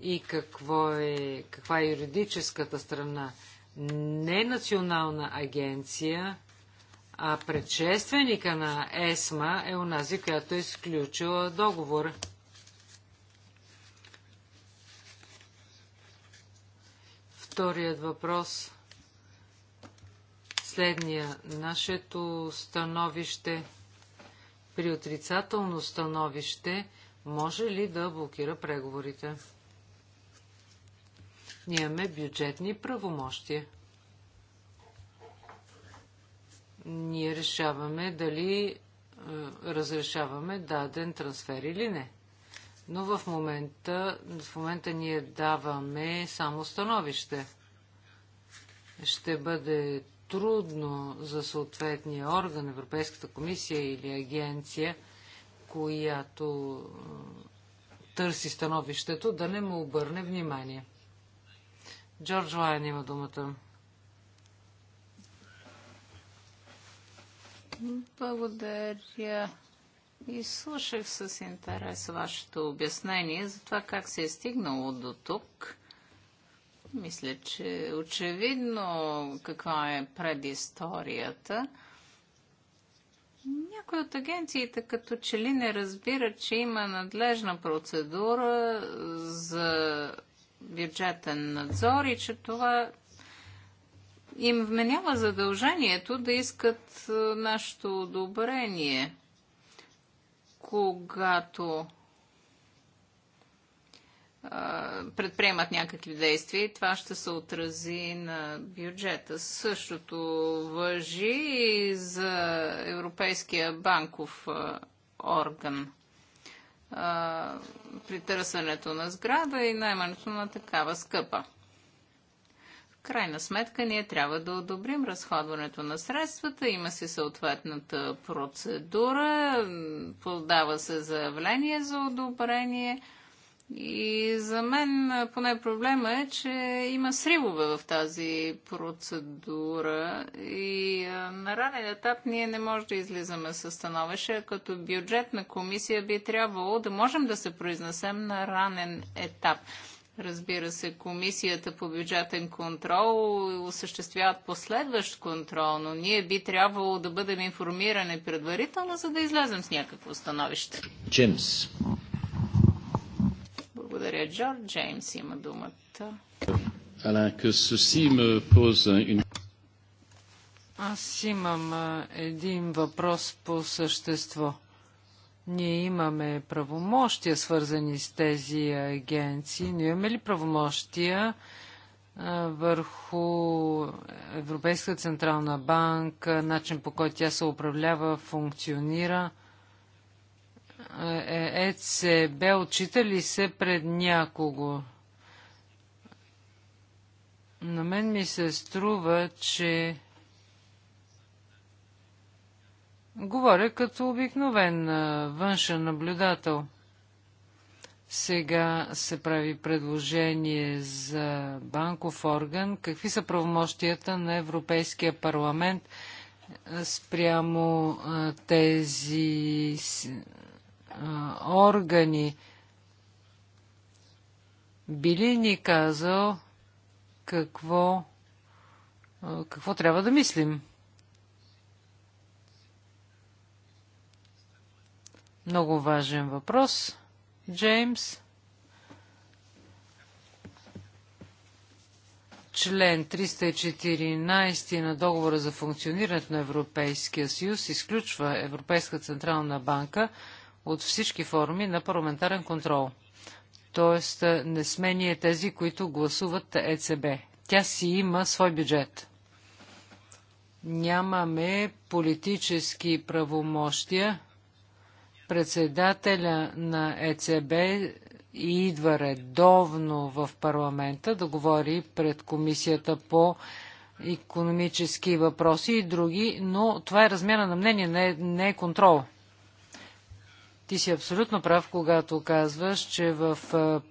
Speaker 2: и какво е, каква е юридическата страна? Не национална агенция, а предшественика на ЕСМА е онази, която е изключила договор. Вторият въпрос – следния. Нашето становище при отрицателно становище може ли да блокира преговорите? Ние имаме бюджетни правомощия. Ние решаваме дали е, разрешаваме даден трансфер или не. Но в момента, в момента ние даваме само становище. Ще бъде трудно за съответния орган, Европейската комисия или агенция, която е, търси становището, да не му обърне внимание. Джордж Лайен има думата.
Speaker 3: Благодаря. И слушах с интерес вашето обяснение за това как се е стигнало до тук. Мисля, че очевидно каква е предисторията. Някои от агенциите като че ли не разбират, че има надлежна процедура за бюджетен надзор и че това им вменява задължението да искат нашето одобрение, когато предприемат някакви действия, и това ще се отрази на бюджета. Същото въжи и за Европейския банков орган при търсенето на сграда и наймането на такава скъпа. В крайна сметка ние трябва да одобрим разходването на средствата, има си съответната процедура, подава се заявление за одобрение – и за мен поне проблема е, че има сривове в тази процедура и на ранен етап ние не можем да излизаме със становище, като бюджетна комисия би трябвало да можем да се произнесем на ранен етап. Разбира се, комисията по бюджетен контрол осъществяват последващ контрол, но ние би трябвало да бъдем информирани предварително, за да излезем с някакво становище. Джимс. Благодаря, Джон. Джеймс има думата.
Speaker 2: Аз имам един въпрос по същество. Ние имаме правомощия, свързани с тези агенции, но имаме ли правомощия върху Европейска централна банка, начин по който тя се управлява, функционира – ЕЦБ е, е отчита ли се пред някого? На мен ми се струва, че говоря като обикновен външен наблюдател. Сега се прави предложение за банков орган. Какви са правомощията на Европейския парламент спрямо тези органи, би ли ни казал какво, какво трябва да мислим? Много важен въпрос, Джеймс. член 314 на договора за функционирането на Европейския съюз изключва Европейска централна банка от всички форми на парламентарен контрол. Тоест е, не сме ние тези, които гласуват ЕЦБ. Тя си има свой бюджет. Нямаме политически правомощия. Председателя на ЕЦБ идва редовно в парламента да говори пред комисията по економически въпроси и други, но това е размяна на мнение, не е контрол. Ти си абсолютно прав, когато казваш, че в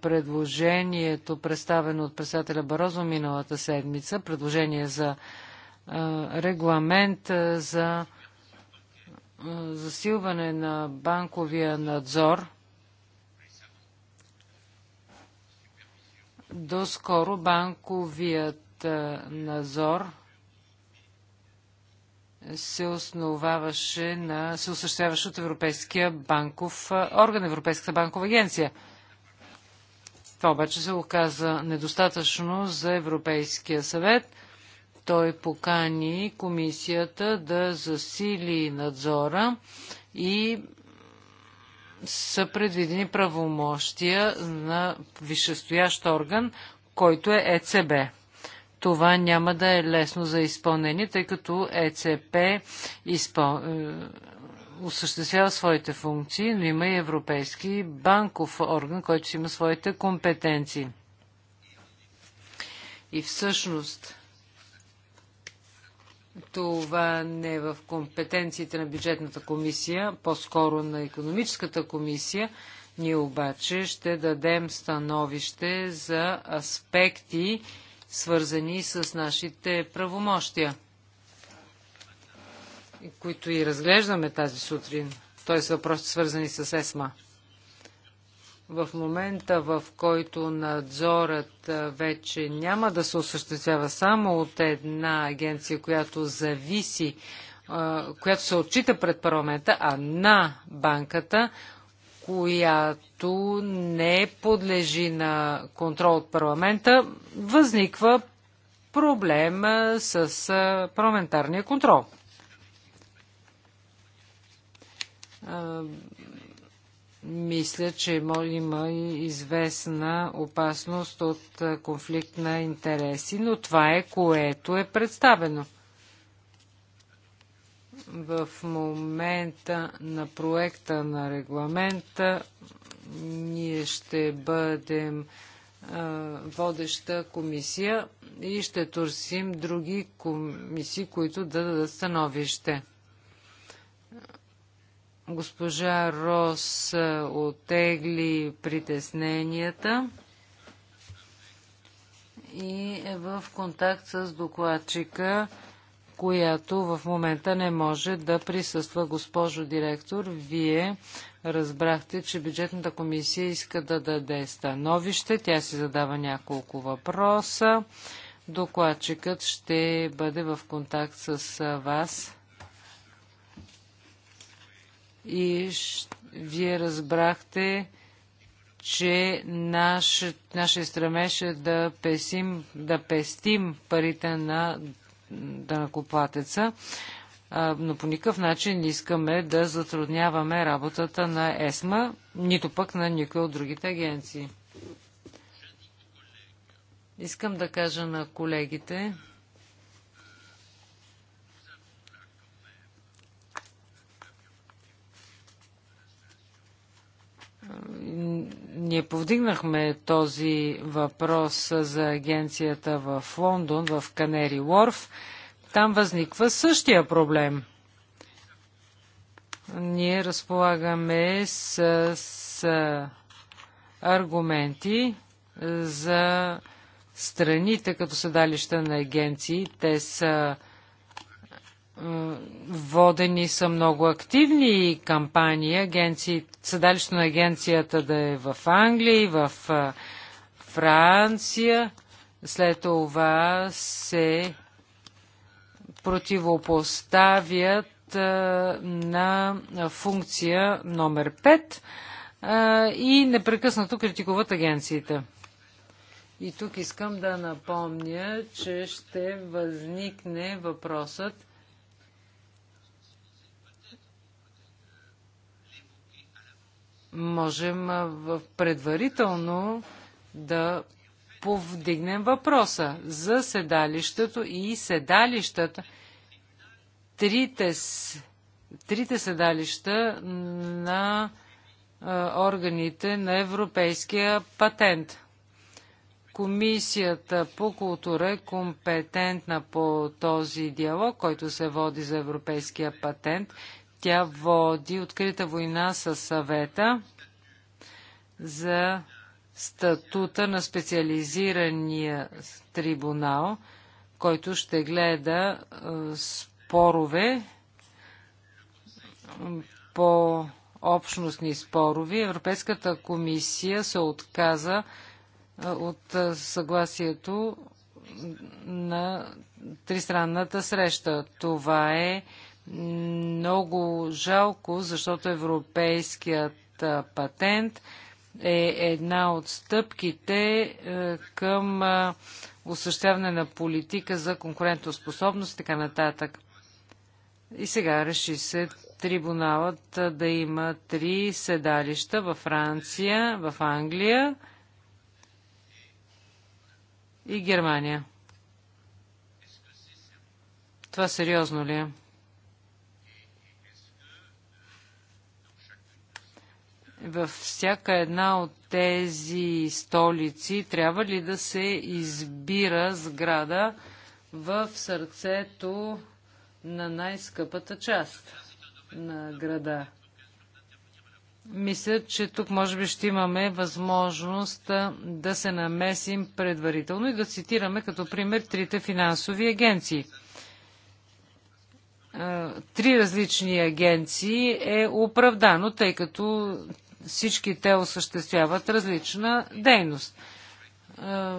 Speaker 2: предложението, представено от председателя Барозо миналата седмица, предложение за регламент за засилване на банковия надзор, доскоро банковият надзор – се основаваше на, се осъществяваше от Европейския банков орган, Европейската банкова агенция. Това обаче се оказа недостатъчно за Европейския съвет. Той покани комисията да засили надзора и са предвидени правомощия на висшестоящ орган, който е ЕЦБ това няма да е лесно за изпълнение, тъй като ЕЦП изпъл... Е, осъществява своите функции, но има и Европейски банков орган, който си има своите компетенции. И всъщност това не е в компетенциите на бюджетната комисия, по-скоро на економическата комисия. Ние обаче ще дадем становище за аспекти, свързани с нашите правомощия, които и разглеждаме тази сутрин, т.е. въпроси свързани с ЕСМА. В момента, в който надзорът вече няма да се осъществява само от една агенция, която зависи която се отчита пред парламента, а на банката, която не подлежи на контрол от парламента, възниква проблем с парламентарния контрол. Мисля, че има известна опасност от конфликт на интереси, но това е което е представено – в момента на проекта на регламента ние ще бъдем водеща комисия и ще търсим други комисии, които да дадат становище. Госпожа Рос отегли притесненията и е в контакт с докладчика която в момента не може да присъства. Госпожо директор, вие разбрахте, че бюджетната комисия иска да даде становище. Тя си задава няколко въпроса. Докладчикът ще бъде в контакт с вас. И вие разбрахте, че наш, нашия стремеж е да песим, да пестим парите на данакоплатеца, но по никакъв начин не искаме да затрудняваме работата на ЕСМА, нито пък на никой от другите агенции. Искам да кажа на колегите, Ние повдигнахме този въпрос за агенцията в Лондон, в Канери Уорф. Там възниква същия проблем. Ние разполагаме с, с аргументи за страните като седалища на агенции. Те са Водени са много активни кампании. Агенции, седалището на агенцията да е в Англия и в Франция. След това се противопоставят на функция номер 5 и непрекъснато критикуват агенциите. И тук искам да напомня, че ще възникне въпросът можем предварително да повдигнем въпроса за седалището и седалищата. Трите, трите седалища на органите на Европейския патент. Комисията по култура е компетентна по този диалог, който се води за Европейския патент. Тя води открита война с съвета за статута на специализирания трибунал, който ще гледа е, спорове по общностни спорови. Европейската комисия се отказа е, от е, съгласието на тристранната среща. Това е много жалко, защото европейският патент е една от стъпките е, към осъществяване на политика за конкурентоспособност и така нататък. И сега реши се трибуналът да има три седалища във Франция, в Англия и Германия. Това сериозно ли е? във всяка една от тези столици трябва ли да се избира сграда в сърцето на най-скъпата част на града? Мисля, че тук може би ще имаме възможност да се намесим предварително и да цитираме като пример трите финансови агенции три различни агенции е оправдано, тъй като всички те осъществяват различна дейност. Е,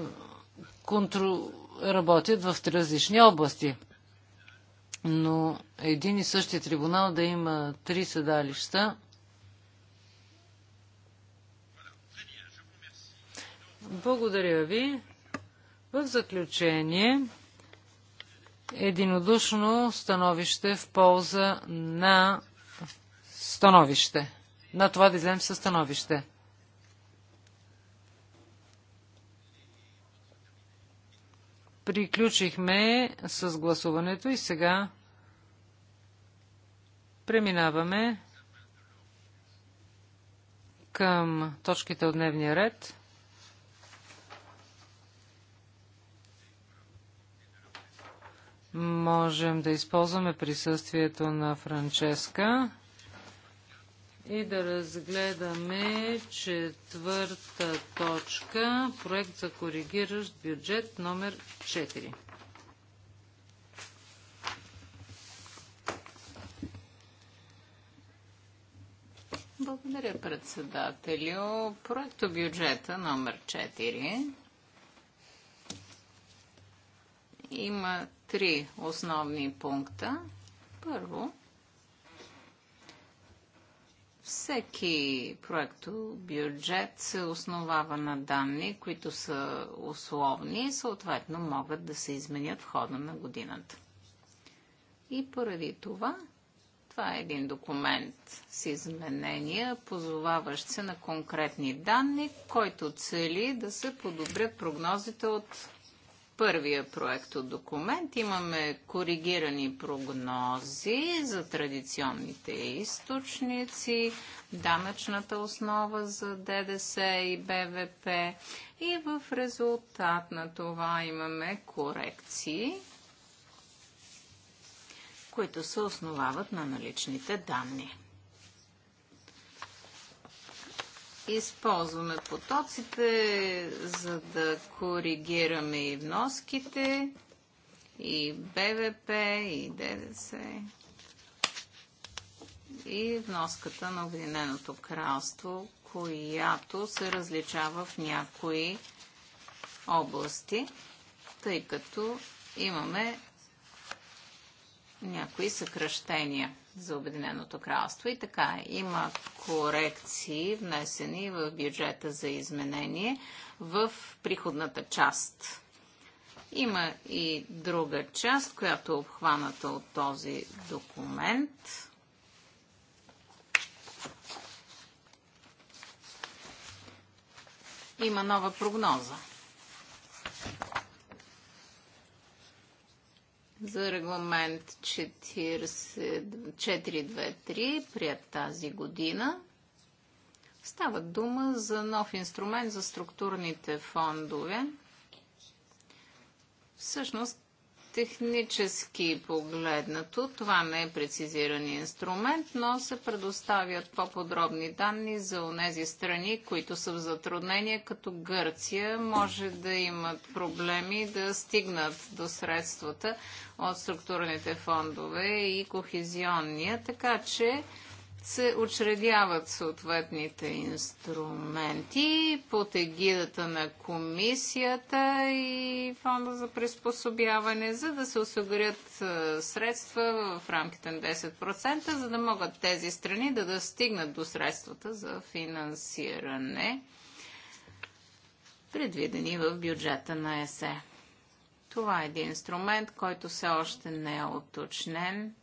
Speaker 2: Контрол... Работят в различни области. Но един и същи трибунал да има три седалища. Благодаря ви. В заключение, единодушно становище в полза на становище на това да излезем със становище. Приключихме с гласуването и сега преминаваме към точките от дневния ред. Можем да използваме присъствието на Франческа и да разгледаме четвърта точка, проект за коригиращ бюджет номер 4.
Speaker 3: Благодаря, председателю. Проекто бюджета номер 4 има три основни пункта. Първо, всеки проекто бюджет се основава на данни, които са условни и съответно могат да се изменят в хода на годината. И поради това, това е един документ с изменения, позоваващ се на конкретни данни, който цели да се подобрят прогнозите от първия проект от документ имаме коригирани прогнози за традиционните източници, данъчната основа за ДДС и БВП и в резултат на това имаме корекции, които се основават на наличните данни. Използваме потоците, за да коригираме и вноските, и БВП, и ДДС, и вноската на Обединеното кралство, която се различава в някои области, тъй като имаме някои съкръщения за Обединеното кралство. И така, има корекции, внесени в бюджета за изменение в приходната част. Има и друга част, която е обхваната от този документ. Има нова прогноза. за регламент 423, прият тази година. Става дума за нов инструмент за структурните фондове. Всъщност, Технически погледнато, това не е прецизиран инструмент, но се предоставят по-подробни данни за онези страни, които са в затруднение, като Гърция може да имат проблеми да стигнат до средствата от структурните фондове и кохезионния, така че се учредяват съответните инструменти под егидата на комисията и фонда за приспособяване, за да се осигурят средства в рамките на 10%, за да могат тези страни да достигнат до средствата за финансиране, предвидени в бюджета на ЕСЕ. Това е един инструмент, който все още не е уточнен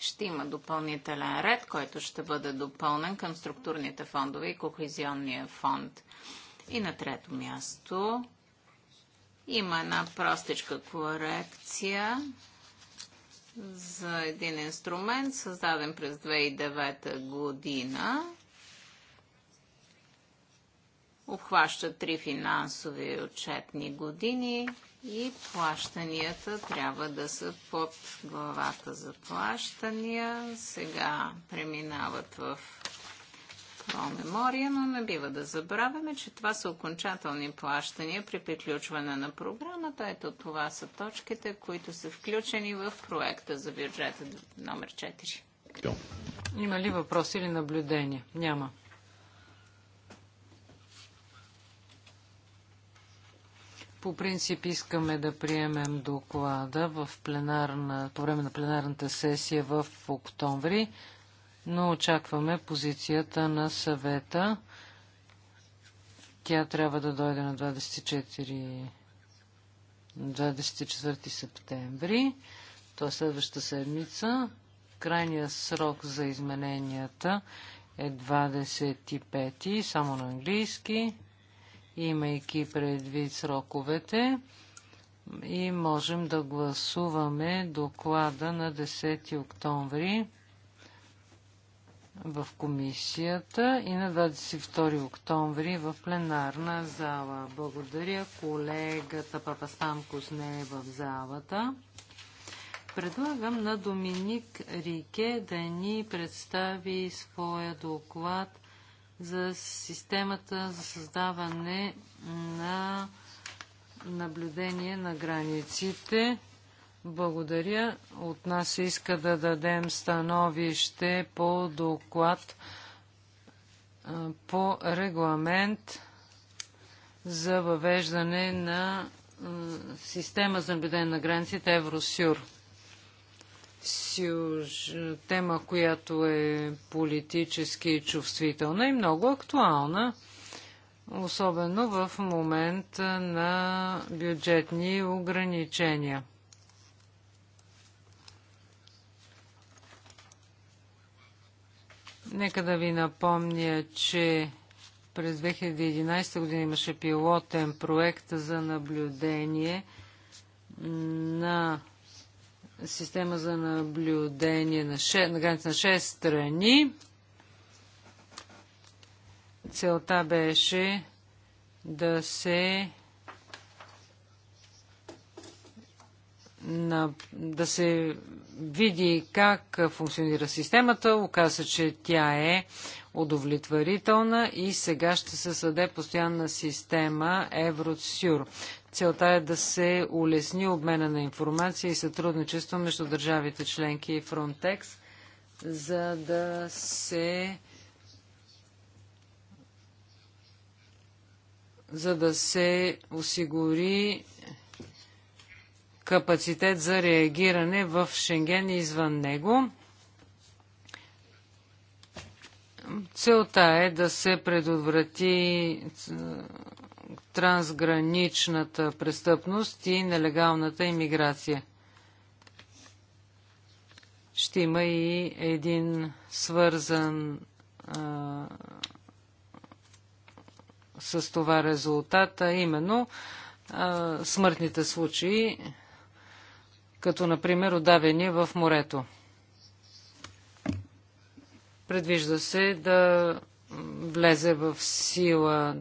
Speaker 3: ще има допълнителен ред, който ще бъде допълнен към структурните фондове и кохезионния фонд. И на трето място има една простичка корекция за един инструмент, създаден през 2009 година. Обхваща три финансови отчетни години и плащанията трябва да са под главата за плащания. Сега преминават в мемория, но не бива да забравяме, че това са окончателни плащания при приключване на програмата. Ето това са точките, които са включени в проекта за бюджета номер 4.
Speaker 2: Има ли въпроси или наблюдения? Няма. По принцип искаме да приемем доклада в пленарна, по време на пленарната сесия в октомври, но очакваме позицията на съвета. Тя трябва да дойде на 24, 24 септември, т.е. следващата седмица. Крайният срок за измененията е 25, само на английски имайки предвид сроковете. И можем да гласуваме доклада на 10 октомври в комисията и на 22 октомври в пленарна зала. Благодаря. Колегата Папастамкос не е в залата. Предлагам на Доминик Рике да ни представи своя доклад за системата за създаване на наблюдение на границите. Благодаря. От нас се иска да дадем становище по доклад по регламент за въвеждане на система за наблюдение на границите Евросюр. Е, тема, която е политически чувствителна и много актуална, особено в момент на бюджетни ограничения. Нека да ви напомня, че през 2011 година имаше пилотен проект за наблюдение на система за наблюдение на, ше, на граница на 6 страни. Целта беше да се на, да се види как функционира системата. Оказа, че тя е удовлетворителна и сега ще се съде постоянна система Евросюр. Целта е да се улесни обмена на информация и сътрудничество между държавите членки и Frontex, за да се за да се осигури капацитет за реагиране в Шенген и извън него. Целта е да се предотврати трансграничната престъпност и нелегалната иммиграция. Ще има и един свързан а, с това резултата, именно а, смъртните случаи, като например удавени в морето. Предвижда се да влезе в сила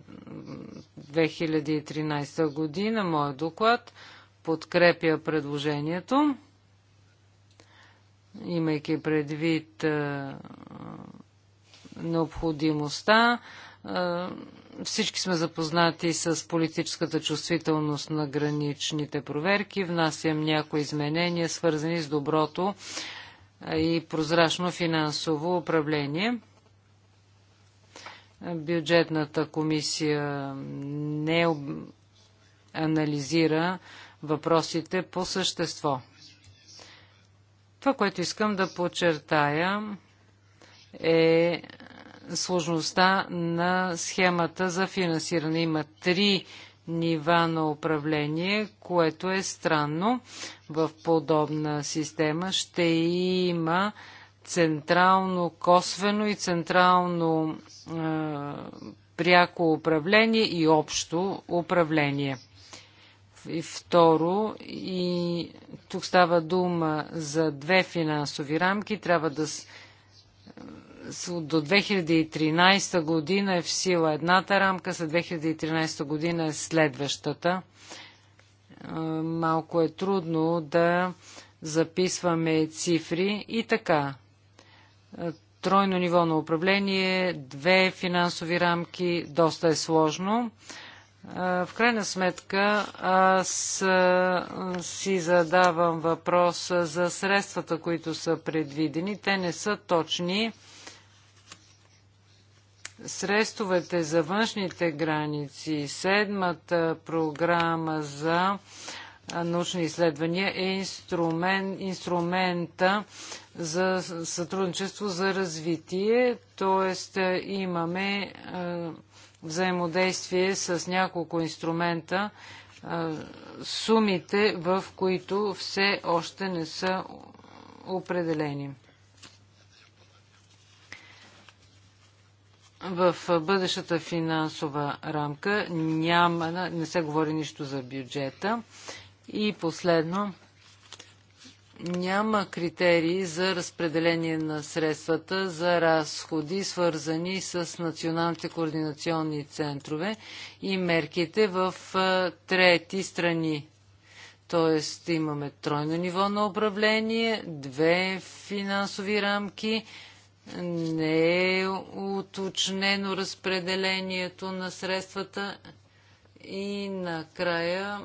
Speaker 2: 2013 година. Моят доклад подкрепя предложението, имайки предвид необходимостта. Всички сме запознати с политическата чувствителност на граничните проверки. Внасям някои изменения, свързани с доброто и прозрачно финансово управление. Бюджетната комисия не анализира въпросите по същество. Това, което искам да подчертая е сложността на схемата за финансиране. Има три нива на управление, което е странно в подобна система. Ще има централно косвено и централно е, пряко управление и общо управление. И второ, и тук става дума за две финансови рамки, трябва да до 2013 година е в сила едната рамка, след 2013 година е следващата. Малко е трудно да записваме цифри и така. Е, тройно ниво на управление, две финансови рамки, доста е сложно. Е, в крайна сметка аз е, си задавам въпрос за средствата, които са предвидени. Те не са точни. Средствовете за външните граници, седмата програма за научни изследвания е инструмент, инструмента за сътрудничество за развитие, т.е. имаме взаимодействие с няколко инструмента, сумите в които все още не са определени. в бъдещата финансова рамка няма, не се говори нищо за бюджета. И последно, няма критерии за разпределение на средствата за разходи, свързани с националните координационни центрове и мерките в трети страни. Тоест имаме тройно ниво на управление, две финансови рамки, не е уточнено разпределението на средствата и накрая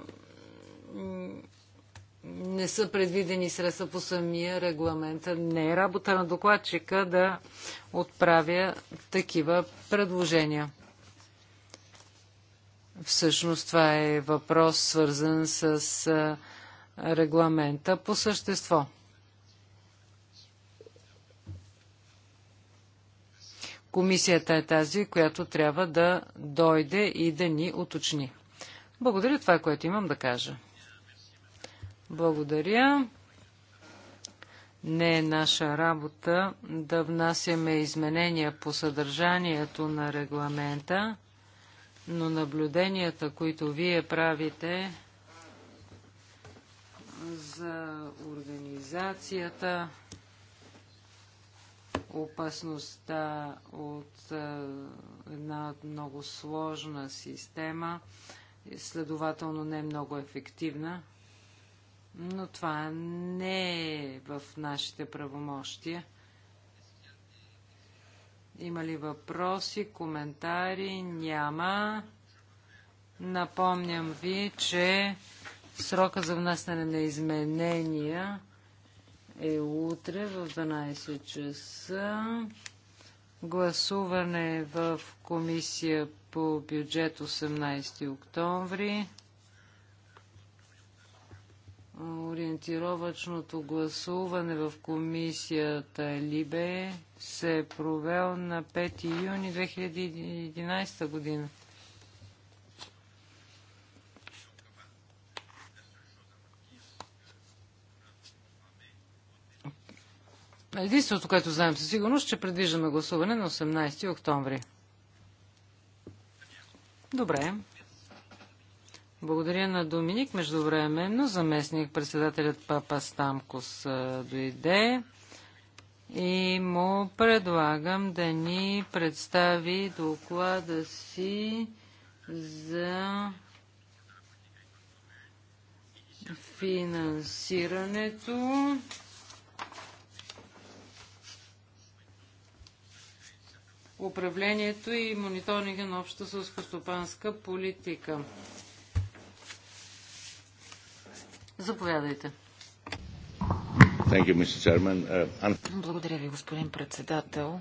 Speaker 2: не са предвидени средства по самия регламент. Не е работа на докладчика да отправя такива предложения. Всъщност това е въпрос свързан с регламента по същество. Комисията е тази, която трябва да дойде и да ни уточни. Благодаря това, е което имам да кажа. Благодаря. Не е наша работа да внасяме изменения по съдържанието на регламента, но наблюденията, които вие правите за организацията, опасността от една много сложна система, следователно не е много ефективна но това не е в нашите правомощия. Има ли въпроси, коментари? Няма. Напомням ви, че срока за внасяне на изменения е утре в 12 часа. Гласуване в комисия по бюджет 18 октомври. Ориентировачното гласуване в комисията Либе се е провел на 5 юни 2011 година. Единственото, което знаем със сигурност, че предвиждаме гласуване на 18 октомври. Добре. Благодаря на Доминик. Междувременно заместник председателят Папа Стамкос дойде и му предлагам да ни представи доклада си за финансирането. управлението и мониторинга на обща сълскостопанска политика. Заповядайте. Uh,
Speaker 1: Благодаря ви, господин председател.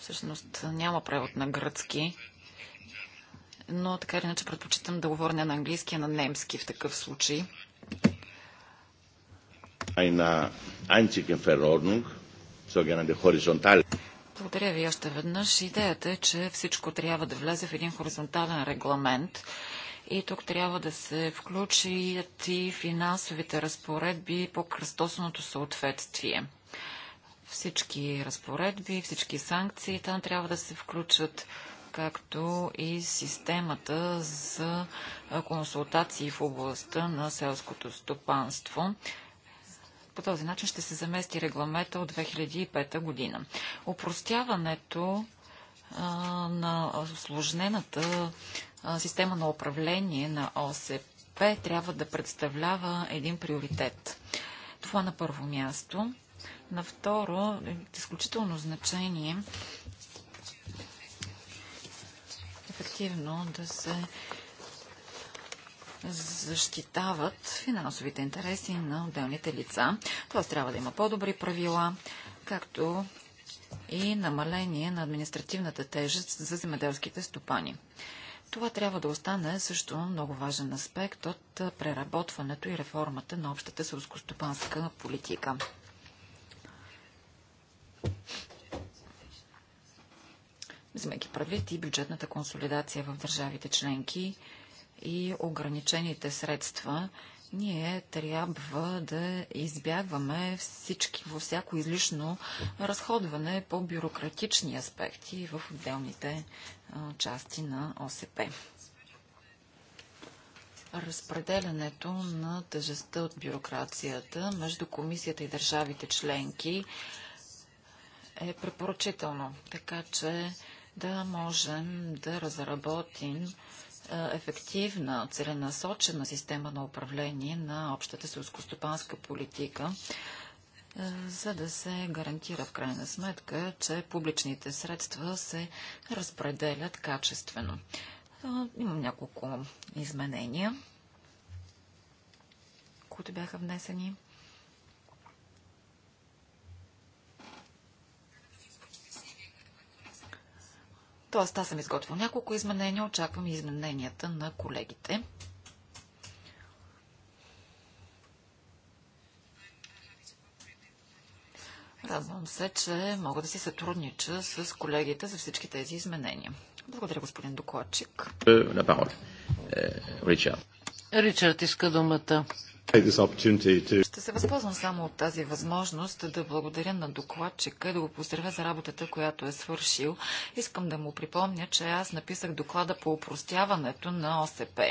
Speaker 1: Всъщност няма превод на гръцки, но така или иначе предпочитам да говоря не на английски, а на немски в такъв случай. Благодаря ви още веднъж. Идеята е, че всичко трябва да влезе в един хоризонтален регламент, и тук трябва да се включат и финансовите разпоредби по кръстосното съответствие. Всички разпоредби, всички санкции там трябва да се включат както и системата за консултации в областта на селското стопанство. По този начин ще се замести регламента от 2005 година. Опростяването а, на осложнената система на управление на ОСП трябва да представлява един приоритет. Това на първо място. На второ, е изключително значение ефективно да се защитават финансовите интереси на отделните лица. Тоест трябва да има по-добри правила, както и намаление на административната тежест за земеделските стопани. Това трябва да остане също много важен аспект от преработването и реформата на общата селскостопанска политика. Вземайки предвид и бюджетната консолидация в държавите членки и ограничените средства, ние трябва да избягваме всички, във всяко излишно разходване по бюрократични аспекти в отделните части на ОСП. Разпределянето на тъжестта от бюрокрацията между комисията и държавите членки е препоръчително, така че да можем да разработим е, ефективна, целенасочена система на управление на общата селскостопанска политика, е, за да се гарантира в крайна сметка, че публичните средства се разпределят качествено. Е, имам няколко изменения, които бяха внесени. Тоест, аз съм изготвил няколко изменения, очаквам измененията на колегите. Радвам се, че мога да си сътруднича с колегите за всички тези изменения. Благодаря, господин докладчик.
Speaker 2: Е, е, Ричард.
Speaker 1: Ричард иска думата. Ще се възползвам само от тази възможност да благодаря на докладчика, и да го поздравя за работата, която е свършил. Искам да му припомня, че аз написах доклада по упростяването на ОСП,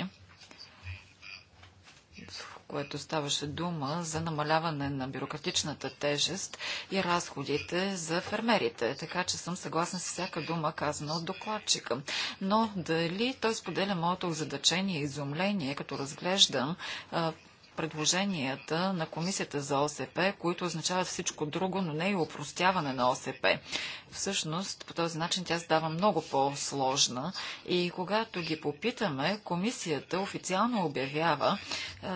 Speaker 1: в което ставаше дума за намаляване на бюрократичната тежест и разходите за фермерите. Така че съм съгласна с всяка дума, казана от докладчика. Но дали той споделя моето озадачение и изумление, като разглеждам предложенията на Комисията за ОСП, които означават всичко друго, но не и упростяване на ОСП. Всъщност, по този начин тя става много по-сложна и когато ги попитаме, Комисията официално обявява,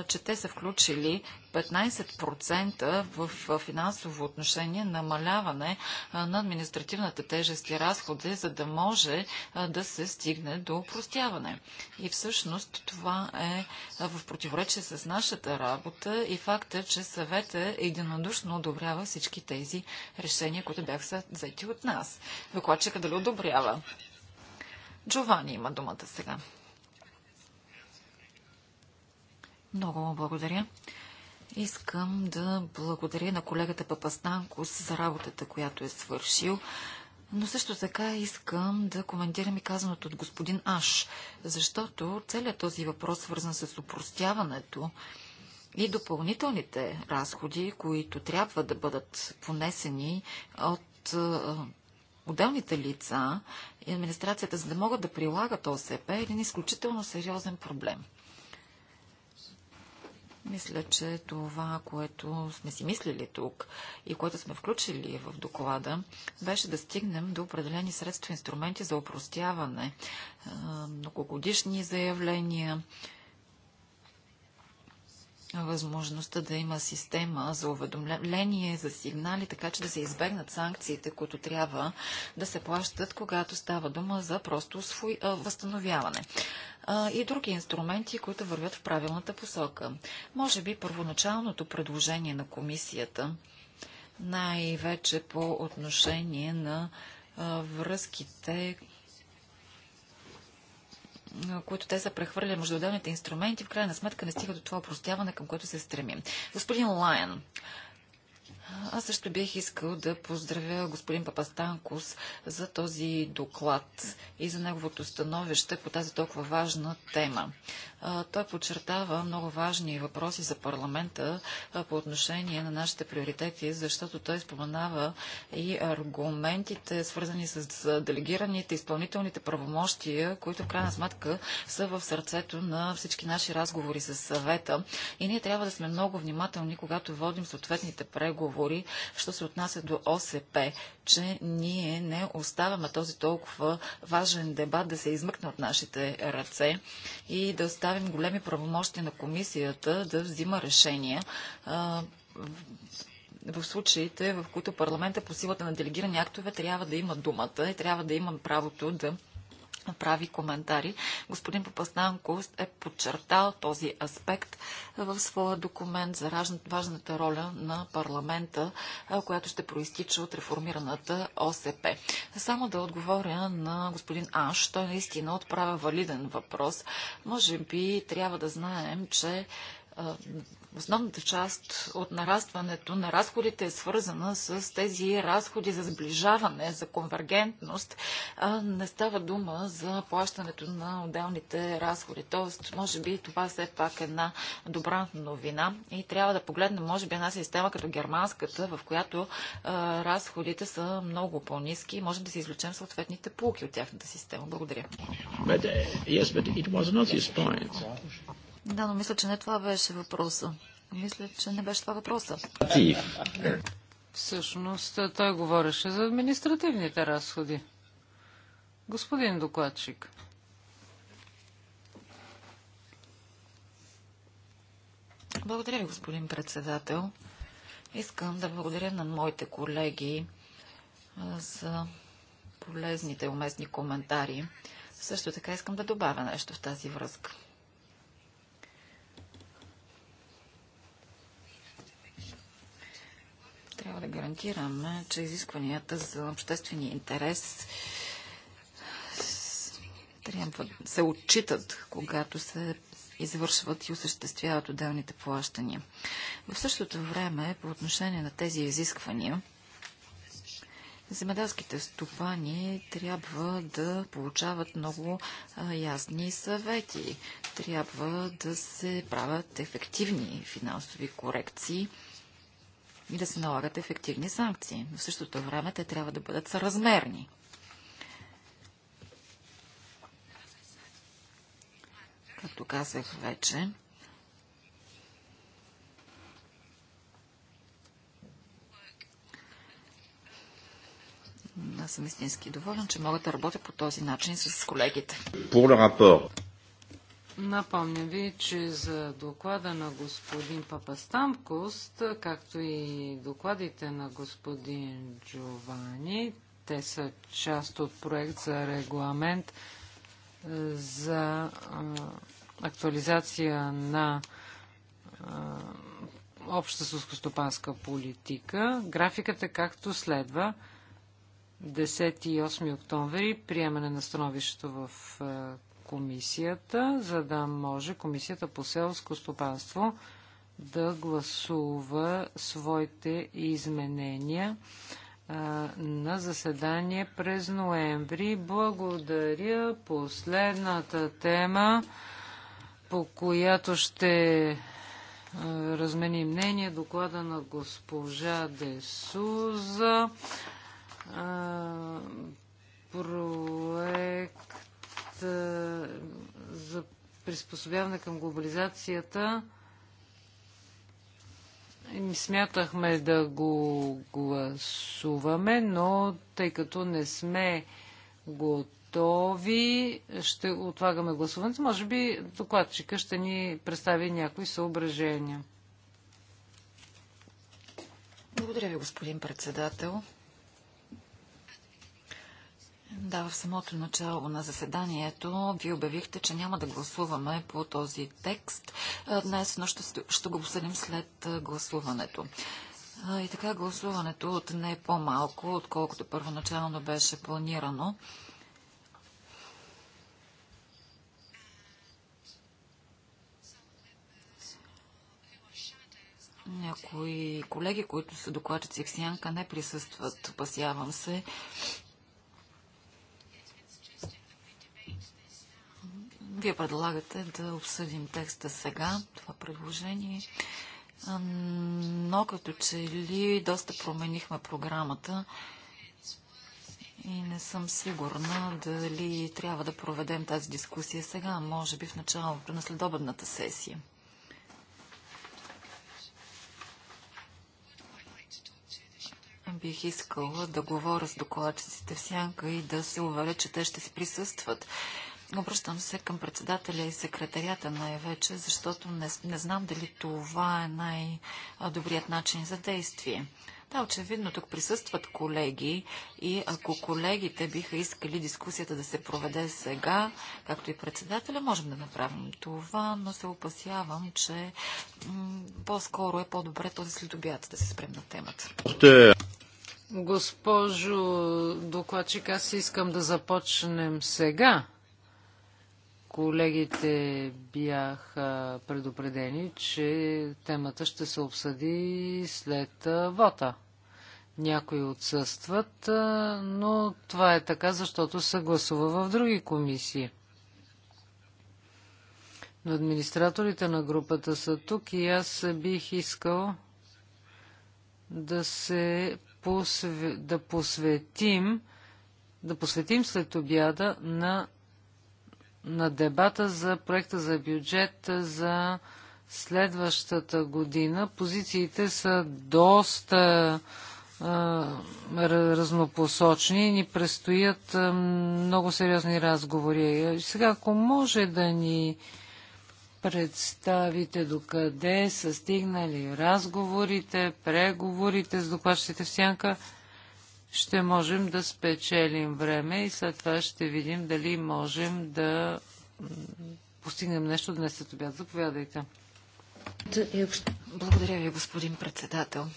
Speaker 1: че те са включили 15% в финансово отношение намаляване на административната тежест и разходи, за да може да се стигне до упростяване. И всъщност това е в противоречие с нашата работа и факта, че съвета единодушно одобрява всички тези решения, които бяха взети от нас. Докладчика дали одобрява? Джовани има думата сега. Много му благодаря. Искам да благодаря на колегата Папастанко за работата, която е свършил. Но също така искам да коментирам и казаното от господин Аш, защото целият този въпрос, свързан с упростяването и допълнителните разходи, които трябва да бъдат понесени от отделните лица и администрацията, за да могат да прилагат ОСП, е един изключително сериозен проблем. Мисля, че това, което сме си мислили тук и което сме включили в доклада, беше да стигнем до определени средства, инструменти за опростяване, многогодишни заявления, изключим възможността да има система за уведомление, за сигнали, така че да се избегнат санкциите, които трябва да се плащат, когато става дума за просто свой, а, възстановяване. А, и други инструменти, които вървят в правилната посока. Може би първоначалното предложение на комисията, най-вече по отношение на а, връзките, които те са прехвърлили между отделните инструменти, в крайна сметка не стига до това упростяване, към което се стремим. Господин Лайен, аз също бих искал да поздравя господин Папастанкос за този доклад и за неговото становище по тази толкова важна тема. Той подчертава много важни въпроси за парламента по отношение на нашите приоритети, защото той споменава и аргументите, свързани с делегираните изпълнителните правомощия, които в крайна сметка са в сърцето на всички наши разговори с съвета. И ние трябва да сме много внимателни, когато водим съответните преговори отговори, що се отнася до ОСП, че ние не оставаме този толкова важен дебат да се измъкне от нашите ръце и да оставим големи правомощи на комисията да взима решения в случаите, в които парламента по силата на делегирани актове трябва да има думата и трябва да има правото да направи коментари. Господин Папастанко е подчертал този аспект в своя документ за важната роля на парламента, която ще проистича от реформираната ОСП. Само да отговоря на господин Анш, той наистина отправя валиден въпрос. Може би трябва да знаем, че основната част от нарастването на разходите е свързана с тези разходи за сближаване, за конвергентност. не става дума за плащането на отделните разходи. Тоест, може би това все пак е една добра новина и трябва да погледнем, може би, една система като германската, в която разходите са много по-низки и може да си извлечем съответните полки от тяхната система. Благодаря.
Speaker 2: But, uh, yes, but it was not his point.
Speaker 1: Да, но мисля, че не това беше въпроса. Мисля, че не беше това въпроса.
Speaker 2: Всъщност, е, той говореше за административните разходи. Господин докладчик. Благодаря ви, господин председател.
Speaker 1: Искам да благодаря на моите колеги за полезните уместни коментари. Също така искам да добавя нещо в тази връзка. Трябва да гарантираме, че изискванията за обществения интерес трябва да се отчитат, когато се извършват и осъществяват отделните плащания. В същото време, по отношение на тези изисквания, земеделските стопани трябва да получават много ясни съвети. Трябва да се правят ефективни финансови корекции – и да се налагат ефективни санкции. Но в същото време те трябва да бъдат съразмерни. Както казах вече, аз съм истински доволен,
Speaker 2: че мога да работя по този начин с колегите. Напомням ви, че за доклада на господин Папастамкост, както и докладите на господин Джовани, те са част от проект за регламент е, за е, актуализация на е, обща сускостопанска политика. Графиката е както следва. 10 и 8 октомври приемане на становището в комисията, за да може комисията по селско стопанство да гласува своите изменения на заседание през ноември. Благодаря. Последната тема, по която ще размени мнение, доклада на госпожа Десуза. проект е, за приспособяване към глобализацията ами, смятахме да го гласуваме, но тъй като не сме готови, ще отлагаме гласуването. Може би докладчика ще ни представи някои съображения. Благодаря ви, господин председател.
Speaker 3: Да,
Speaker 1: в самото начало на заседанието ви обявихте, че няма да гласуваме по този текст днес, но ще, ще го обсъдим след гласуването. И така гласуването от не е по-малко, отколкото първоначално беше планирано. Някои колеги, които са докладчици в Сянка, не присъстват, опасявам се, Вие предлагате да обсъдим текста сега, това предложение, но като че ли доста променихме програмата и не съм сигурна дали трябва да проведем тази дискусия сега, може би в началото на следобедната сесия. бих искала да говоря с докладчиците в сянка и да се уверя, че те ще си присъстват. Обръщам се към председателя и секретарията най-вече, защото не, не знам дали това е най-добрият начин за действие. Да, очевидно, тук присъстват колеги и ако колегите биха искали дискусията да се проведе сега, както и председателя, можем да направим това, но се опасявам, че по-скоро е по-добре този следобят да се
Speaker 2: спрем на темата. Госпожо докладчик, аз искам да започнем сега Колегите бяха предупредени, че темата ще се обсъди след вота. Някои отсъстват, но това е така, защото се гласува в други комисии. Но администраторите на групата са тук и аз бих искал да се посве... да посветим да посветим след обяда на на дебата за проекта за бюджет за следващата година. Позициите са доста разнопосочни и ни предстоят много сериозни разговори. Сега, ако може да ни представите докъде са стигнали разговорите, преговорите с докладчите в сянка, ще можем да спечелим време и след това ще видим дали можем да постигнем нещо днес след обяд. Заповядайте.
Speaker 1: Благодаря ви, господин председател.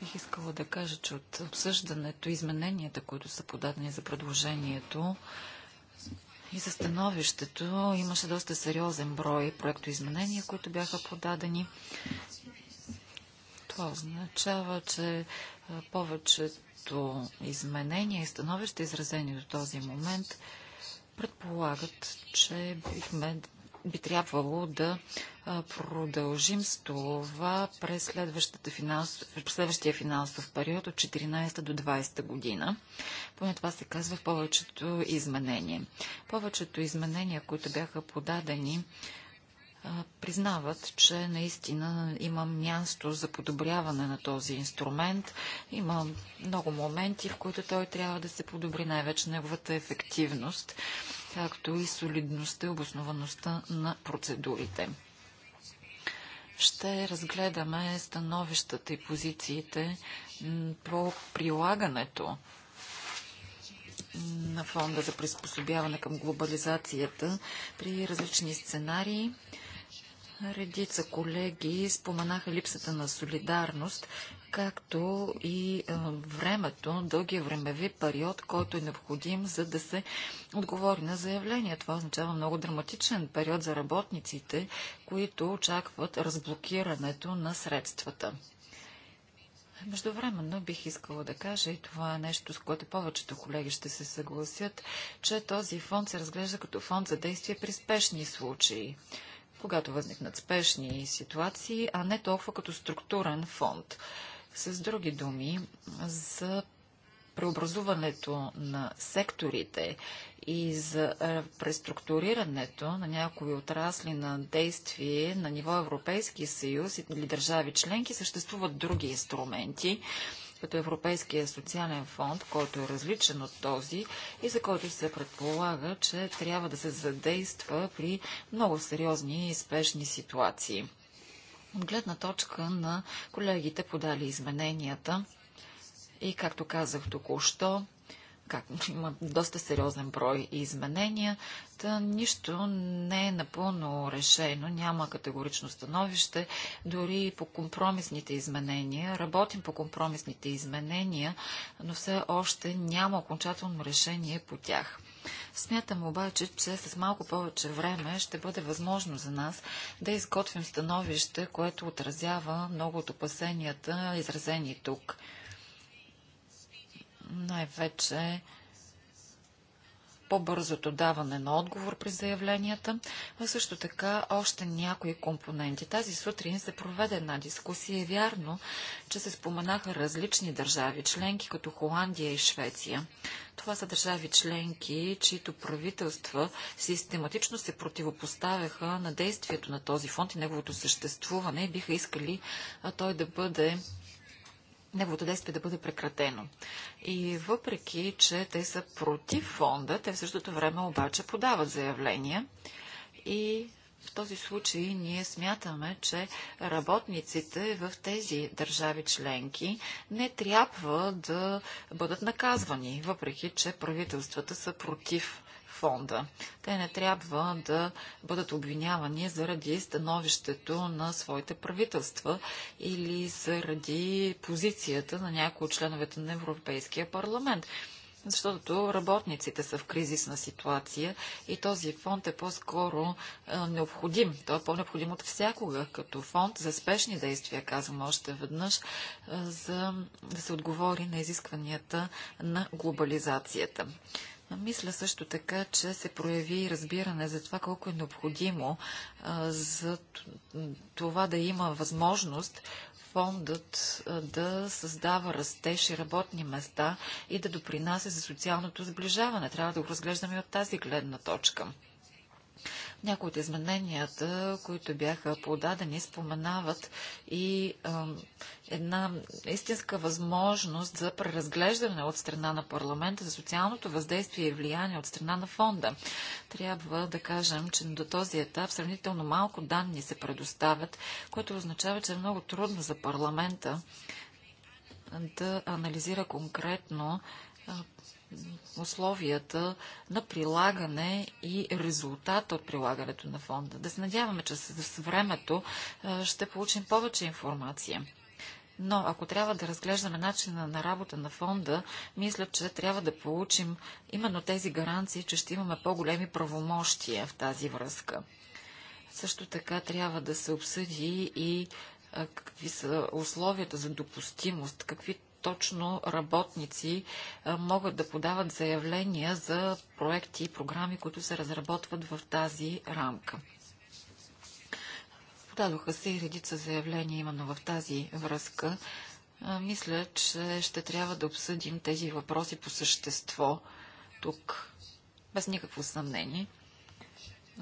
Speaker 1: Бих искала да кажа, че от обсъждането, измененията, които са подадени за предложението и за становището, имаше доста сериозен брой проекто изменения, които бяха подадени. Това означава, че повечето изменения и становища, изразени до този момент, предполагат, че бихме би трябвало да продължим с това през, финансов, през следващия финансов период от 14 до 20 година. Поне това се казва в повечето изменения. Повечето изменения, които бяха подадени, признават, че наистина има място за подобряване на този инструмент. Има много моменти, в които той трябва да се подобри, най-вече неговата ефективност, както и солидността и обосноваността на процедурите. Ще разгледаме становищата и позициите по прилагането на фонда за приспособяване към глобализацията при различни сценарии. Редица колеги споменаха липсата на солидарност, както и времето, дългия времеви период, който е необходим, за да се отговори на заявление. Това означава много драматичен период за работниците, които очакват разблокирането на средствата. Междувременно бих искала да кажа, и това е нещо, с което повечето колеги ще се съгласят, че този фонд се разглежда като фонд за действие при спешни случаи когато възникнат спешни ситуации, а не толкова като структурен фонд. С други думи, за преобразуването на секторите и за преструктурирането на някои отрасли на действие на ниво Европейски съюз или държави членки съществуват други инструменти, като Европейския социален фонд, който е различен от този и за който се предполага, че трябва да се задейства при много сериозни и спешни ситуации. От гледна точка на колегите подали измененията и, както казах току-що, как, има доста сериозен брой изменения. Та нищо не е напълно решено, няма категорично становище, дори по компромисните изменения. Работим по компромисните изменения, но все още няма окончателно решение по тях. Смятам обаче, че с малко повече време ще бъде възможно за нас да изготвим становище, което отразява много от опасенията, изразени тук най-вече по-бързото даване на отговор при заявленията, а също така още някои компоненти. Тази сутрин се проведе една дискусия. Е вярно, че се споменаха различни държави членки, като Холандия и Швеция. Това са държави членки, чието правителства систематично се противопоставяха на действието на този фонд и неговото съществуване и биха искали той да бъде неговото действие да бъде прекратено. И въпреки, че те са против фонда, те в същото време обаче подават заявления и в този случай ние смятаме, че работниците в тези държави членки не трябва да бъдат наказвани, въпреки че правителствата са против фонда. Те не трябва да бъдат обвинявани заради становището на своите правителства или заради позицията на някои от членовете на Европейския парламент защото работниците са в кризисна ситуация и този фонд е по-скоро е, необходим. Той е по-необходим от всякога, като фонд за спешни действия, казвам още веднъж, е, за да се отговори на изискванията на глобализацията. Мисля също така, че се прояви разбиране за това колко е необходимо а, за това да има възможност фондът да създава растеж и работни места и да допринася за социалното сближаване. Трябва да го разглеждаме от тази гледна точка. Някои от измененията, които бяха подадени, споменават и една истинска възможност за преразглеждане от страна на парламента за социалното въздействие и влияние от страна на фонда. Трябва да кажем, че до този етап сравнително малко данни се предоставят, което означава, че е много трудно за парламента да анализира конкретно условията на прилагане и резултата от прилагането на фонда. Да се надяваме, че с времето ще получим повече информация. Но ако трябва да разглеждаме начина на работа на фонда, мисля, че трябва да получим именно тези гаранции, че ще имаме по-големи правомощия в тази връзка. Също така трябва да се обсъди и какви са условията за допустимост, какви точно работници е, могат да подават заявления за проекти и програми, които се разработват в тази рамка. Подадоха се и редица заявления именно в тази връзка. Е, мисля, че ще трябва да обсъдим тези въпроси по същество тук, без никакво съмнение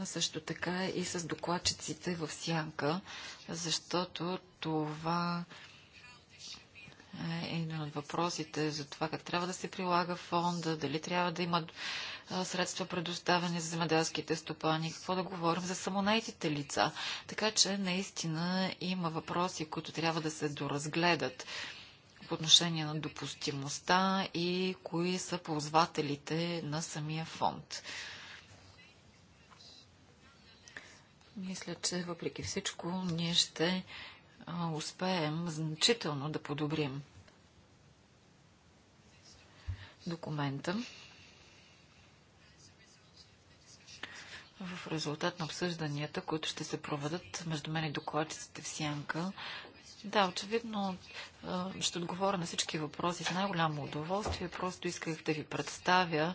Speaker 1: а също така и с докладчиците в сянка, защото това е, и от въпросите за това как трябва да се прилага фонда, дали трябва да има средства предоставени за земеделските стопани, какво да говорим за самонайтите лица. Така че наистина има въпроси, които трябва да се доразгледат по отношение на допустимостта и кои са ползвателите на самия фонд. Мисля, че въпреки всичко ние ще успеем значително да подобрим документа. В резултат на обсъжданията, които ще се проведат между мен и докладчиците в Сянка, да, очевидно ще отговоря на всички въпроси с най-голямо удоволствие. Просто исках да ви представя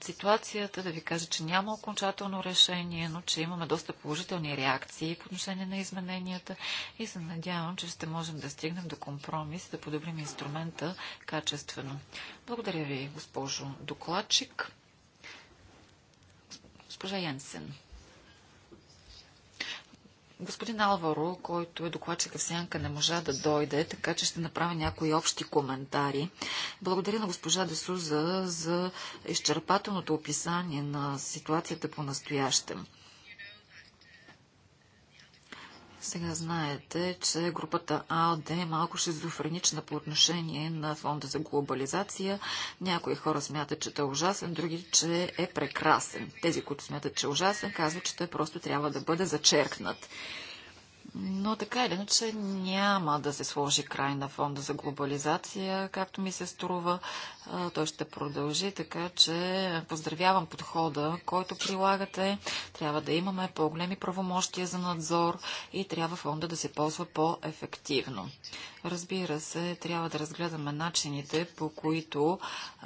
Speaker 1: ситуацията, да ви кажа, че няма окончателно решение, но че имаме доста положителни реакции по отношение на измененията и се надявам, че ще можем да стигнем до компромис, да подобрим инструмента качествено. Благодаря ви, госпожо докладчик. Госпожа Янсен. Господин Алваро, който е докладчик в Сянка, не можа да дойде, така че ще направя някои общи коментари. Благодаря на госпожа Десуза за изчерпателното описание на ситуацията по настоящем. Сега знаете, че групата АОД е малко шизофренична по отношение на фонда за глобализация. Някои хора смятат, че той е ужасен, други, че е прекрасен. Тези, които смятат, че е ужасен, казват, че той просто трябва да бъде зачеркнат. Но така или иначе няма да се сложи край на фонда за глобализация, както ми се струва. Той ще продължи, така че поздравявам подхода, който прилагате. Трябва да имаме по-големи правомощия за надзор и трябва фонда да се ползва по-ефективно. Разбира се, трябва да разгледаме начините, по които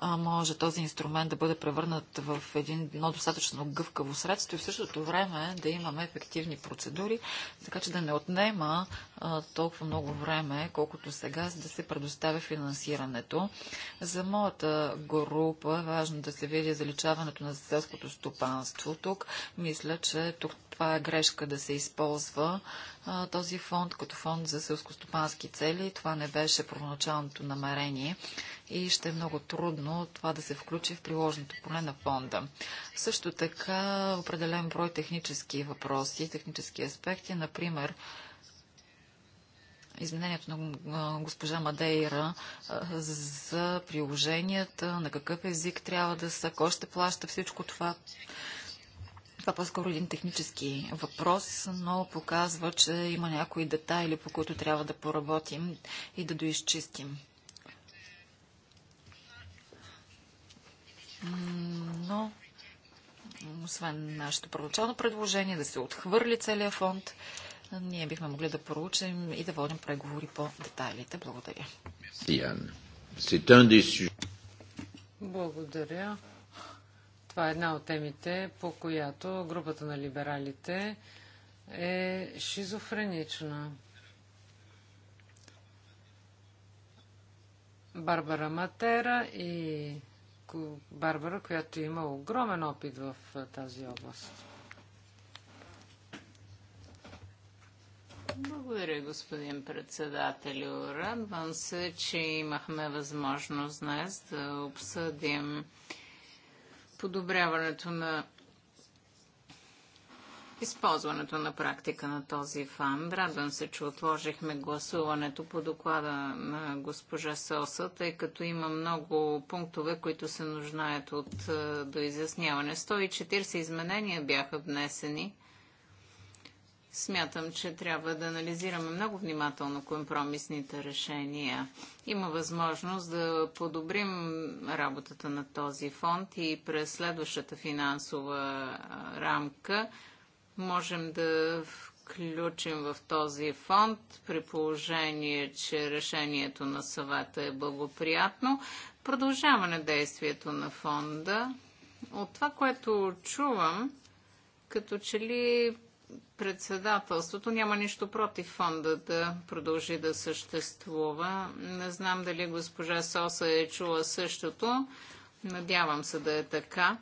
Speaker 1: може този инструмент да бъде превърнат в един, едно достатъчно гъвкаво средство и в същото време да имаме ефективни процедури, така че да не не отнема а, толкова много време, колкото сега, за да се предоставя финансирането. За моята група е важно да се види заличаването на селското стопанство. Тук мисля, че тук това е грешка да се използва а, този фонд като фонд за селскостопански цели. Това не беше първоначалното намерение и ще е много трудно това да се включи в приложното поле на фонда. Също така определен брой технически въпроси, технически аспекти, например изменението на госпожа Мадейра за приложенията, на какъв език трябва да са, кой ще плаща всичко това това по-скоро един технически въпрос, но показва, че има някои детайли, по които трябва да поработим и да доизчистим. Но, освен нашето първоначално предложение да се отхвърли целият фонд, ние бихме могли да проучим
Speaker 2: и да водим преговори по детайлите. Благодаря. Благодаря. Това е една от темите, по която групата на либералите е шизофренична. Барбара Матера и Барбара, която има огромен опит в тази област.
Speaker 3: Благодаря, господин председател. Радвам се, че имахме възможност днес да обсъдим подобряването на използването на практика на този фанд. Радвам се, че отложихме гласуването по доклада на госпожа Соса, тъй като има много пунктове, които се нуждаят от е, доизясняване. 140 изменения бяха внесени Смятам, че трябва да анализираме много внимателно компромисните решения. Има възможност да подобрим работата на този фонд и през следващата финансова рамка можем да включим в този фонд, при положение, че решението на съвета е благоприятно, продължаване действието на фонда. От това, което чувам, като че ли председателството няма нищо против фонда да продължи да съществува. Не знам дали госпожа Соса е чула същото. Надявам се да е така.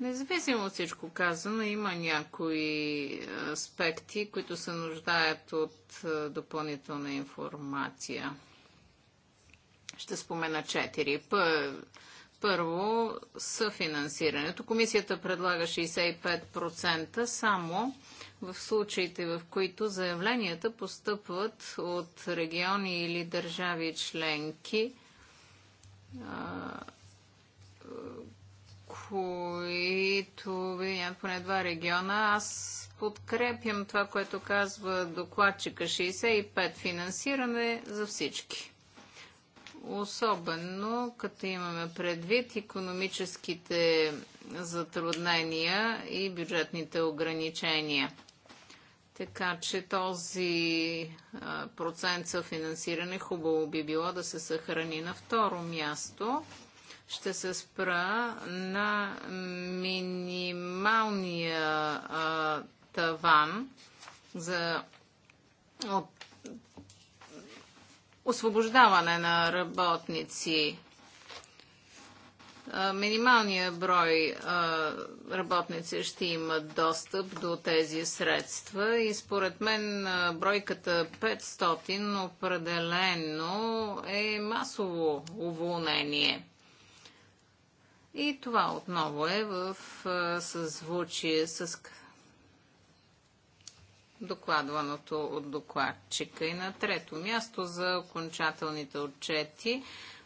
Speaker 3: Независимо от всичко казано, има някои е, аспекти, които се нуждаят от е, допълнителна информация. Ще спомена четири. Първо, първо, съфинансирането. Комисията предлага 65% само в случаите, в които заявленията постъпват от региони или държави членки, които винят поне два региона. Аз подкрепям това, което казва докладчика 65 финансиране за всички. Особено като имаме предвид економическите затруднения и бюджетните ограничения. Така че този процент процент съфинансиране хубаво би било да се съхрани на второ място. Ще се спра на минималния таван за от освобождаване на работници. Минималният брой работници ще имат достъп до тези средства и според мен бройката 500 определено е масово уволнение. И това отново е в съзвучие с докладваното от докладчика. И на трето място за окончателните отчети.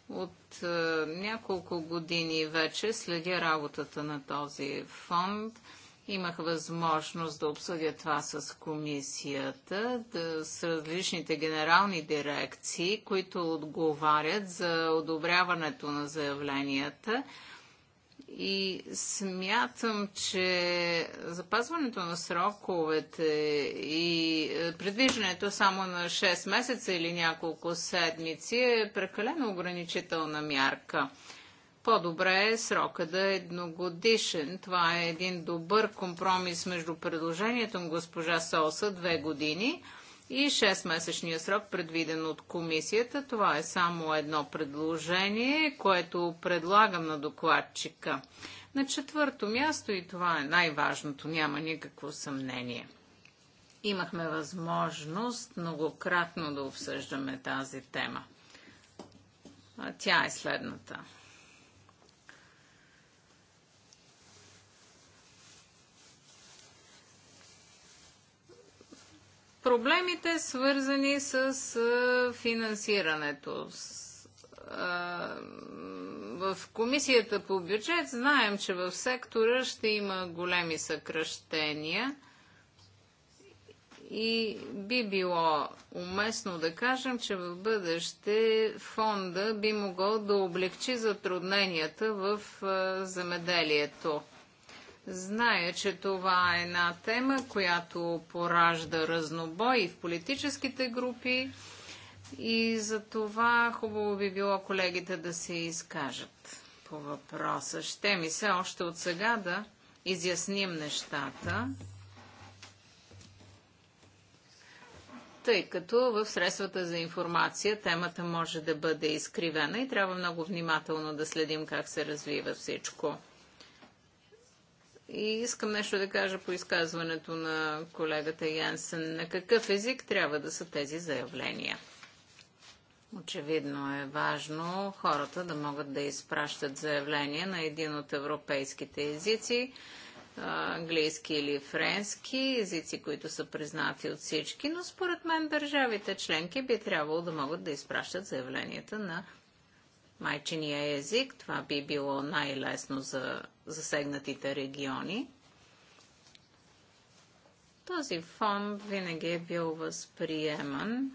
Speaker 3: От е, няколко години вече следя работата на този фонд. Имах възможност да обсъдя това с комисията, да, с различните генерални дирекции, които отговарят за одобряването на заявленията. И смятам, че запазването на сроковете и е, предвиждането само на 6 месеца или няколко седмици е прекалено ограничителна мярка. По-добре е срока да е едногодишен. Това е един добър компромис между предложението на госпожа Солса две години – и 6-месечния срок, предвиден от комисията. Това е само едно предложение, което предлагам на докладчика. На четвърто място, и това е най-важното, няма никакво съмнение. Имахме възможност многократно да обсъждаме тази тема. Тя е следната. проблемите, свързани с финансирането. В комисията по бюджет знаем, че в сектора ще има големи съкръщения и би било уместно да кажем, че в бъдеще фонда би могъл да облегчи затрудненията в земеделието Зная, че това е една тема, която поражда разнобой в политическите групи и за това хубаво би било колегите да се изкажат по въпроса. Ще ми се още от сега да изясним нещата, тъй като в средствата за информация темата може да бъде изкривена и трябва много внимателно да следим как се развива всичко. И искам нещо да кажа по изказването на колегата Янсен. На какъв език трябва да са тези заявления? Очевидно е важно хората да могат да изпращат заявления на един от европейските езици, английски или френски, езици, които са признати от всички, но според мен държавите членки би трябвало да могат да изпращат заявленията на майчиния език. Това би било най-лесно за засегнатите региони. Този фон винаги е бил възприеман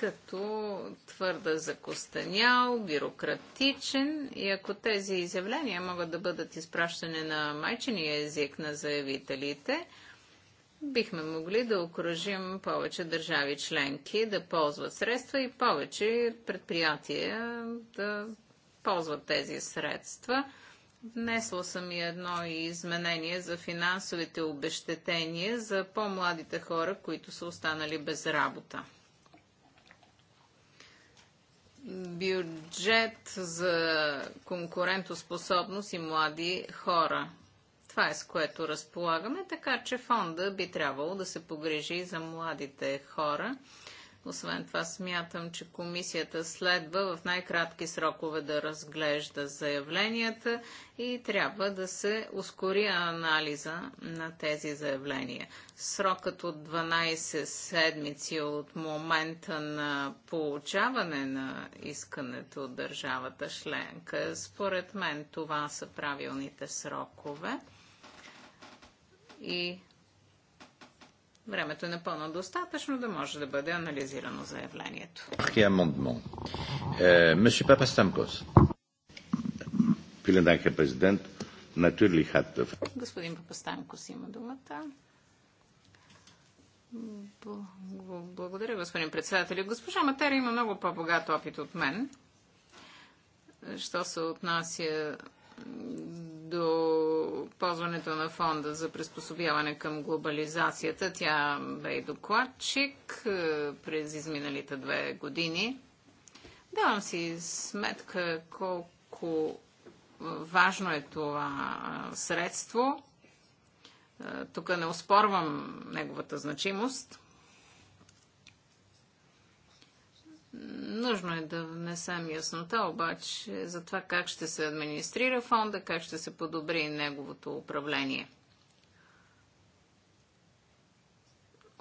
Speaker 3: като твърда закостанял, бюрократичен и ако тези изявления могат да бъдат изпращани на майчения език на заявителите – бихме могли да окружим повече държави членки да ползват средства и повече предприятия да ползват тези средства. Внесла съм и едно изменение за финансовите обещетения за по-младите хора, които са останали без работа. Бюджет за конкурентоспособност и млади хора. Това е с което разполагаме, така че фонда би трябвало да се погрежи за младите хора. Освен това смятам, че комисията следва в най-кратки срокове да разглежда заявленията и трябва да се ускори анализа на тези заявления. Срокът от 12 седмици е от момента на получаване на искането от държавата членка, според мен това са правилните срокове и времето е напълно достатъчно да може да бъде анализирано заявлението. Е, господин Папастанкос има думата. Благодаря, господин председател. Госпожа Матери, има много по-богат опит от мен, що се отнася до ползването на фонда за приспособяване към глобализацията. Тя бе и докладчик е, през изминалите две години. Давам си сметка колко е, важно е това е, средство. Тук не оспорвам неговата значимост – Нужно е да внесем яснота обаче за това как ще се администрира фонда, как ще се подобри неговото управление.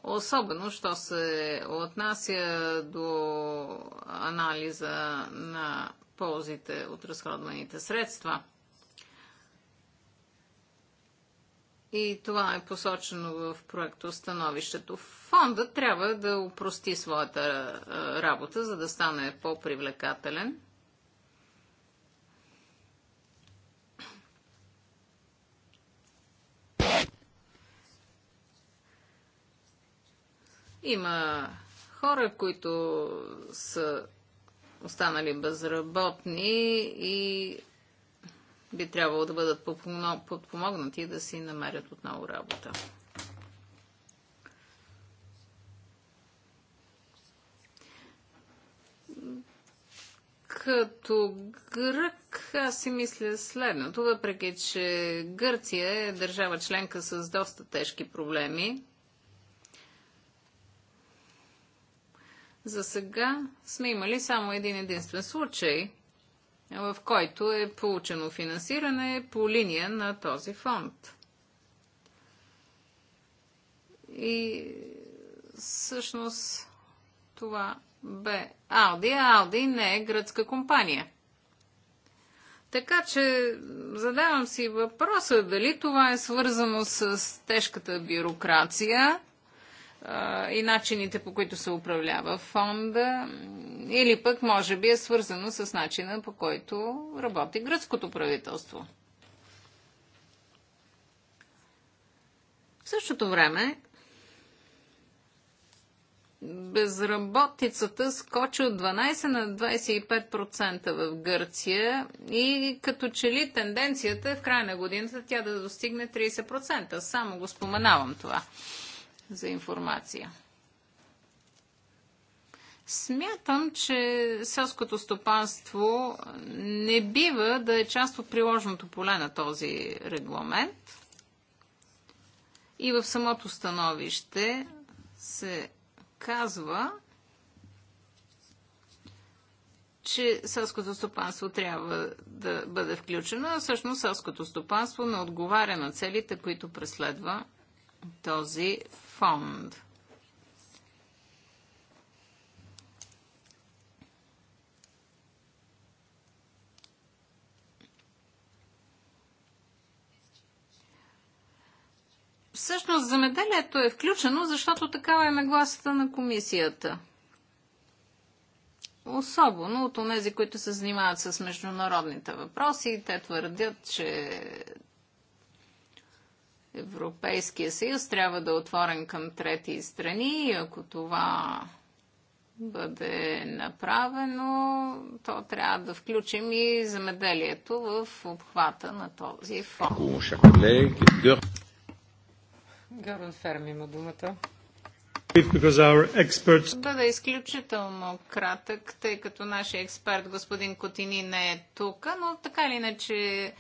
Speaker 3: Особено, що се отнася до анализа на ползите от разходваните средства – И това е посочено в проекто становището. Фонда трябва да упрости своята работа, за да стане по-привлекателен. Има хора, които са останали безработни и би трябвало да бъдат подпомогнати да си намерят отново работа. като грък, аз си мисля следното, въпреки че Гърция е държава членка с доста тежки проблеми. За сега сме имали само един единствен случай в който е получено финансиране по линия на този фонд. И всъщност това бе Ауди, а Ауди не е гръцка компания. Така че задавам си въпроса дали това е свързано с тежката бюрокрация – и начините по които се управлява фонда, или пък може би е свързано с начина по който работи гръцкото правителство. В същото време безработицата скочи от 12 на 25% в Гърция и като че ли тенденцията е в края на годината тя да достигне 30%. Само го споменавам това за информация. Смятам, че селското стопанство не бива да е част от приложното поле на този регламент. И в самото становище се казва, че селското стопанство трябва да бъде включено, а всъщност селското стопанство не отговаря на целите, които преследва този fond. Всъщност замеделието е включено, защото такава е нагласата на комисията. Особено от тези, които се занимават с международните въпроси, те твърдят, че Европейския съюз трябва да е отворен към трети страни и ако това бъде направено, то трябва да включим и замеделието в обхвата на този фонд. Е Гарон Ферм има думата. Бъде Бъда изключително кратък, тъй като нашия експерт господин Котини не е тук, но така или иначе е,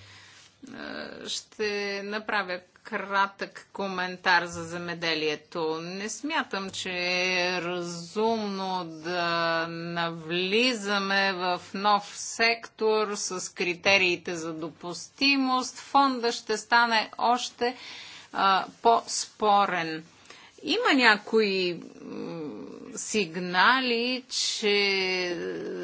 Speaker 3: ще направя кратък коментар за земеделието. Не смятам, че е разумно да навлизаме в нов сектор с критериите за допустимост. Фонда ще стане още по-спорен. Има някои сигнали, че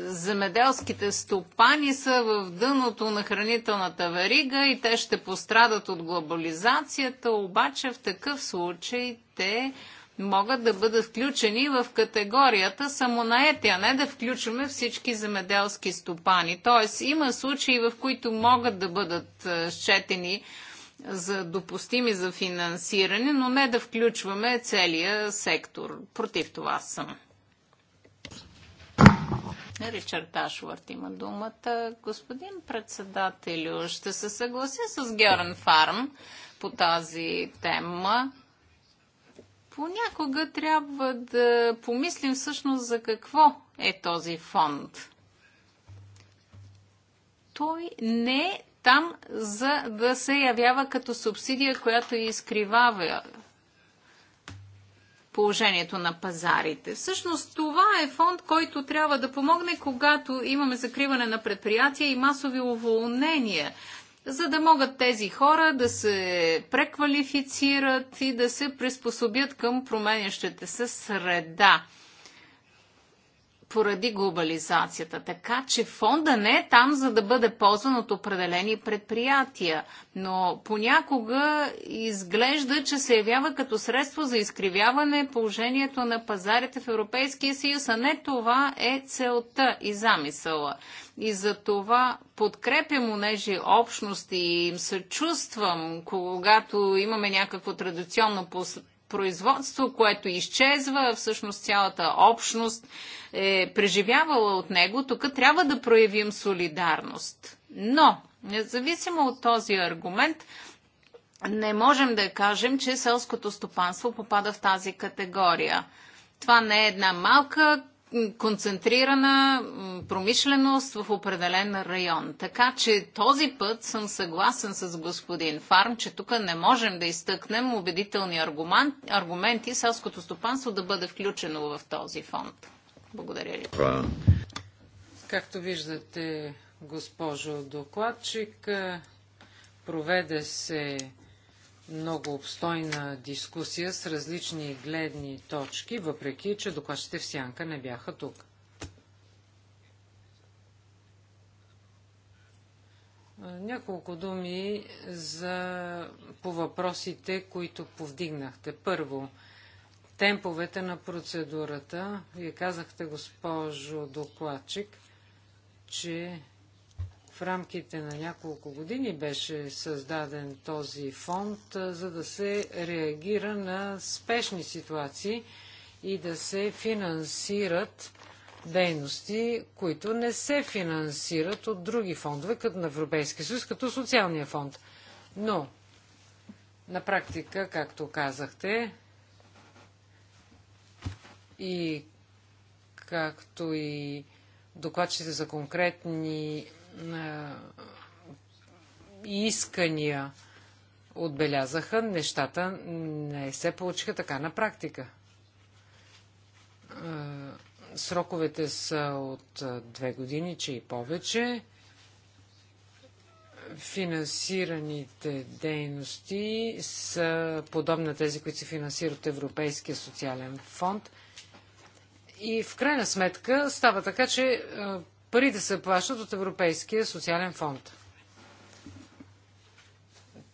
Speaker 3: земеделските стопани са в дъното на хранителната верига и те ще пострадат от глобализацията, обаче в такъв случай те могат да бъдат включени в категорията самонаети, а не да включваме всички земеделски стопани. Тоест има случаи, в които могат да бъдат е, счетени за допустими за финансиране, но не да включваме целия сектор. Против това съм. Ричард Ашвард има думата. Господин председателю, ще се съглася с Георен Фарм по тази тема. Понякога трябва да помислим всъщност за какво е този фонд. Той не е там, за да се явява като субсидия, която изкривава положението на пазарите. Всъщност това е фонд, който трябва да помогне, когато имаме закриване на предприятия и масови уволнения, за да могат тези хора да се преквалифицират и да се приспособят към променящата се среда поради глобализацията. Така че фонда не е там, за да бъде ползван от определени предприятия, но понякога изглежда, че се явява като средство за изкривяване положението на пазарите в Европейския съюз, а не това е целта и замисъла. И за това подкрепям унежи общности и им съчувствам, когато имаме някакво традиционно производство, което изчезва, всъщност цялата общност е преживявала от него. Тук трябва да проявим солидарност. Но, независимо от този аргумент, не можем да кажем, че селското стопанство попада в тази категория. Това не е една малка концентрирана промишленост в определен район. Така че този път съм съгласен с господин Фарм, че тук не можем да изтъкнем убедителни аргумент, аргументи селското стопанство да бъде включено в
Speaker 2: този фонд. Благодаря ви. Както виждате, госпожо докладчик, проведе се много обстойна дискусия с различни гледни точки, въпреки че докладчите в Сянка не бяха тук. Няколко думи за, по въпросите, които повдигнахте. Първо, темповете на процедурата. Вие казахте, госпожо докладчик, че в рамките на няколко години беше създаден този фонд, за да се реагира на спешни ситуации и да се финансират дейности, които не се финансират от други фондове, като на Европейския съюз, като социалния фонд. Но, на практика, както казахте, и както и докладчите за конкретни е, искания отбелязаха, нещата не се получиха така на практика. Е, сроковете са от е, две години, че и повече. Финансираните дейности са подобни на тези, които се финансират от Европейския социален фонд. И в крайна сметка става така, че парите се плащат от Европейския социален фонд.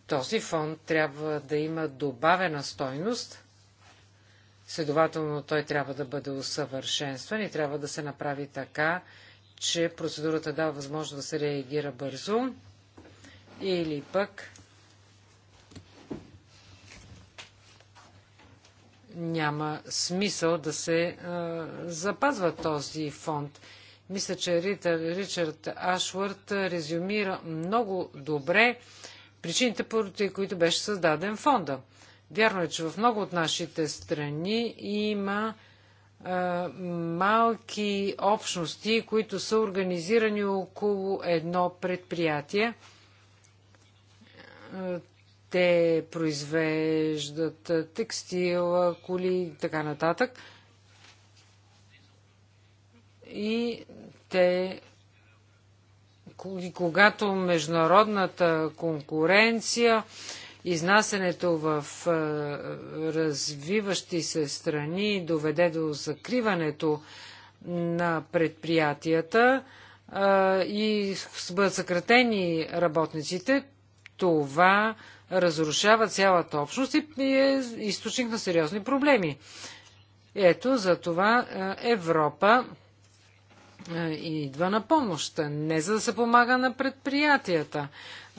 Speaker 2: Този фонд трябва да има добавена стойност, следователно той трябва да бъде усъвършенстван и трябва да се направи така, че процедурата дава възможност да се реагира бързо или пък няма смисъл да се а, запазва този фонд. Мисля, че Ричард Ашвард резюмира много добре причините, поради които беше създаден фонда. Вярно е, че в много от нашите страни има малки общности, които са организирани около едно предприятие. Те произвеждат текстил, коли и така нататък. И те, когато международната конкуренция, изнасенето в развиващи се страни доведе до закриването на предприятията и бъдат съкратени работниците, това разрушава цялата общност и е източник на сериозни проблеми. Ето за това Европа е, и идва на помощ. Не за да се помага на предприятията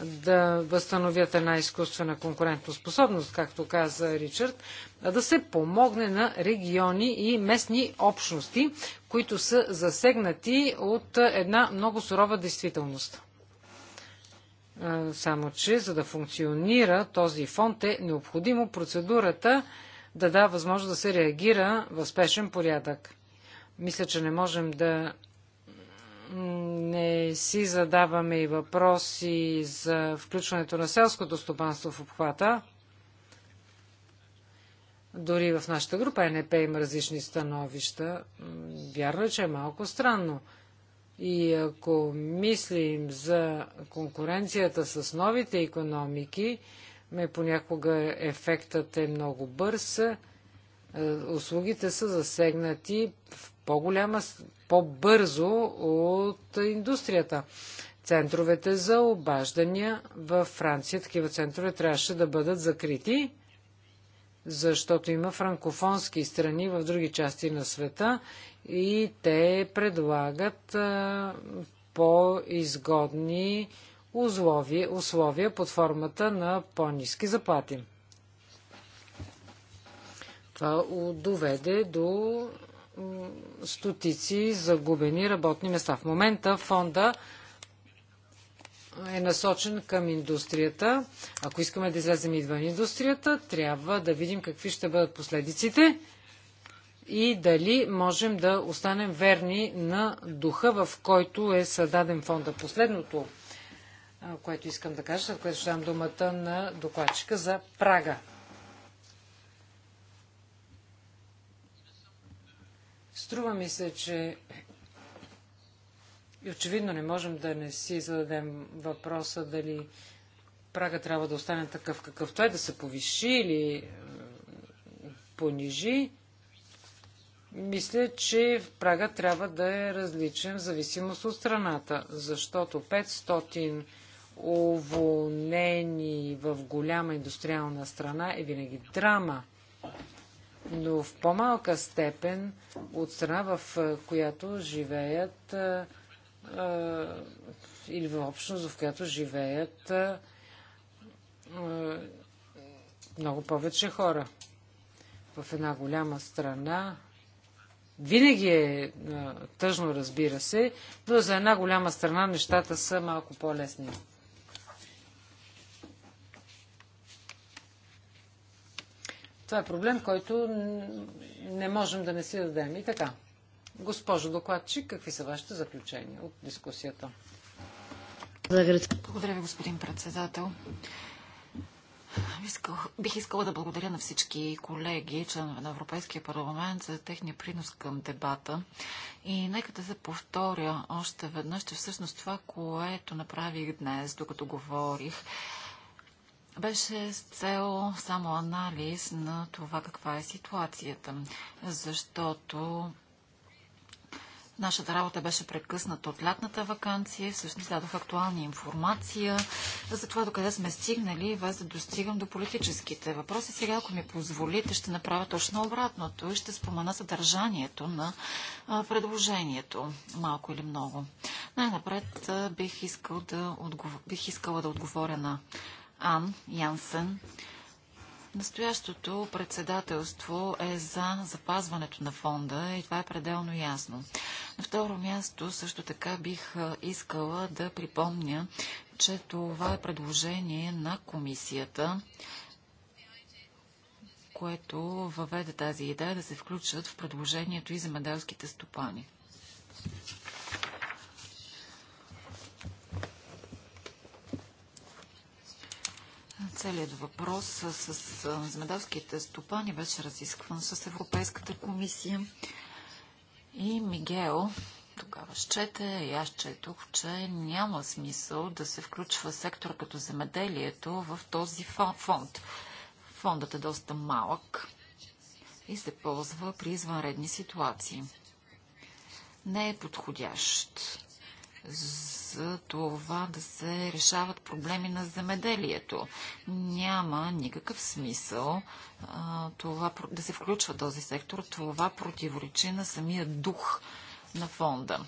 Speaker 2: да възстановят една изкуствена конкурентоспособност, както каза Ричард, а да се помогне на региони и местни общности, които са засегнати от една много сурова действителност. Е, само, че за да функционира този фонд е необходимо процедурата да дава възможност да се реагира в спешен порядък. Мисля, че не можем да не си задаваме и въпроси за включването на селското стопанство в обхвата. Дори в нашата група НП има различни становища. Вярно, е, че е малко странно. И ако мислим за конкуренцията с новите економики, ме понякога ефектът е много бърз. Е, услугите са засегнати в по-голяма, по-бързо от индустрията. Центровете за обаждания в Франция, такива центрове трябваше да бъдат закрити, защото има франкофонски страни в други части на света и те предлагат по-изгодни условия, условия под формата на по-низки заплати. Това доведе до стотици загубени работни места. В момента фонда е насочен към индустрията. Ако искаме да излезем извън индустрията, трябва да видим какви ще бъдат последиците и дали можем да останем верни на духа, в който е създаден фонда. Последното, което искам да кажа, след което ще дам думата на докладчика за прага. Струва ми се, че очевидно не можем да не си зададем въпроса дали прага трябва да остане такъв какъвто е, да се повиши или е, понижи. Мисля, че прага трябва да е различен в зависимост от страната, защото 500 уволнени в голяма индустриална страна е винаги драма но в по-малка степен от страна, в която живеят или в общност, в която живеят много повече хора. В една голяма страна винаги е тъжно, разбира се, но за една голяма страна нещата са малко по-лесни. Това е проблем, който не можем да не си дадем. И така. Госпожо докладчик, какви са вашите заключения от дискусията?
Speaker 1: Благодаря ви, господин председател. Бих искала да благодаря на всички колеги, членове на Европейския парламент, за техния принос към дебата. И нека да се повторя още веднъж, че всъщност това, което направих днес, докато говорих, беше с цел само анализ на това каква е ситуацията, защото Нашата работа беше прекъсната от лятната вакансия всъщност дадох актуална информация за това докъде сме стигнали, вас да достигам до политическите въпроси. Сега, ако ми позволите, ще направя точно обратното и ще спомена съдържанието на предложението, малко или много. Най-напред бих, искал да бих искала да отговоря на Ан Янсен. Настоящото председателство е за запазването на фонда и това е пределно ясно. На второ място също така бих искала да припомня, че това е предложение на комисията, което въведе тази идея да се включат в предложението и земеделските стопани. Целият въпрос с, с земеделските стопани беше разискван с Европейската комисия. И Мигел тогава щете, и аз четох, че няма смисъл да се включва сектор като земеделието в този фонд. Фондът е доста малък и се ползва при извънредни ситуации. Не е подходящ за това да се решават проблеми на земеделието. Няма никакъв смисъл а, това, да се включва този сектор. Това противоречи на самия дух на фонда.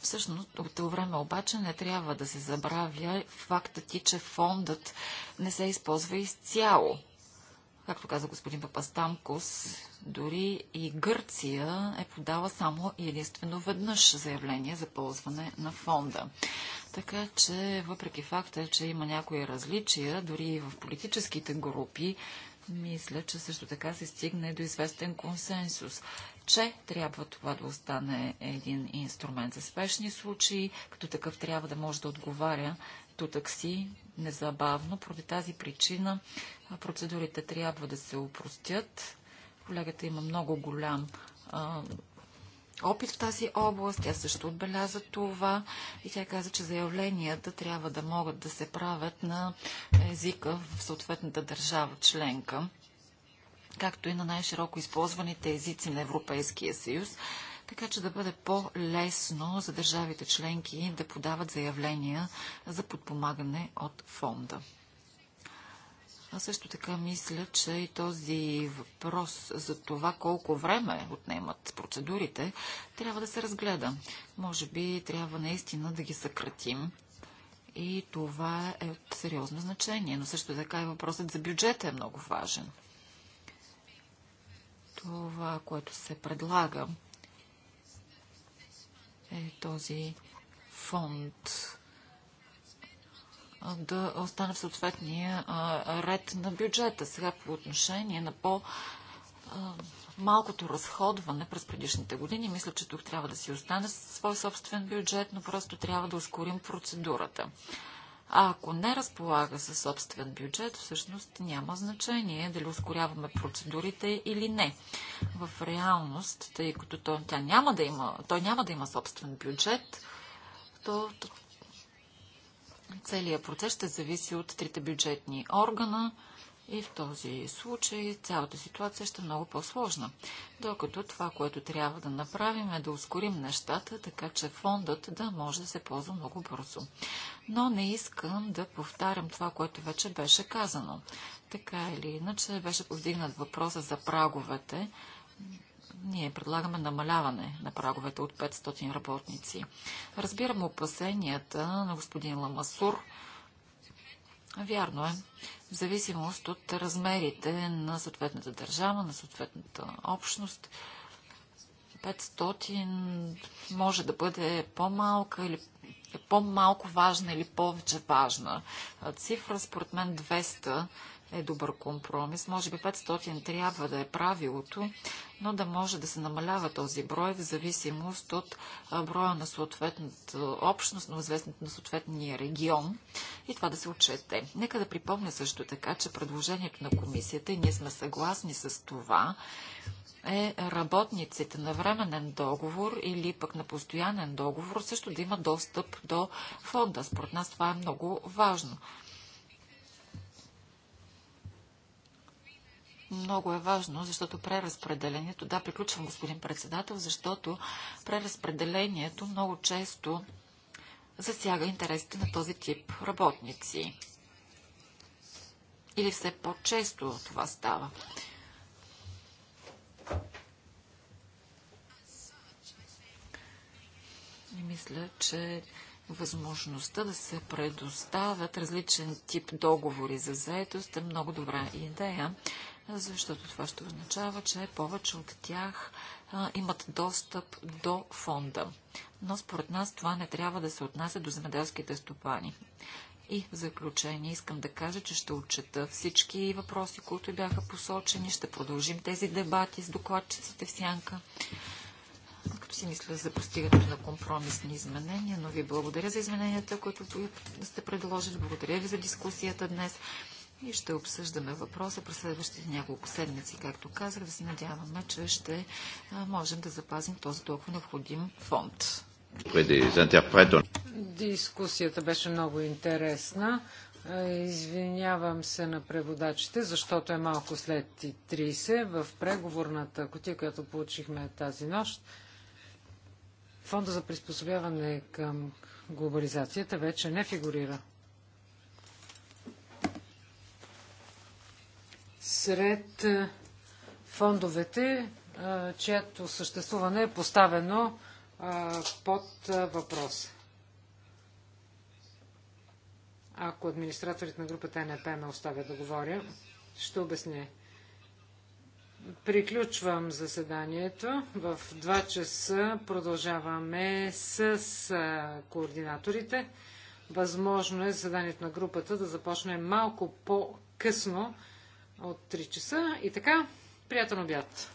Speaker 1: Всъщност, от това време обаче не трябва да се забравя факта ти, че фондът не се използва изцяло. Както каза господин Папастамкос, дори и Гърция е подала само и единствено веднъж заявление за ползване на фонда. Така че, въпреки факта, че има някои различия, дори и в политическите групи, мисля, че също така се стигне до известен консенсус, че трябва това да остане един инструмент за спешни случаи, като такъв трябва да може да отговаря до си незабавно. Поради тази причина процедурите трябва да се упростят. Колегата има много голям а, опит в тази област. Тя също отбеляза това и тя каза, че заявленията трябва да могат да се правят на езика в съответната държава членка както и на най-широко използваните езици на Европейския съюз така че да бъде по-лесно за държавите членки да подават заявления за подпомагане от фонда. Аз също така мисля, че и този въпрос за това колко време отнемат процедурите, трябва да се разгледа. Може би трябва наистина да ги съкратим. И това е от сериозно значение. Но също така и въпросът за бюджета е много важен. Това, което се предлага е този фонд да остане в съответния ред на бюджета. Сега по отношение на по- малкото разходване през предишните години, мисля, че тук трябва да си остане свой собствен бюджет, но просто трябва да ускорим процедурата. А ако не разполага със собствен бюджет, всъщност няма значение дали ускоряваме процедурите или не. В реалност, тъй като той, тя няма да има, той няма да има собствен бюджет, то, то целият процес ще зависи от трите бюджетни органа, и в този случай цялата ситуация ще е много по-сложна. Докато това, което трябва да направим е да ускорим нещата, така че фондът да може да се ползва много бързо. Но не искам да повтарям това, което вече беше казано. Така или иначе беше повдигнат въпроса за праговете. Ние предлагаме намаляване на праговете от 500 работници. Разбирам опасенията на господин Ламасур, Вярно е, в зависимост от размерите на съответната държава, на съответната общност, 500 може да бъде по-малка или по-малко важна или повече важна цифра. Според мен 200 е добър компромис. Може би 500 трябва да е правилото, но да може да се намалява този брой в зависимост от броя на съответната общност, на известната на съответния регион и това да се отчете. Нека да припомня също така, че предложението на комисията, и ние сме съгласни с това, е работниците на временен договор или пък на постоянен договор също да има достъп до фонда. Според нас това е много важно. много е важно, защото преразпределението, да, приключвам господин председател, защото преразпределението много често засяга интересите на този тип работници. Или все по-често това става. И мисля, че възможността да се предоставят различен тип договори за заетост е много добра идея защото това ще означава, че повече от тях а, имат достъп до фонда. Но според нас това не трябва да се отнася до земеделските стопани. И в заключение искам да кажа, че ще отчета всички въпроси, които бяха посочени. Ще продължим тези дебати с докладчиците в сянка. Като си мисля за постигането на компромисни изменения, но ви благодаря за измененията, които сте предложили. Благодаря ви за дискусията днес и ще обсъждаме въпроса през следващите няколко седмици, както казах, да се надяваме, че ще
Speaker 2: можем да запазим този толкова необходим фонд. Дискусията беше много интересна. Извинявам се на преводачите, защото е малко след 30. В преговорната котия, която получихме тази нощ, Фонда за приспособяване към глобализацията вече не фигурира. сред е, фондовете, е, чието съществуване е поставено е, под въпрос. Ако администраторите на групата НП ме оставя да говоря, ще обясня. Приключвам заседанието. В 2 часа продължаваме с координаторите. Възможно е заседанието на групата да започне малко по-късно, от 3 часа. И така, приятен обяд!